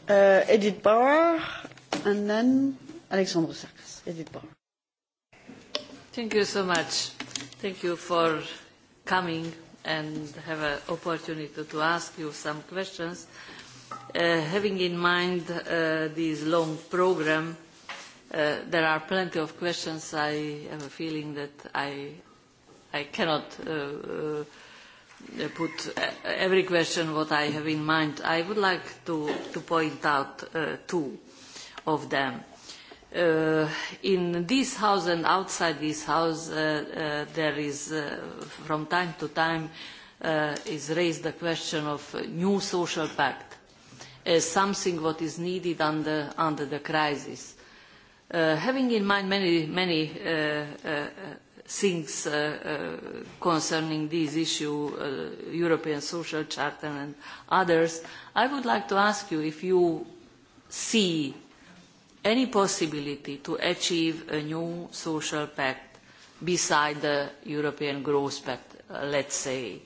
Uh, Edith Bauer and then Alexandre Sarkas. Edith Bauer. Thank you so much. Thank you for coming and have an opportunity to ask you some questions. Uh, having in mind uh, this long program, uh, there are plenty of questions. I have a feeling that I, I cannot uh, uh, put every question what I have in mind. I would like to, to point out uh, two of them. Uh, in this house and outside this house, uh, uh, there is, uh, from time to time, uh, is raised the question of new social pact as something what is needed under, under the crisis. Uh, having in mind many, many uh, uh, things uh, uh, concerning this issue, uh, European Social Charter and others, I would like to ask you if you see any possibility to achieve a new social pact beside the European Growth Pact, uh, let's say?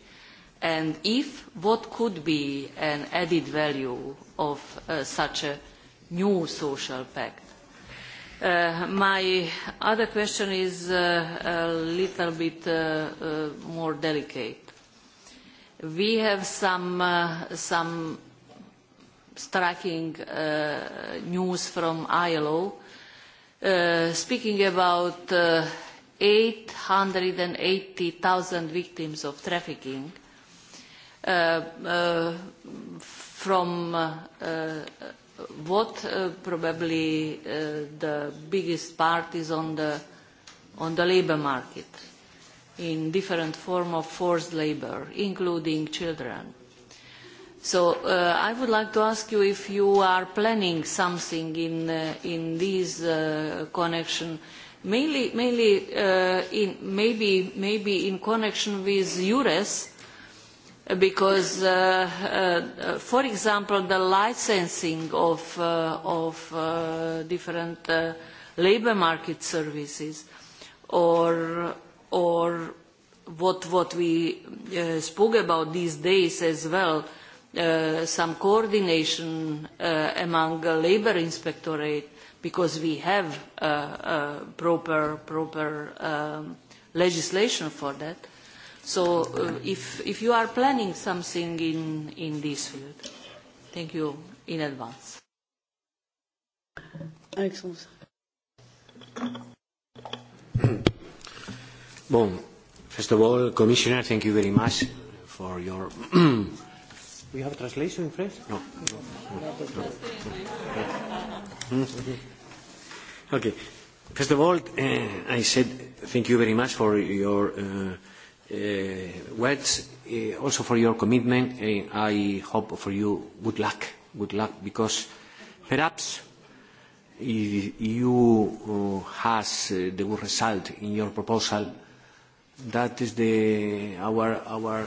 And if what could be an added value of uh, such a new social pact? Uh, my other question is uh, a little bit uh, more delicate. We have some, some striking uh, news from ILO, uh, speaking about uh, 880,000 victims of trafficking uh, uh, from uh, what probably the biggest part is on the, on the labour market in different form of forced labour, including children. So uh, I would like to ask you if you are planning something in, uh, in this uh, connection, mainly, in, maybe, maybe in connection with EURES, because, for example, the licensing of, of different labour market services or, or what, what we spoke about these days as well, Uh, some coordination uh, among the labor inspectorate because we have uh, uh, proper, proper um, legislation for that. So uh, if, if you are planning something in, in this field, thank you in advance. Alexandre. Bon, first of all, Commissioner, thank you very much for your We have a translation in French? No. okay. First of all, uh, I said thank you very much for your uh, uh, words, uh, also for your commitment. Uh, I hope for you good luck, good luck, because perhaps if you uh, has uh, the good result in your proposal, that is the our our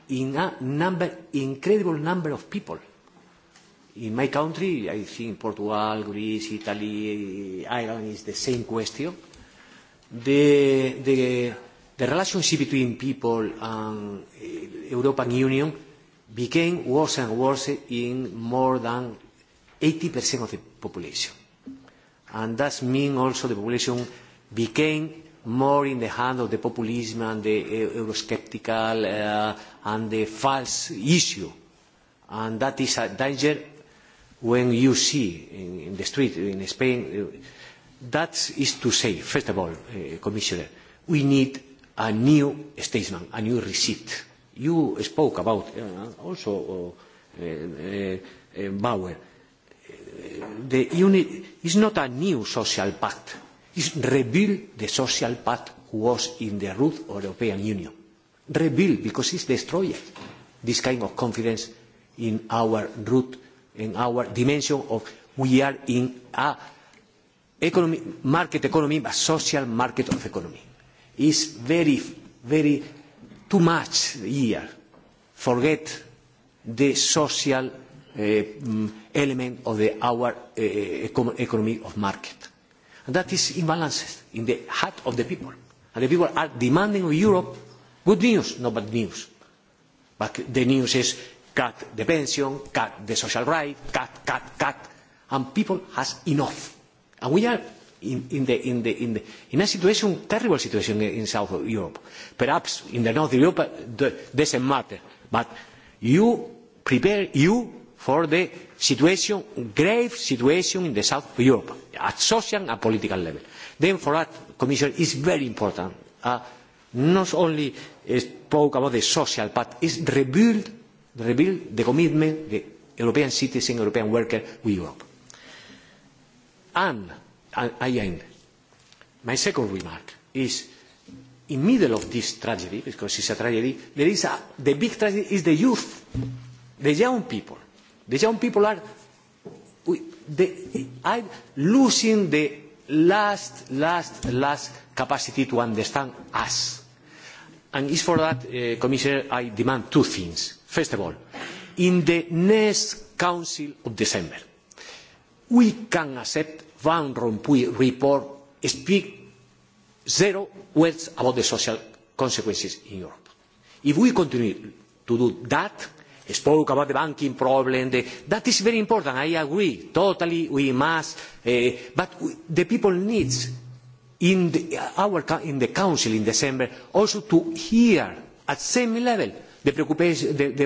in a number, incredible number of people. In my country, I think Portugal, Greece, Italy, Ireland is the same question. The, the, the relationship between people and eh, European Union became worse and worse in more than 80% of the population. And that means also the population became more in the hand of the populism and the uh, eurosceptical uh, and the false issue. And that is a danger when you see in, in the street in Spain. That is to say, first of all, uh, Commissioner, we need a new statement, a new receipt. You spoke about uh, also uh, Bauer. The unit is not a new social pact. It's rebuild the social pact was in the root European Union rebuild because it's destroyed this kind of confidence in our root, in our dimension of we are in a economy, market economy, but social market of economy. It's very, very too much here. Forget the social uh, element of the, our uh, economy of market. And that is imbalances in the heart of the people. And the people are demanding of Europe Good news, no bad news. But the news is cut the pension, cut the social right, cut, cut, cut. And people has enough. And we are in, in, the, in, the, in, the, in a situation, terrible situation in, South Europe. Perhaps in the North Europe it doesn't matter. But you prepare you for the situation, grave situation in the South of Europe, at social and political level. Then for that, Commissioner, it's very important. Uh, not only spoke about the social, but is rebuild, rebuild the commitment the European citizen, European worker with Europe. And I end. My second remark is, in the middle of this tragedy, because it's a tragedy, there is a, the big tragedy is the youth, the young people. The young people are, they are losing the last, last, last capacity to understand us And it's for that, uh, Commissioner, I demand two things. First of all, in the next Council of December, we can accept Van Rompuy report speak zero words about the social consequences in Europe. If we continue to do that, spoke about the banking problem, the, that is very important, I agree, totally, we must, uh, but we, the people needs in the, our, in the Council in December also to hear at same level the, preoccupation, the, the,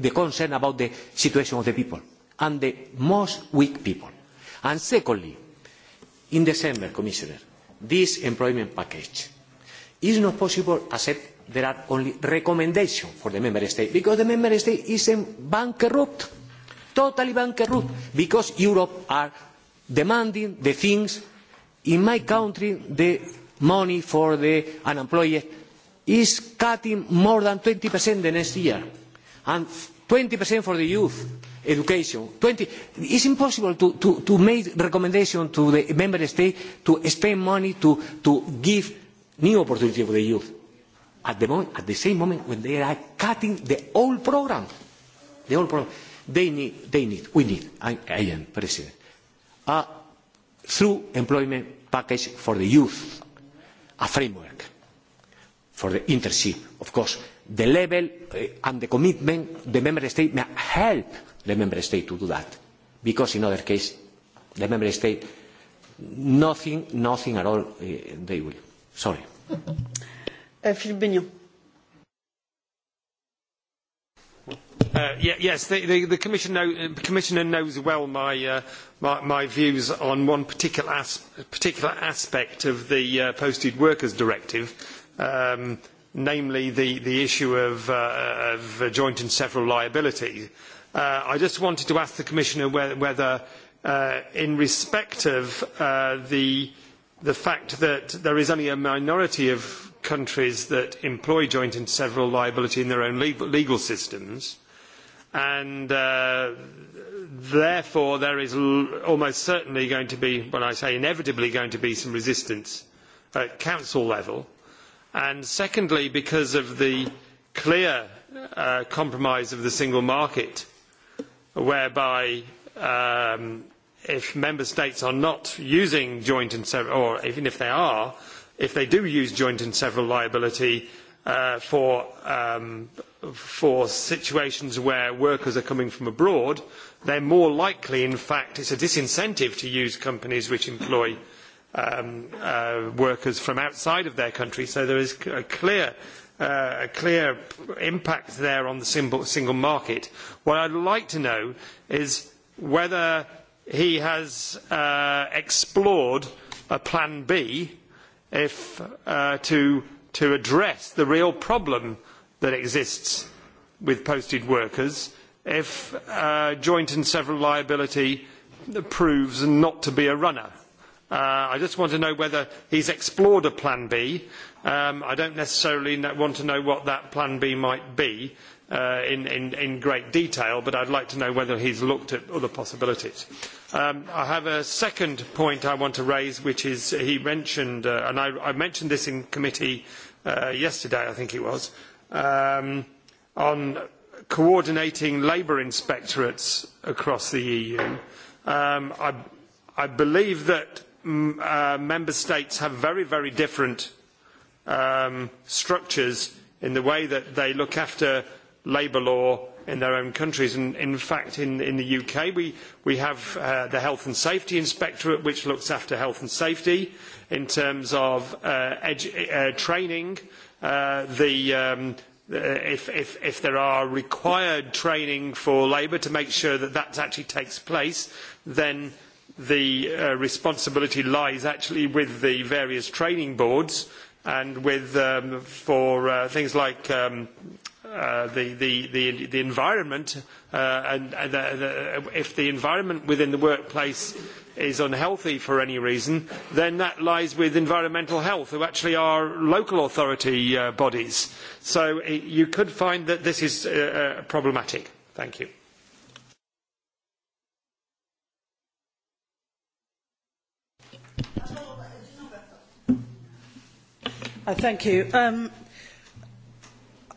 the concern about the situation of the people and the most weak people. And secondly, in December, Commissioner, this employment package is not possible except there are only recommendations for the member state because the member state is bankrupt, totally bankrupt, because Europe are demanding the things in my country the money for the unemployed is cutting more than 20% the next year and 20% for the youth education. 20. It's impossible to, to, to make recommendation to the member state to spend money to, to give new opportunity for the youth. At the, moment, at the same moment when they are cutting the whole program, the whole program, they need, they need, we need, I, I am president, uh, through employment package for the youth, a framework for the internship. Of course, the level eh, and the commitment the member state may help the member state to do that, because in other case, the member state nothing, nothing at all uh, they will. Sorry. Uh, Philippe Bignon. Uh, yes, the, the, the commissioner, commissioner knows well my, uh, my, my views on one particular, as, particular aspect of the uh, Posted Workers Directive, um, namely the, the issue of, uh, of joint and several liability. Uh, I just wanted to ask the Commissioner whether, whether uh, in respect of uh, the, the fact that there is only a minority of countries that employ joint and several liability in their own legal systems and uh, therefore there is almost certainly going to be when i say inevitably going to be some resistance at council level and secondly because of the clear uh, compromise of the single market whereby um, if member states are not using joint and several or even if they are if they do use joint and several liability uh, for, um, for situations where workers are coming from abroad, they're more likely, in fact, it's a disincentive to use companies which employ um, uh, workers from outside of their country. So there is a clear, uh, a clear impact there on the single, single market. What I'd like to know is whether he has uh, explored a plan B if, uh, to, to address the real problem that exists with posted workers if uh, joint and several liability proves not to be a runner. Uh, I just want to know whether he's explored a plan B. Um, I don't necessarily want to know what that plan B might be, uh, in, in, in great detail, but I'd like to know whether he's looked at other possibilities. Um, I have a second point I want to raise, which is he mentioned, uh, and I, I mentioned this in committee uh, yesterday, I think it was, um, on coordinating labour inspectorates across the EU. Um, I, I believe that mm, uh, member states have very, very different um, structures in the way that they look after labour law in their own countries. And in fact, in, in the UK, we, we have uh, the Health and Safety Inspectorate, which looks after health and safety in terms of uh, uh, training. Uh, the, um, if, if, if there are required training for labour to make sure that that actually takes place, then the uh, responsibility lies actually with the various training boards and with um, for uh, things like um, Uh, the, the, the, the environment uh, and, and the, uh, the, if the environment within the workplace is unhealthy for any reason then that lies with environmental health who actually are local authority uh, bodies so it, uh, you could find that this is uh, uh, problematic thank you uh, thank you um,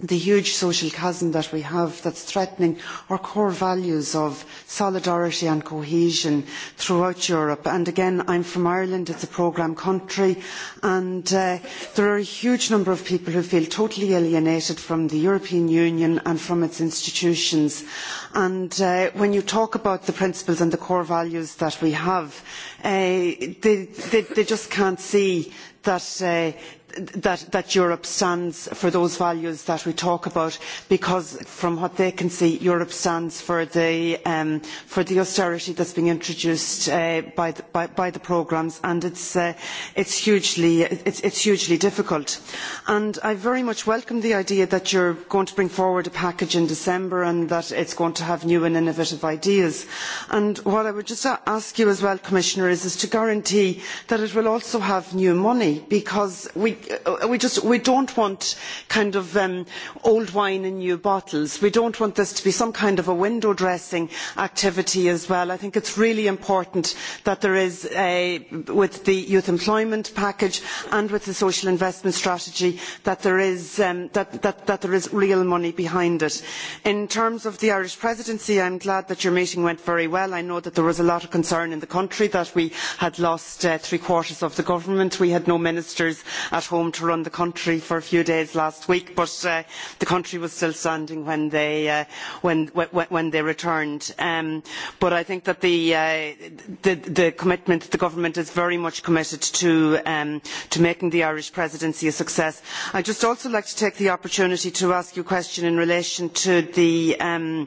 the huge social chasm that we have that's threatening our core values of solidarity and cohesion throughout Europe. And again, I'm from Ireland, it's a programme country, and uh, there are a huge number of people who feel totally alienated from the European Union and from its institutions. And uh, when you talk about the principles and the core values that we have, uh, they, they, they just can't see that uh, that, Europe stands for those values that we talk about because from what they can see Europe stands for the, um, for the austerity that's being introduced uh, by, the, by, by the programmes and it's, uh, it's, hugely, it's, it's hugely difficult. And I very much welcome the idea that you're going to bring forward a package in December and that it's going to have new and innovative ideas. And what I would just ask you as well, Commissioner, is, is to guarantee that it will also have new money because we Uh, we, do not just, we don't want kind of um, old wine in new bottles. We don't want this to be some kind of a window dressing activity as well. I think it's really important that there is, a, with the youth employment package and with the social investment strategy, that there is, um, that, that, there is real money behind it. In terms of the Irish presidency, I'm glad that your meeting went very well. I know that there was a lot of concern in the country that we had lost uh, three quarters of the government. We had no ministers at home to run the country for a few days last week but uh, the country was still standing when they, uh, when, when they returned. Um, but i think that the, uh, the, the commitment the government is very much committed to, um, to making the irish presidency a success. i would just also like to take the opportunity to ask you a question in relation to the um,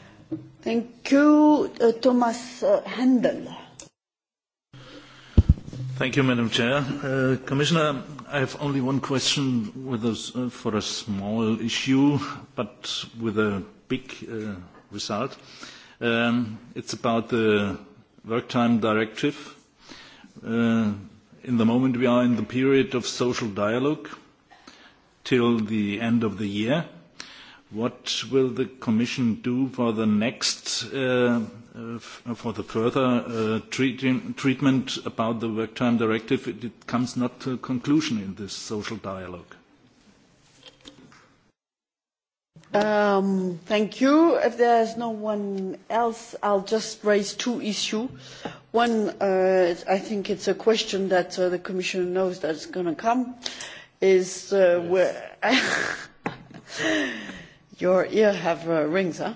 Thank you, uh, Thomas uh, Handel. Thank you, Madam Chair. Uh, Commissioner, I have only one question with a, uh, for a small issue, but with a big uh, result. Um, it's about the work time directive. Uh, in the moment, we are in the period of social dialogue till the end of the year. What will the Commission do for the next, uh, uh, for the further uh, treat treatment about the work time directive? It, it comes not to a conclusion in this social dialogue. Um, thank you. If there's no one else, I'll just raise two issues. One, uh, I think it's a question that uh, the Commission knows that's going to come, is yes. where. your ear have uh, rings, huh?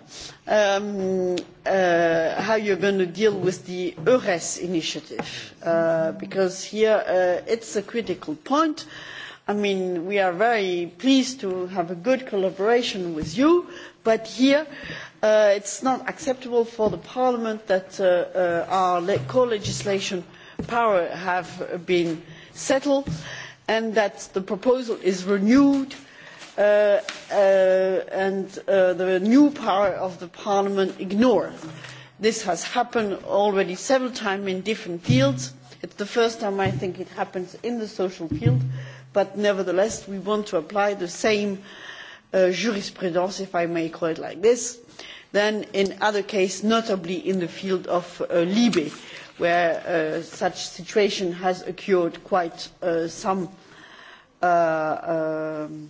Um, uh, how you're going to deal with the EURES initiative, uh, because here uh, it's a critical point. I mean, we are very pleased to have a good collaboration with you, but here uh, it's not acceptable for the Parliament that uh, uh, our le co-legislation power have been settled and that the proposal is renewed Uh, uh, and uh, the new power of the parliament ignore. this has happened already several times in different fields. it is the first time i think it happens in the social field but nevertheless we want to apply the same jurisprudence if i may call it like this as in other cases notably in the field of libe where such a situation has occurred quite some um,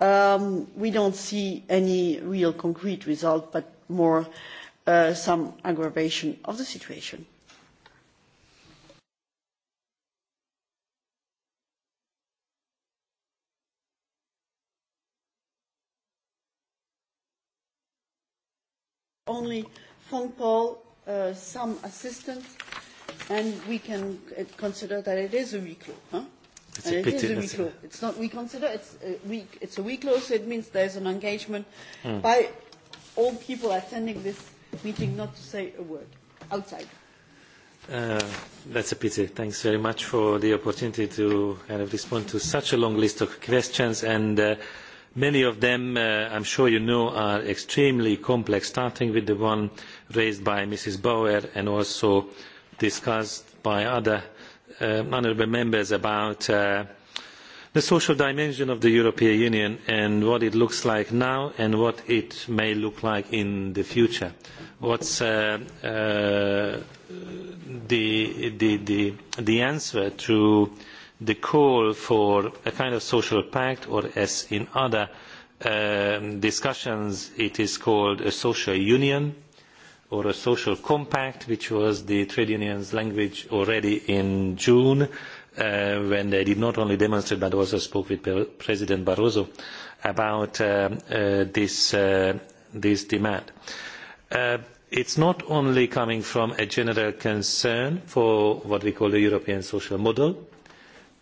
we um, we don't see any real concrete result, but more uh, some aggravation of the situation. Only phone call, uh, some assistance, and we can uh, consider that it is a recall it's a pity. It is a week law. It's not we consider it's a week. It's a week law, so it means there's an engagement mm. by all people attending this meeting not to say a word outside. Uh, that's a pity. Thanks very much for the opportunity to kind of respond to such a long list of questions and. Uh, many of them uh, I'm sure you know are extremely complex starting with the one raised by mrs bauer and also discussed by other honourable uh, members about uh, the social dimension of the european union and what it looks like now and what it may look like in the future what uh, the, answer to the call for a kind of social pact or as in other um, discussions it is called a social union? or a social compact which was the trade unions language already in june uh, when they did not only demonstrate but also spoke with president barroso about uh, uh, this, uh, this demand. Uh, it is not only coming from a general concern for what we call the european social model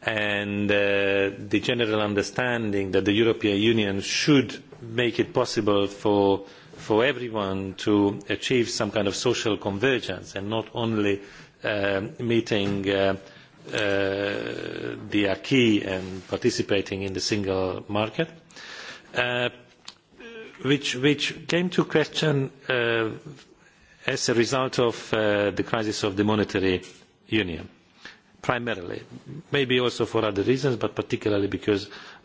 and uh, the general understanding that the european union should make it possible for for everyone to achieve some kind of social convergence and not only um, meeting uh, uh, the acquis and participating in the single market uh, which, which came to question as a result of the crisis of the monetary union primarily maybe also for other reasons but particularly because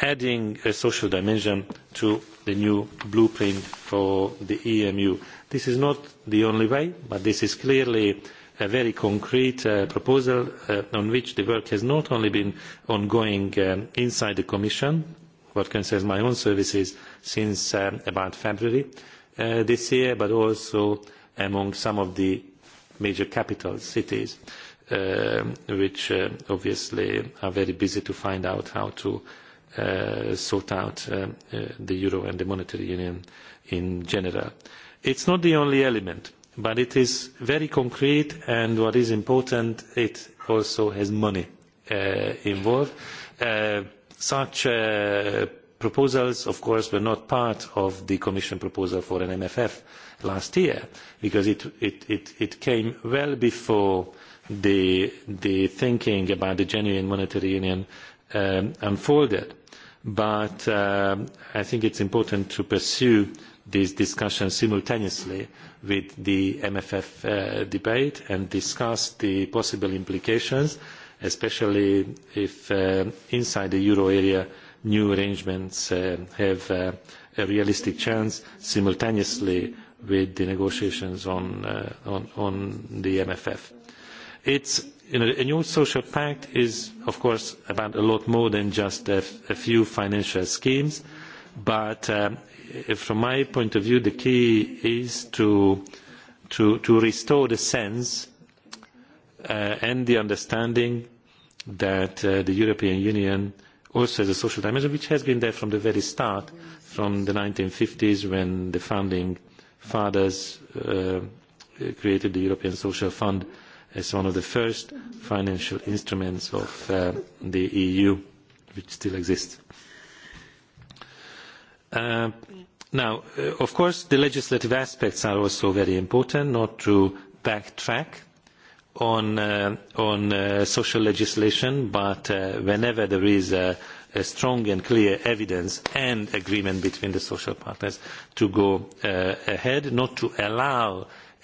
adding a social dimension to the new blueprint for the emu. this is not the only way but this is clearly a very concrete uh, proposal uh, on which the work has not only been ongoing uh, inside the commission what concerns my own services since about february this year but also among some of the major capital cities which obviously are very busy to find out how to Uh, sort out uh, uh, the euro and the monetary union in general. it is not the only element but it is very concrete and what is important it also has money uh, involved. Uh, such uh, proposals of course were not part of the commission proposal for an mff last year because it, it, it, it came well before the, the thinking about the genuine monetary union um, unfolded but uh, I think it's important to pursue this discussion simultaneously with the MFF uh, debate and discuss the possible implications, especially if uh, inside the euro area new arrangements have a realistic chance simultaneously with the negotiations on, on, the MFF. It's a new social pact is of course about a lot more than just a, few financial schemes but um, from my point of view the key is to, restore the sense uh, and the understanding that uh, the european union also has a social dimension which has been there from the very start from the one thousand nine hundred and fifty s when the founding fathers uh, created the european social fund as one of the first financial instruments of uh, the EU which still exists. Uh, now, uh, of course, the legislative aspects are also very important, not to backtrack on, on social legislation, but whenever there is a strong and clear evidence and agreement between the social partners to go ahead, not to allow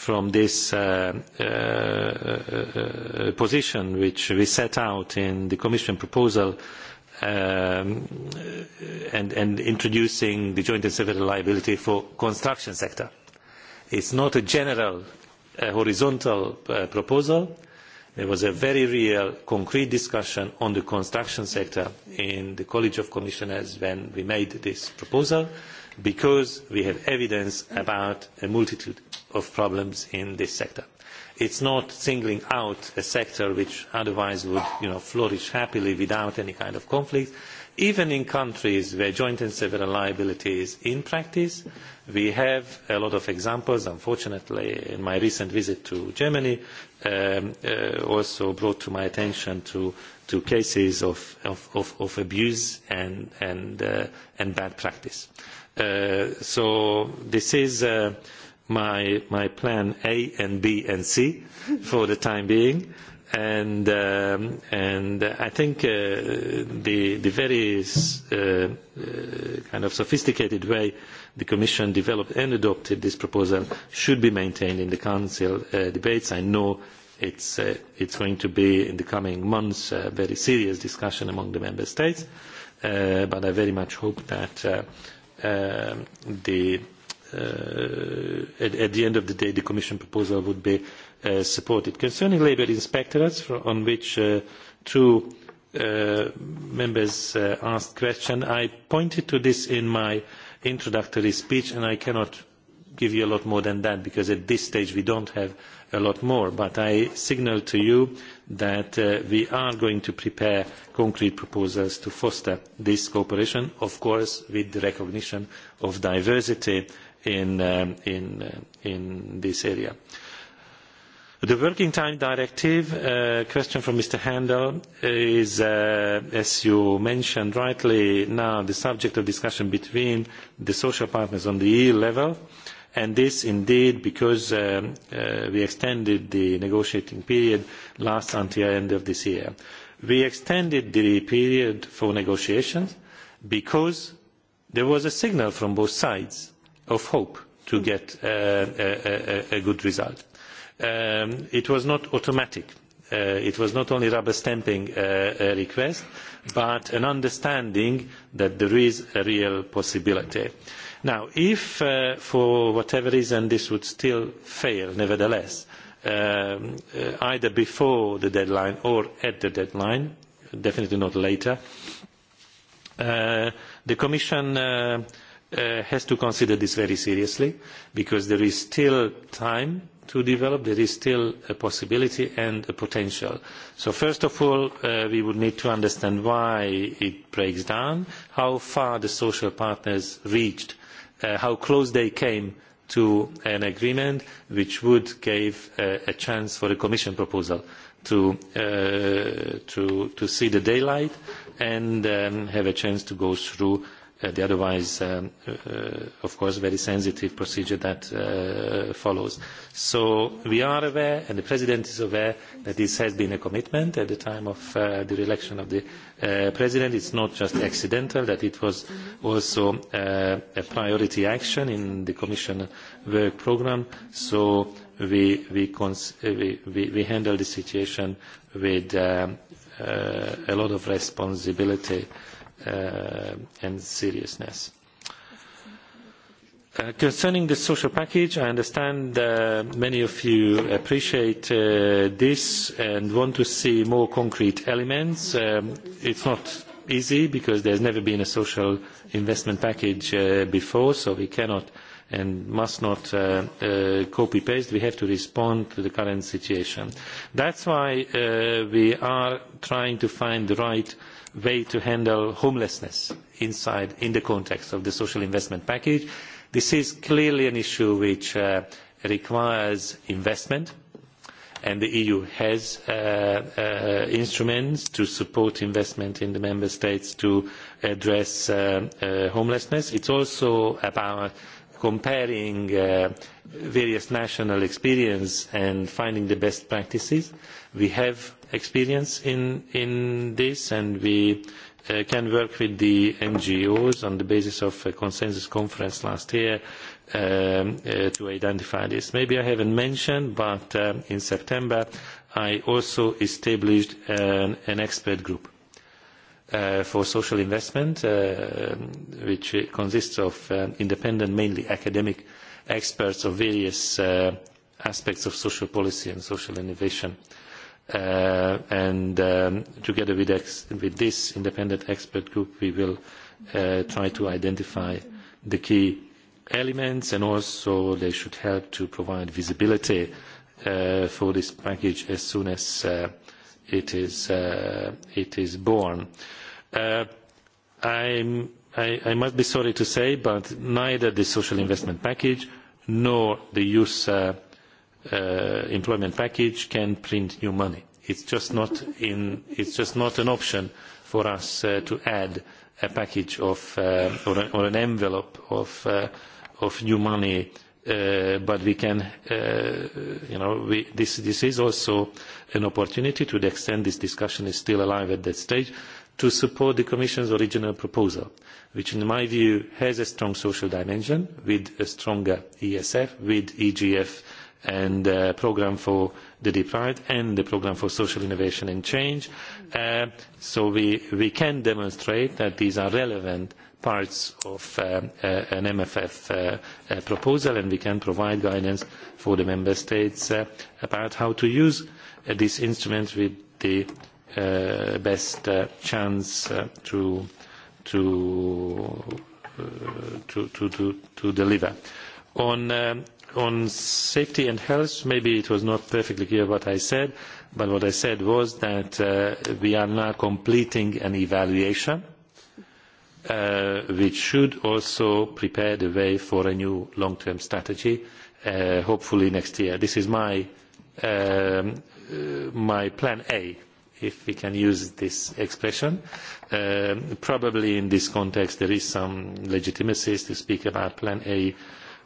from this uh, uh, uh, position which we set out in the Commission proposal um, and, introducing the joint and several liability for construction sector. It's not a general horizontal proposal. There was a very real concrete discussion on the construction sector in the College of Commissioners when we made this proposal because we have evidence about a multitude of problems in this sector. it is not singling out a sector which otherwise would you know, flourish happily without any kind of conflict. even in countries where joint and several liability is in practice we have a lot of examples unfortunately in my recent visit to germany um, uh, also brought to my attention to, cases of, abuse and uh, bad practice Uh, so this is uh, my, my plan A and B and C for the time being. And, um, and I think uh, the, the very kind of sophisticated way the Commission developed and adopted this proposal should be maintained in the Council debates. I know it's, it's going to be in the coming months a very serious discussion among the Member States, but I very much hope that Uh, the uh, at, at the end of the day the commission proposal would be uh, supported. concerning labour inspectorates on which uh, two members asked questions i pointed to this in my introductory speech and i cannot give you a lot more than that because at this stage we don't have a lot more but i signal to you that uh, we are going to prepare concrete proposals to foster this cooperation of course with the recognition of diversity in, um, in, uh, in this area. The Working Time Directive, uh, question from Mr. Handel, is, uh, as you mentioned rightly, now the subject of discussion between the social partners on the EU level. Uh, and this indeed because um, uh, we extended the negotiating period last until the end of this year. We extended the period for negotiations because there was a signal from both sides of hope to hmm. get uh, a, good result. Um, it was not automatic. Uh, it was not only rubber stamping a request but an understanding that there is a real possibility now if uh, for whatever reason this would still fail nevertheless um, uh, either before the deadline or at the deadline definitely not later uh, the commission has to consider this very seriously because there is still time to develop there is still a possibility and a potential. so first of all we would need to understand why it breaks down how far the social partners reached Uh, how close they came to an agreement which would give uh, a chance for the commission proposal uh, to, see the daylight and um, have a chance to go through Uh, the otherwise um, of course very sensitive procedure that follows. so we are aware and the president is aware that this has been a commitment at the time of the election of the president. it is not just accidental that it was also a priority action in the commission work programme so we, we, we, we handle the situation with um, uh, a lot of responsibility. Uh, and seriousness. Uh, concerning the social package, I understand uh, many of you appreciate uh, this and want to see more concrete elements. Um, it's not easy because there has never been a social investment package uh, before, so we cannot and must not uh, uh, copy paste we have to respond to the current situation. that is why uh, we are trying to find the right way to handle homelessness inside in the context of the social investment package. This is clearly an issue which uh, requires investment and the EU has uh, uh, instruments to support investment in the member states to address homelessness. It is also about comparing various national experience and finding the best practices. We have experience in, this and we uh, can work with the ngos on the basis of a consensus conference last year um, uh, to identify this. maybe i haven't mentioned but uh, in september i also established an, expert group for social investment which consists of independent mainly academic experts of various aspects of social policy and social innovation. Uh, and um, together with, this independent expert group we will uh, try to identify the key elements and also they should help to provide visibility uh, for this package as soon as it is, it is born. I, i must be sorry to say but neither the social investment package nor the youth Uh, employment package can print new money. It's just not, just not an option for us uh, to add a package of, uh, or, an envelope of, of new money, but we can, you know, this, this is also an opportunity to the extent this discussion is still alive at that stage to support the Commission's original proposal, which in my view has a strong social dimension with a stronger ESF, with EGF Uh, and the programme for the deprived and the programme for social innovation and change uh, so we, can demonstrate that these are relevant parts of uh, an mff proposal and we can provide guidance for the member states about how to use this instrument with the best chance to, to, to, to deliver. on um, on safety and health maybe it was not perfectly clear what i said but what i said was that uh, we are now completing an evaluation uh, which should also prepare the way for a new long term strategy uh, hopefully next year. this is my, um, my plan a if we can use this expression. Um, probably in this context there is some legitimacy to speak about plan a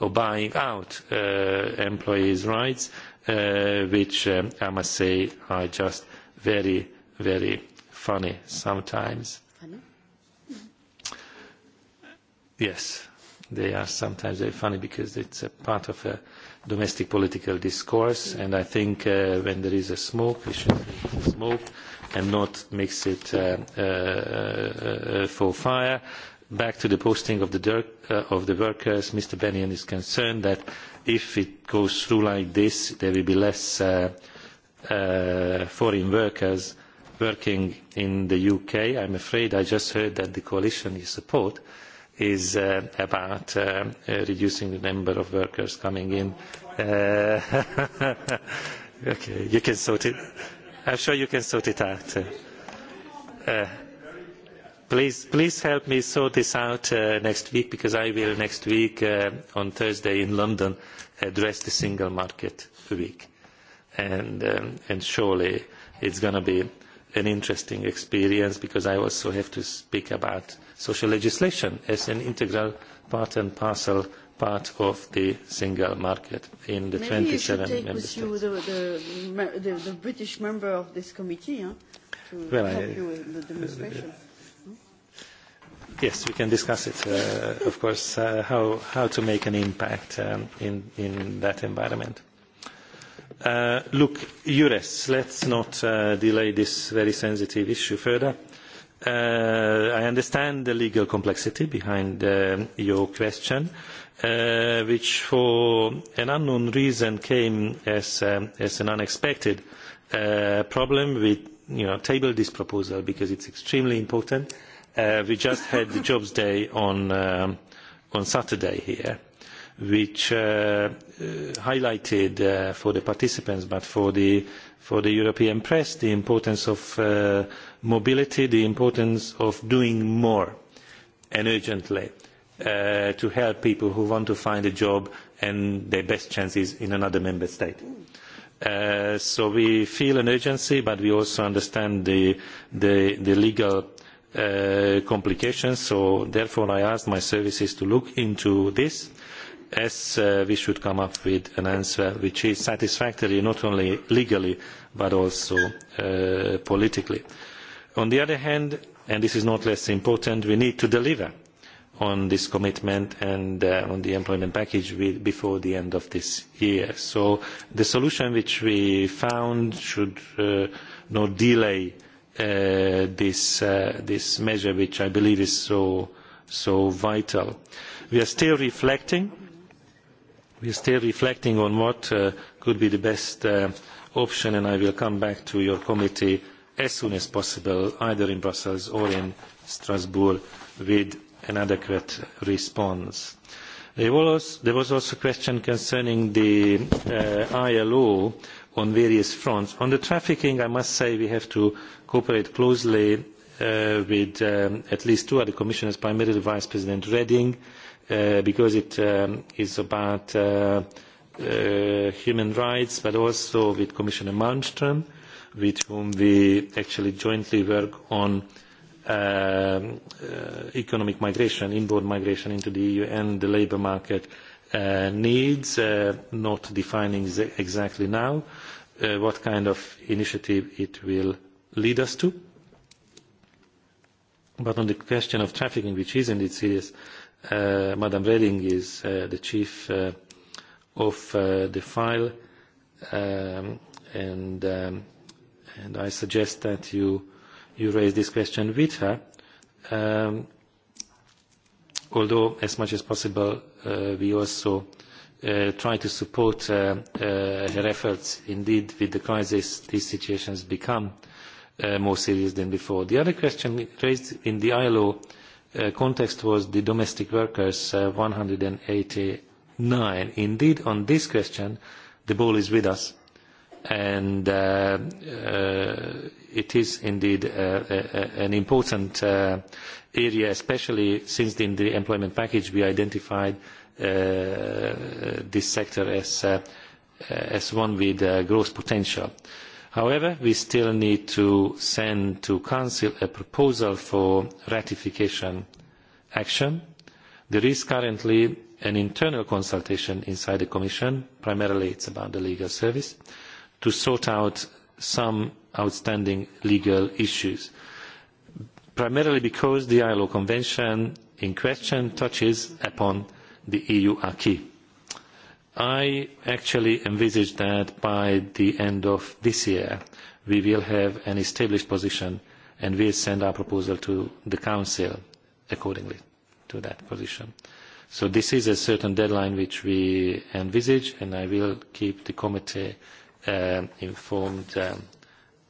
or buying out uh, employees' rights, uh, which um, I must say are just very, very funny sometimes. Funny? Yes, they are sometimes very funny because it's a part of a domestic political discourse, and I think uh, when there is a smoke, we should smoke and not mix it uh, uh, uh, uh for fire back to the posting of the, uh, workers mr bennion is concerned that if it goes through like this there will be less uh, uh, foreign workers working in the uk. i am afraid i just heard that the coalition you support is about reducing the number of workers coming in. okay, you can sort it. i'm sure you can sort it out. Please, please help me sort this out uh, next week because I will next week uh, on Thursday in London address the single market week, and surely um, and surely it's going to be an interesting experience because I also have to speak about social legislation as an integral part and parcel part of the single market in the Maybe 27 you should take member with states. you the, the, the, the British member of this committee huh, to well, help I, you with the demonstration. Uh, Yes, we can discuss it, uh, of course, uh, how, how to make an impact um, in, in that environment. Uh, look, EURES, let's not uh, delay this very sensitive issue further. Uh, I understand the legal complexity behind um, your question, uh, which for an unknown reason came as, um, as an unexpected uh, problem. We you know, tabled this proposal because it's extremely important Uh, we just had the jobs day on, um, saturday here which uh, uh, highlighted for the participants but for the, for the european press the importance of mobility the importance of doing more and urgently to help people who want to find a job and their best chances in another member state. so we feel an urgency but we also understand the legal Uh, complications so therefore i asked my services to look into this as uh, we should come up with an answer which is satisfactory not only legally but also uh, politically. on the other hand and this is not less important we need to deliver on this commitment and uh, on the employment package with, before the end of this year. so the solution which we found should uh, not delay Uh, uh, this, measure which i believe is so, vital. we are still reflecting we are still reflecting on what uh, could be the best option and i will come back to your committee as soon as possible either in brussels or in strasbourg with an adequate response. there was also a question concerning the ilo on various fronts. on the trafficking i must say we have to cooperate closely uh, with um, at least two other commissioners primarily vice president reding uh, because it um, is about uh, human rights but also with commissioner malmstrm with whom we actually jointly work on um, economic migration inward migration into the eu and the labour market needs not defining exactly now what kind of initiative it will lead us to. But on the question of trafficking, which is indeed serious, uh, Madam Reding is uh, the chief uh, of uh, the file, um, and, um, and I suggest that you, you raise this question with her. Um, although, as much as possible, uh, we also uh, try to support uh, uh, her efforts. Indeed, with the crisis, these situations become uh, Uh, more serious than before. The other question raised in the ILO uh, context was the domestic workers, uh, eighty 189. Indeed, on this question, the ball is with us, and it is indeed an important area, especially since in the employment package we identified this sector as, as one with growth potential. However, we still need to send to Council a proposal for ratification action. There is currently an internal consultation inside the Commission, primarily it's about the legal service, to sort out some outstanding legal issues, primarily because the ILO Convention in question touches upon the EU acquis I actually envisage that by the end of this year, we will have an established position, and will send our proposal to the council accordingly to that position. So this is a certain deadline which we envisage, and I will keep the committee uh, informed, um,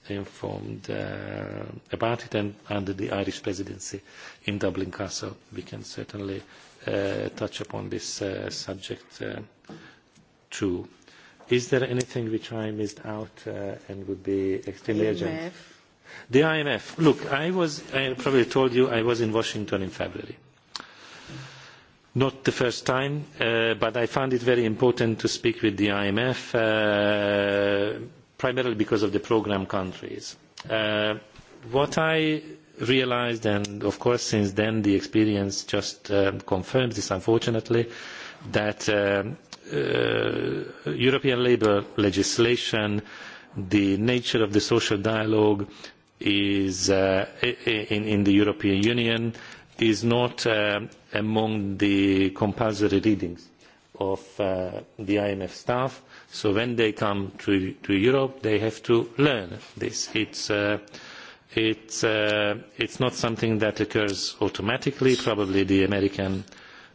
informed uh, about it. And under the Irish presidency in Dublin Castle, we can certainly uh, touch upon this uh, subject uh, two. Is there anything which I missed out uh, and would be extremely urgent? IMF. The IMF. Look, I was, I probably told you I was in Washington in February. Not the first time, uh, but I found it very important to speak with the IMF, uh, primarily because of the program countries. Uh, what I realized and of course since then the experience just um, confirms this unfortunately, that uh, Uh, European labour legislation, the nature of the social dialogue is uh, in, the European Union is not uh, among the compulsory readings of the IMF staff. So when they come to, Europe, they have to learn this. It's, is it's, it's not something that occurs automatically. Probably the American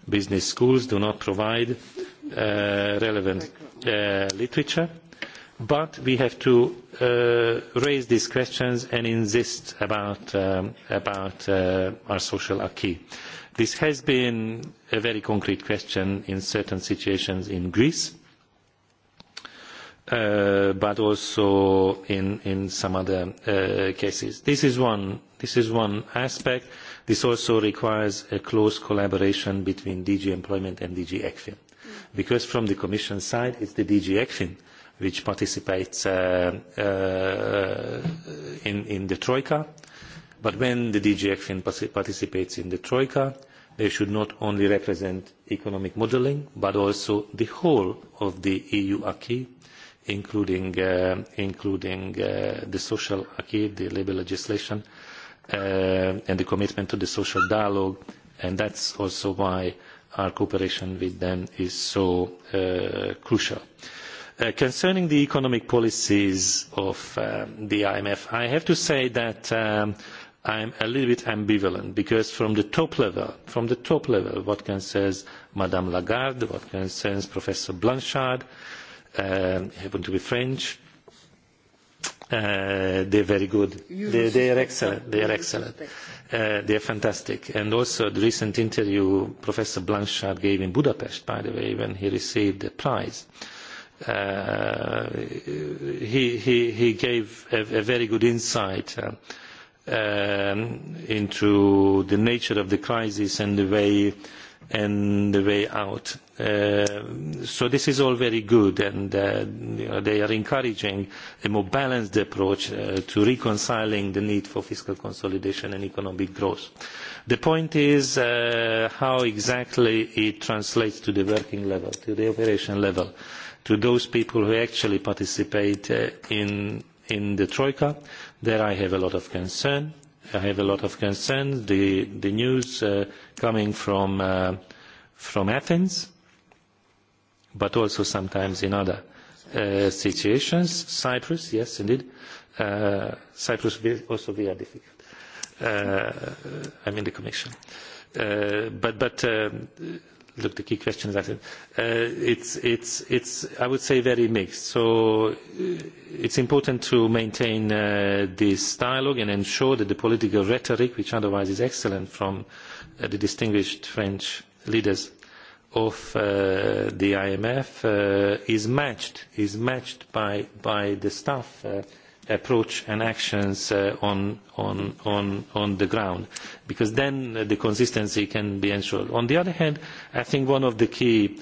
business schools do not provide Uh, relevant uh, literature but we have to uh, raise these questions and insist about, um, our social acquis. This has been a very concrete question in certain situations in Greece, but also in, some other cases. This is, one, aspect. This also requires close collaboration between DG Employment and DG ECFIN because from the Commission side, it's the DG ECFIN which participates uh, uh, in, in the Troika. But when the DG ECFIN participates in the Troika, they should not only represent economic modelling, but also the whole of the EU acquis, including, uh, including uh, the social acquis, the labour legislation, and the commitment to the social dialogue. And that's also why our cooperation with them is so uh, crucial. Uh, concerning the economic policies of um, the imf i have to say that i am um, a little bit ambivalent because from the top level from the top level what concerns ms lagarde what concerns professor blanchard um, happen to be french uh, they are very good they, they are excellent they are excellent Uh, they are fantastic. And also the recent interview Professor Blanchard gave in Budapest, by the way, when he received the prize, uh, he, he, he gave a, very good insight uh, um, into the nature of the crisis and the way and the way out. Uh, so this is all very good and uh, they are encouraging a more balanced approach uh, to reconciling the need for fiscal consolidation and economic growth. The point is how exactly it translates to the working level, to the operation level, to those people who actually participate in, in the Troika. There I have a lot of concern. I have a lot of concerns. The, the news coming from, uh, from Athens, but also sometimes in other uh, situations. Cyprus, yes, indeed. Uh, Cyprus also very difficult. Uh, I mean the Commission. Uh, but but um, look, the key question is that uh, it's it's it's I would say very mixed. So uh, it's important to maintain uh, this dialogue and ensure that the political rhetoric, which otherwise is excellent from uh, Uh, the distinguished French leaders of uh, the IMF uh, is matched is matched by by the staff approach and actions on on on on the ground because then the consistency can be ensured on the other hand i think one of the key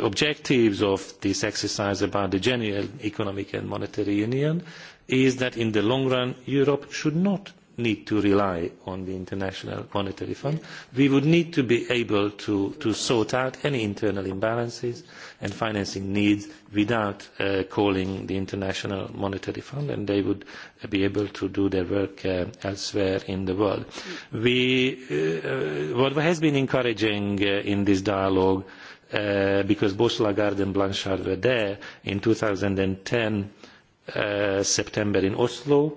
objectives of this exercise about the general economic and monetary union is that in the long run europe should not need to rely on the international monetary fund we would need to be able to, to sort out any internal imbalances and financing needs without calling uh, calling the international monetary fund and they would uh, be able to do their work uh, elsewhere in the world. We, what has been encouraging in this dialogue because both lagarde and blanchard were there in two thousand and ten september in oslo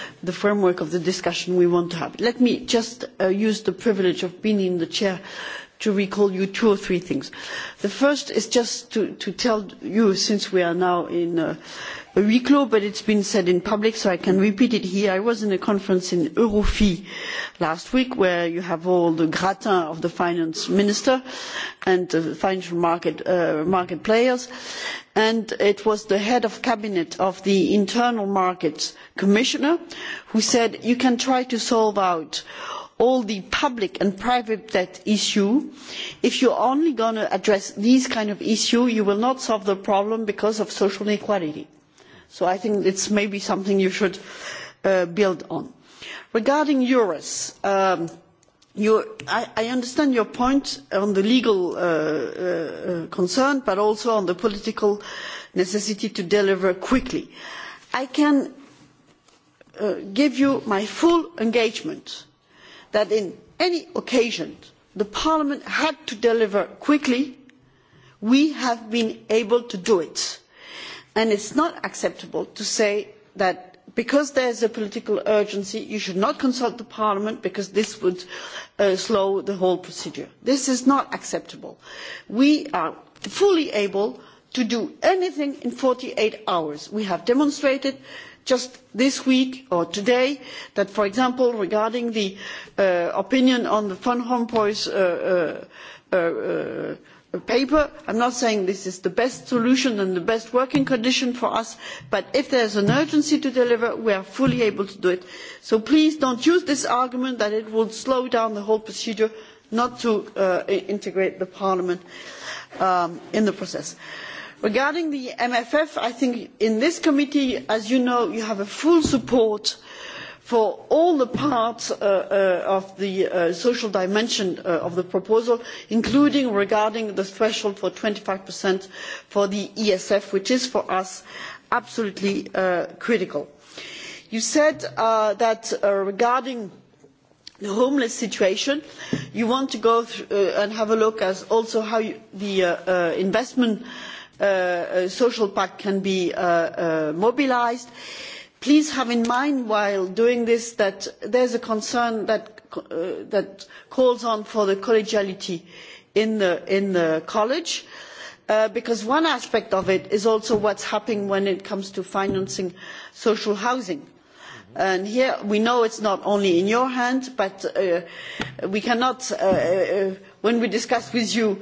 the framework of the discussion we want to have. Let me just uh, use the privilege of being in the chair to recall you two or three things. The first is just to, to tell you, since we are now in uh, a huis clos but it has been said in public so i can repeat it here i was in a conference in eurofi last week where you have all the gratin of the finance minister and the financial market, uh, players and it was the head of cabinet of the internal market commissioner who said you can try to solve out all the public and private debt issue if you are only going to address these kinds of issues you will not solve the problem because of social inequality so i think it is maybe something you should uh, build on. regarding eures um, I, understand your point on the legal uh, uh, concern but also on the political necessity to deliver quickly. i can give you my full engagement that on any occasion parliament had to deliver quickly we have been able to do it and it is not acceptable to say that because there is a political urgency you should not consult parliament because this would uh, slow the whole procedure. this is not acceptable. we are fully able to do anything in forty eight hours. we have demonstrated just this week or today that for example regarding the uh, opinion on the van rompuy uh, paper i am not saying this is the best solution and the best working condition for us but if there is an urgency to deliver we are fully able to do it so please do not use this argument that it will slow down the whole procedure not to uh, integrate the parliament um, in the process. regarding the mff i think in this committee as you know you have full support for for all the parts uh, uh, of the uh, social dimension of the proposal including regarding the threshold for twenty five for the esf which is for us absolutely critical. you said that regarding the homeless situation you want to go and have a look at also how the investment social pact can be mobilised and please have in mind while doing this that there is a concern uh, that, calls on for the collegiality in the, college uh, because one aspect of it is also what is happening when it comes to financing social housing. And here we know it is not only in your hands but uh, we cannot when we discuss with you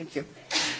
Thank you.